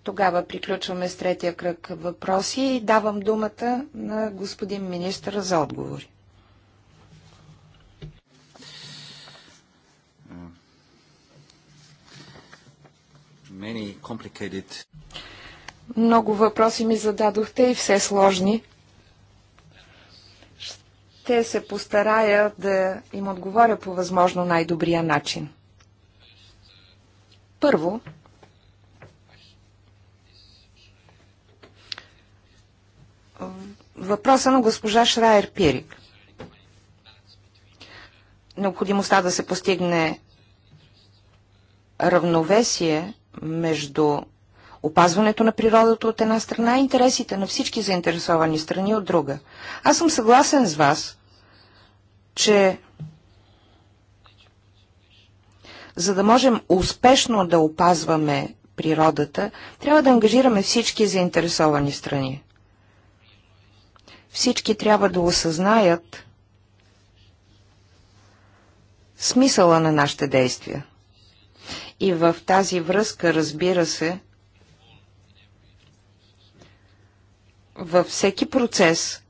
Тогава приключваме с третия кръг въпроси и давам думата на господин министър за отговори. Много въпроси ми зададохте и все сложни. Ще се постарая да им отговоря по възможно най-добрия начин. Първо, въпроса на госпожа Шраер Пирик. Необходимостта да се постигне равновесие между опазването на природата от една страна и интересите на всички заинтересовани страни от друга. Аз съм съгласен с вас, че за да можем успешно да опазваме природата, трябва да ангажираме всички заинтересовани страни. Всички трябва да осъзнаят смисъла на нашите действия. И в тази връзка, разбира се, във всеки процес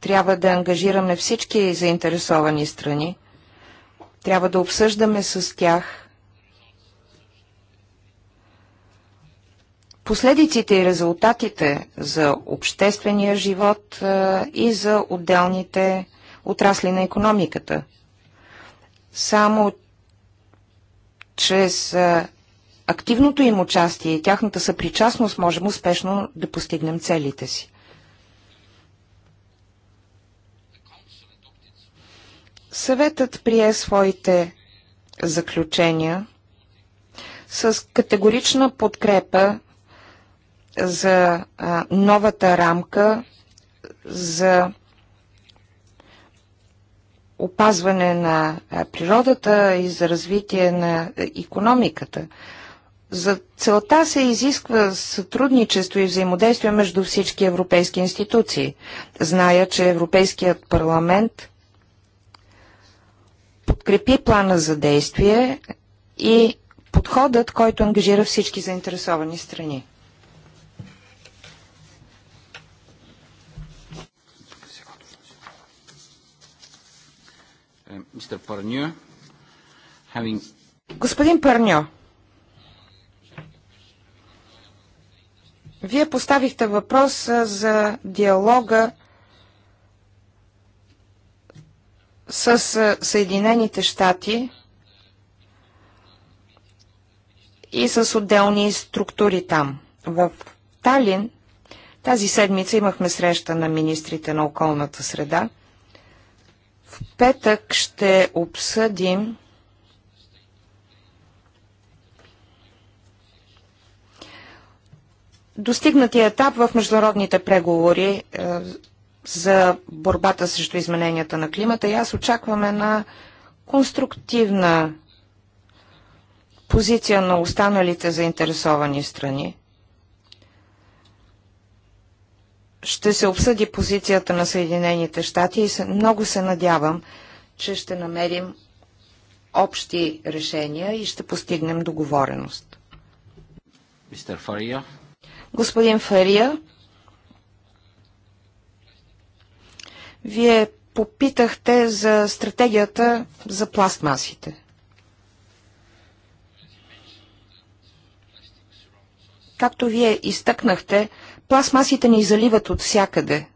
трябва да ангажираме всички заинтересовани страни, трябва да обсъждаме с тях последиците и резултатите за обществения живот и за отделните отрасли на економиката. Само чрез активното им участие и тяхната съпричастност можем успешно да постигнем целите си. Съветът прие своите заключения с категорична подкрепа за новата рамка за опазване на природата и за развитие на економиката. За целта се изисква сътрудничество и взаимодействие между всички европейски институции. Зная, че Европейският парламент подкрепи плана за действие и подходът, който ангажира всички заинтересовани страни. having... Господин Парньо, вие поставихте въпрос за диалога с Съединените щати и с отделни структури там. В Талин тази седмица имахме среща на министрите на околната среда – в петък ще обсъдим достигнатия етап в международните преговори е, за борбата срещу измененията на климата и аз очаквам една конструктивна позиция на останалите заинтересовани страни. ще се обсъди позицията на Съединените щати и много се надявам, че ще намерим общи решения и ще постигнем договореност. Мистер Фария. Господин Фария, вие попитахте за стратегията за пластмасите. Както вие изтъкнахте, Пластмасите ни заливат от всякъде.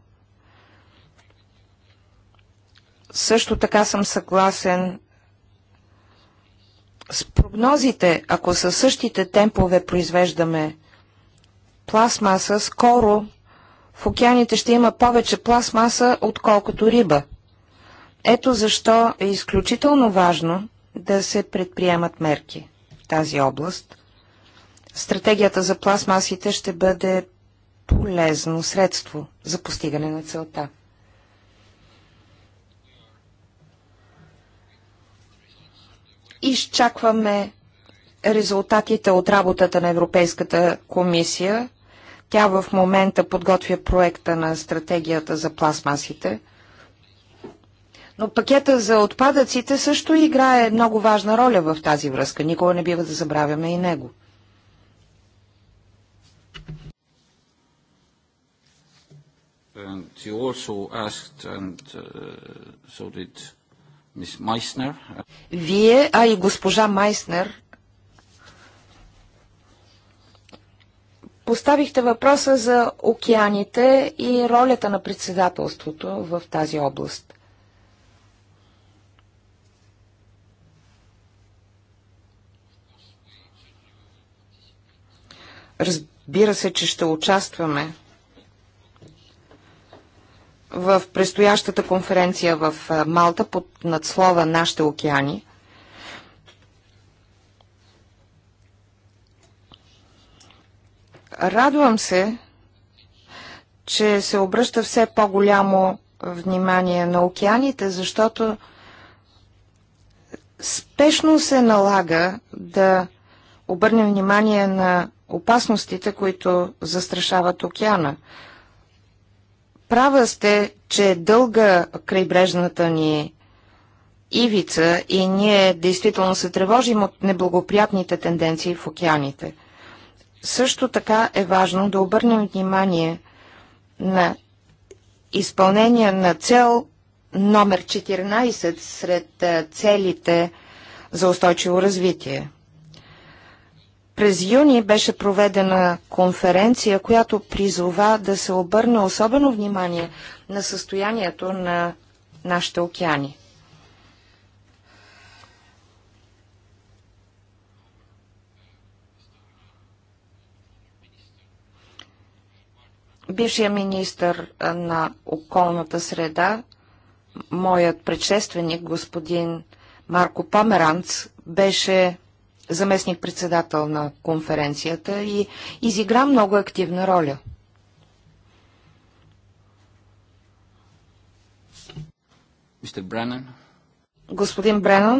Също така съм съгласен с прогнозите, ако със същите темпове произвеждаме пластмаса, скоро в океаните ще има повече пластмаса, отколкото риба. Ето защо е изключително важно да се предприемат мерки в тази област. Стратегията за пластмасите ще бъде полезно средство за постигане на целта. Изчакваме резултатите от работата на Европейската комисия. Тя в момента подготвя проекта на стратегията за пластмасите. Но пакета за отпадъците също играе много важна роля в тази връзка. Никога не бива да забравяме и него. And you also asked, and uh, so did Miss Meissner. Вие, а и госпожа Майснер, поставихте въпроса за океаните и ролята на председателството в тази област. Разбира се, че ще участваме в предстоящата конференция в Малта под надслова Нашите океани. Радвам се, че се обръща все по-голямо внимание на океаните, защото спешно се налага да обърнем внимание на опасностите, които застрашават океана. Права сте, че е дълга крайбрежната ни ивица и ние действително се тревожим от неблагоприятните тенденции в океаните. Също така е важно да обърнем внимание на изпълнение на цел номер 14 сред целите за устойчиво развитие – през юни беше проведена конференция, която призова да се обърне особено внимание на състоянието на нашите океани. бившия министр на околната среда, моят предшественик, господин Марко Померанц, беше заместник-председател на конференцията и изигра много активна роля. Господин Бренън.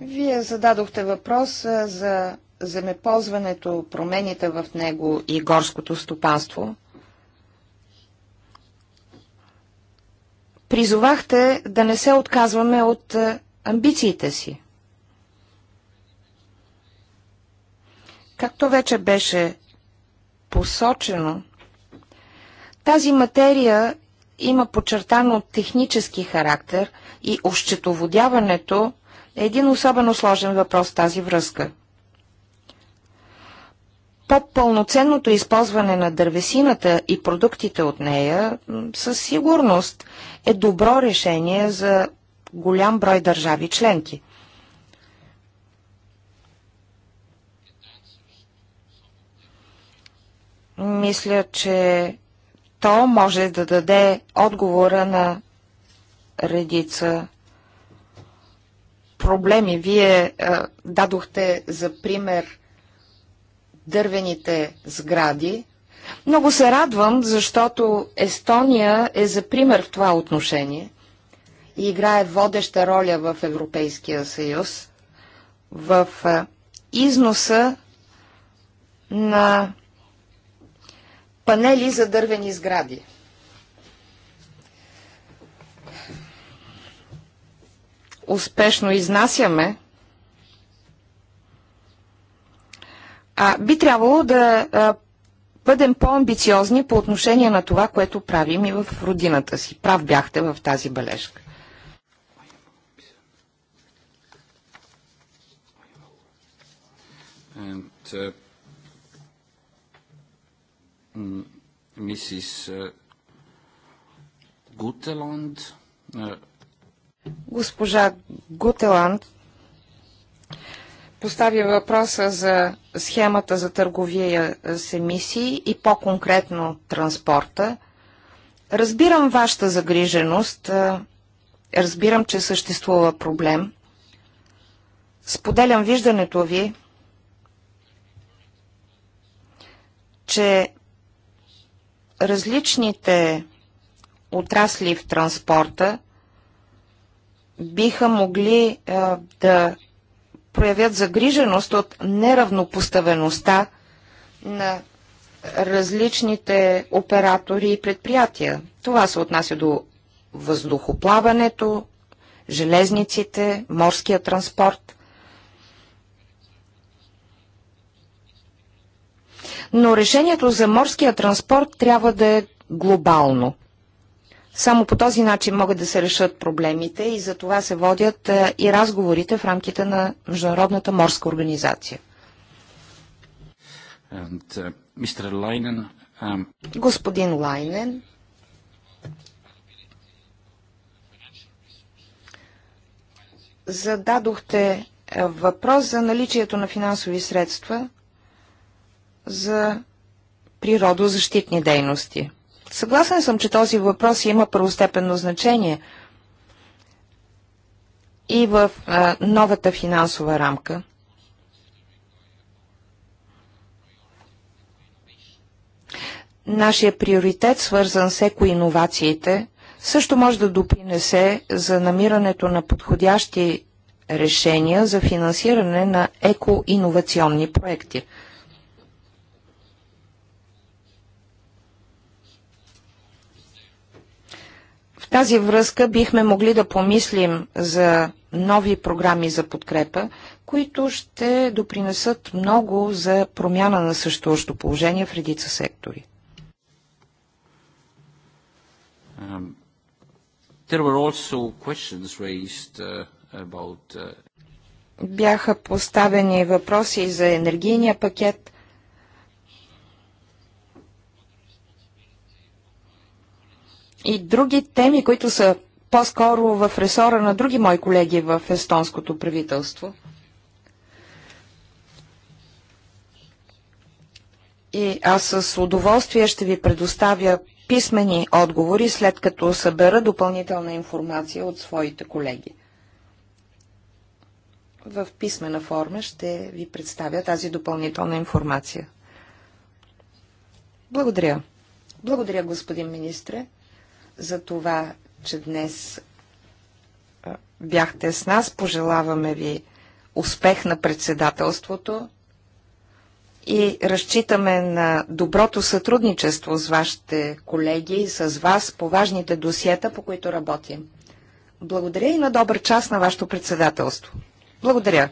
Вие зададохте въпрос за земеползването, промените в него и горското стопанство, призовахте да не се отказваме от е, амбициите си. Както вече беше посочено, тази материя има подчертано технически характер и ощетоводяването е един особено сложен въпрос в тази връзка – по-пълноценното използване на дървесината и продуктите от нея със сигурност е добро решение за голям брой държави членки. Мисля, че то може да даде отговора на редица проблеми. Вие а, дадохте за пример дървените сгради. Много се радвам, защото Естония е за пример в това отношение и играе водеща роля в Европейския съюз в износа на панели за дървени сгради. Успешно изнасяме а, би трябвало да а, бъдем по-амбициозни по отношение на това, което правим и в родината си. Прав бяхте в тази бележка. And, uh, Mrs. Guteland. Uh... Госпожа Гутеланд поставя въпроса за схемата за търговия е, с емисии и по-конкретно транспорта. Разбирам вашата загриженост, е, разбирам, че съществува проблем. Споделям виждането ви, че различните отрасли в транспорта биха могли е, да проявят загриженост от неравнопоставеността на различните оператори и предприятия. Това се отнася до въздухоплаването, железниците, морския транспорт. Но решението за морския транспорт трябва да е глобално. Само по този начин могат да се решат проблемите и за това се водят е, и разговорите в рамките на Международната морска организация. And, uh, Leinen, um... Господин Лайнен, зададохте е, въпрос за наличието на финансови средства за природозащитни дейности. Съгласен съм, че този въпрос има първостепенно значение и в а, новата финансова рамка. Нашия приоритет, свързан с екоинновациите, също може да допринесе за намирането на подходящи решения за финансиране на екоинновационни проекти – тази връзка бихме могли да помислим за нови програми за подкрепа, които ще допринесат много за промяна на съществуващо положение в редица сектори. Um, uh, uh, Бяха поставени въпроси за енергийния пакет, и други теми, които са по-скоро в ресора на други мои колеги в естонското правителство. И аз с удоволствие ще ви предоставя писмени отговори, след като събера допълнителна информация от своите колеги. В писмена форма ще ви представя тази допълнителна информация. Благодаря. Благодаря, господин министре за това, че днес бяхте с нас. Пожелаваме ви успех на председателството и разчитаме на доброто сътрудничество с вашите колеги и с вас по важните досиета, по които работим. Благодаря и на добър час на вашето председателство. Благодаря.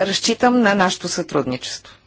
Разчитам на нашето сътрудничество.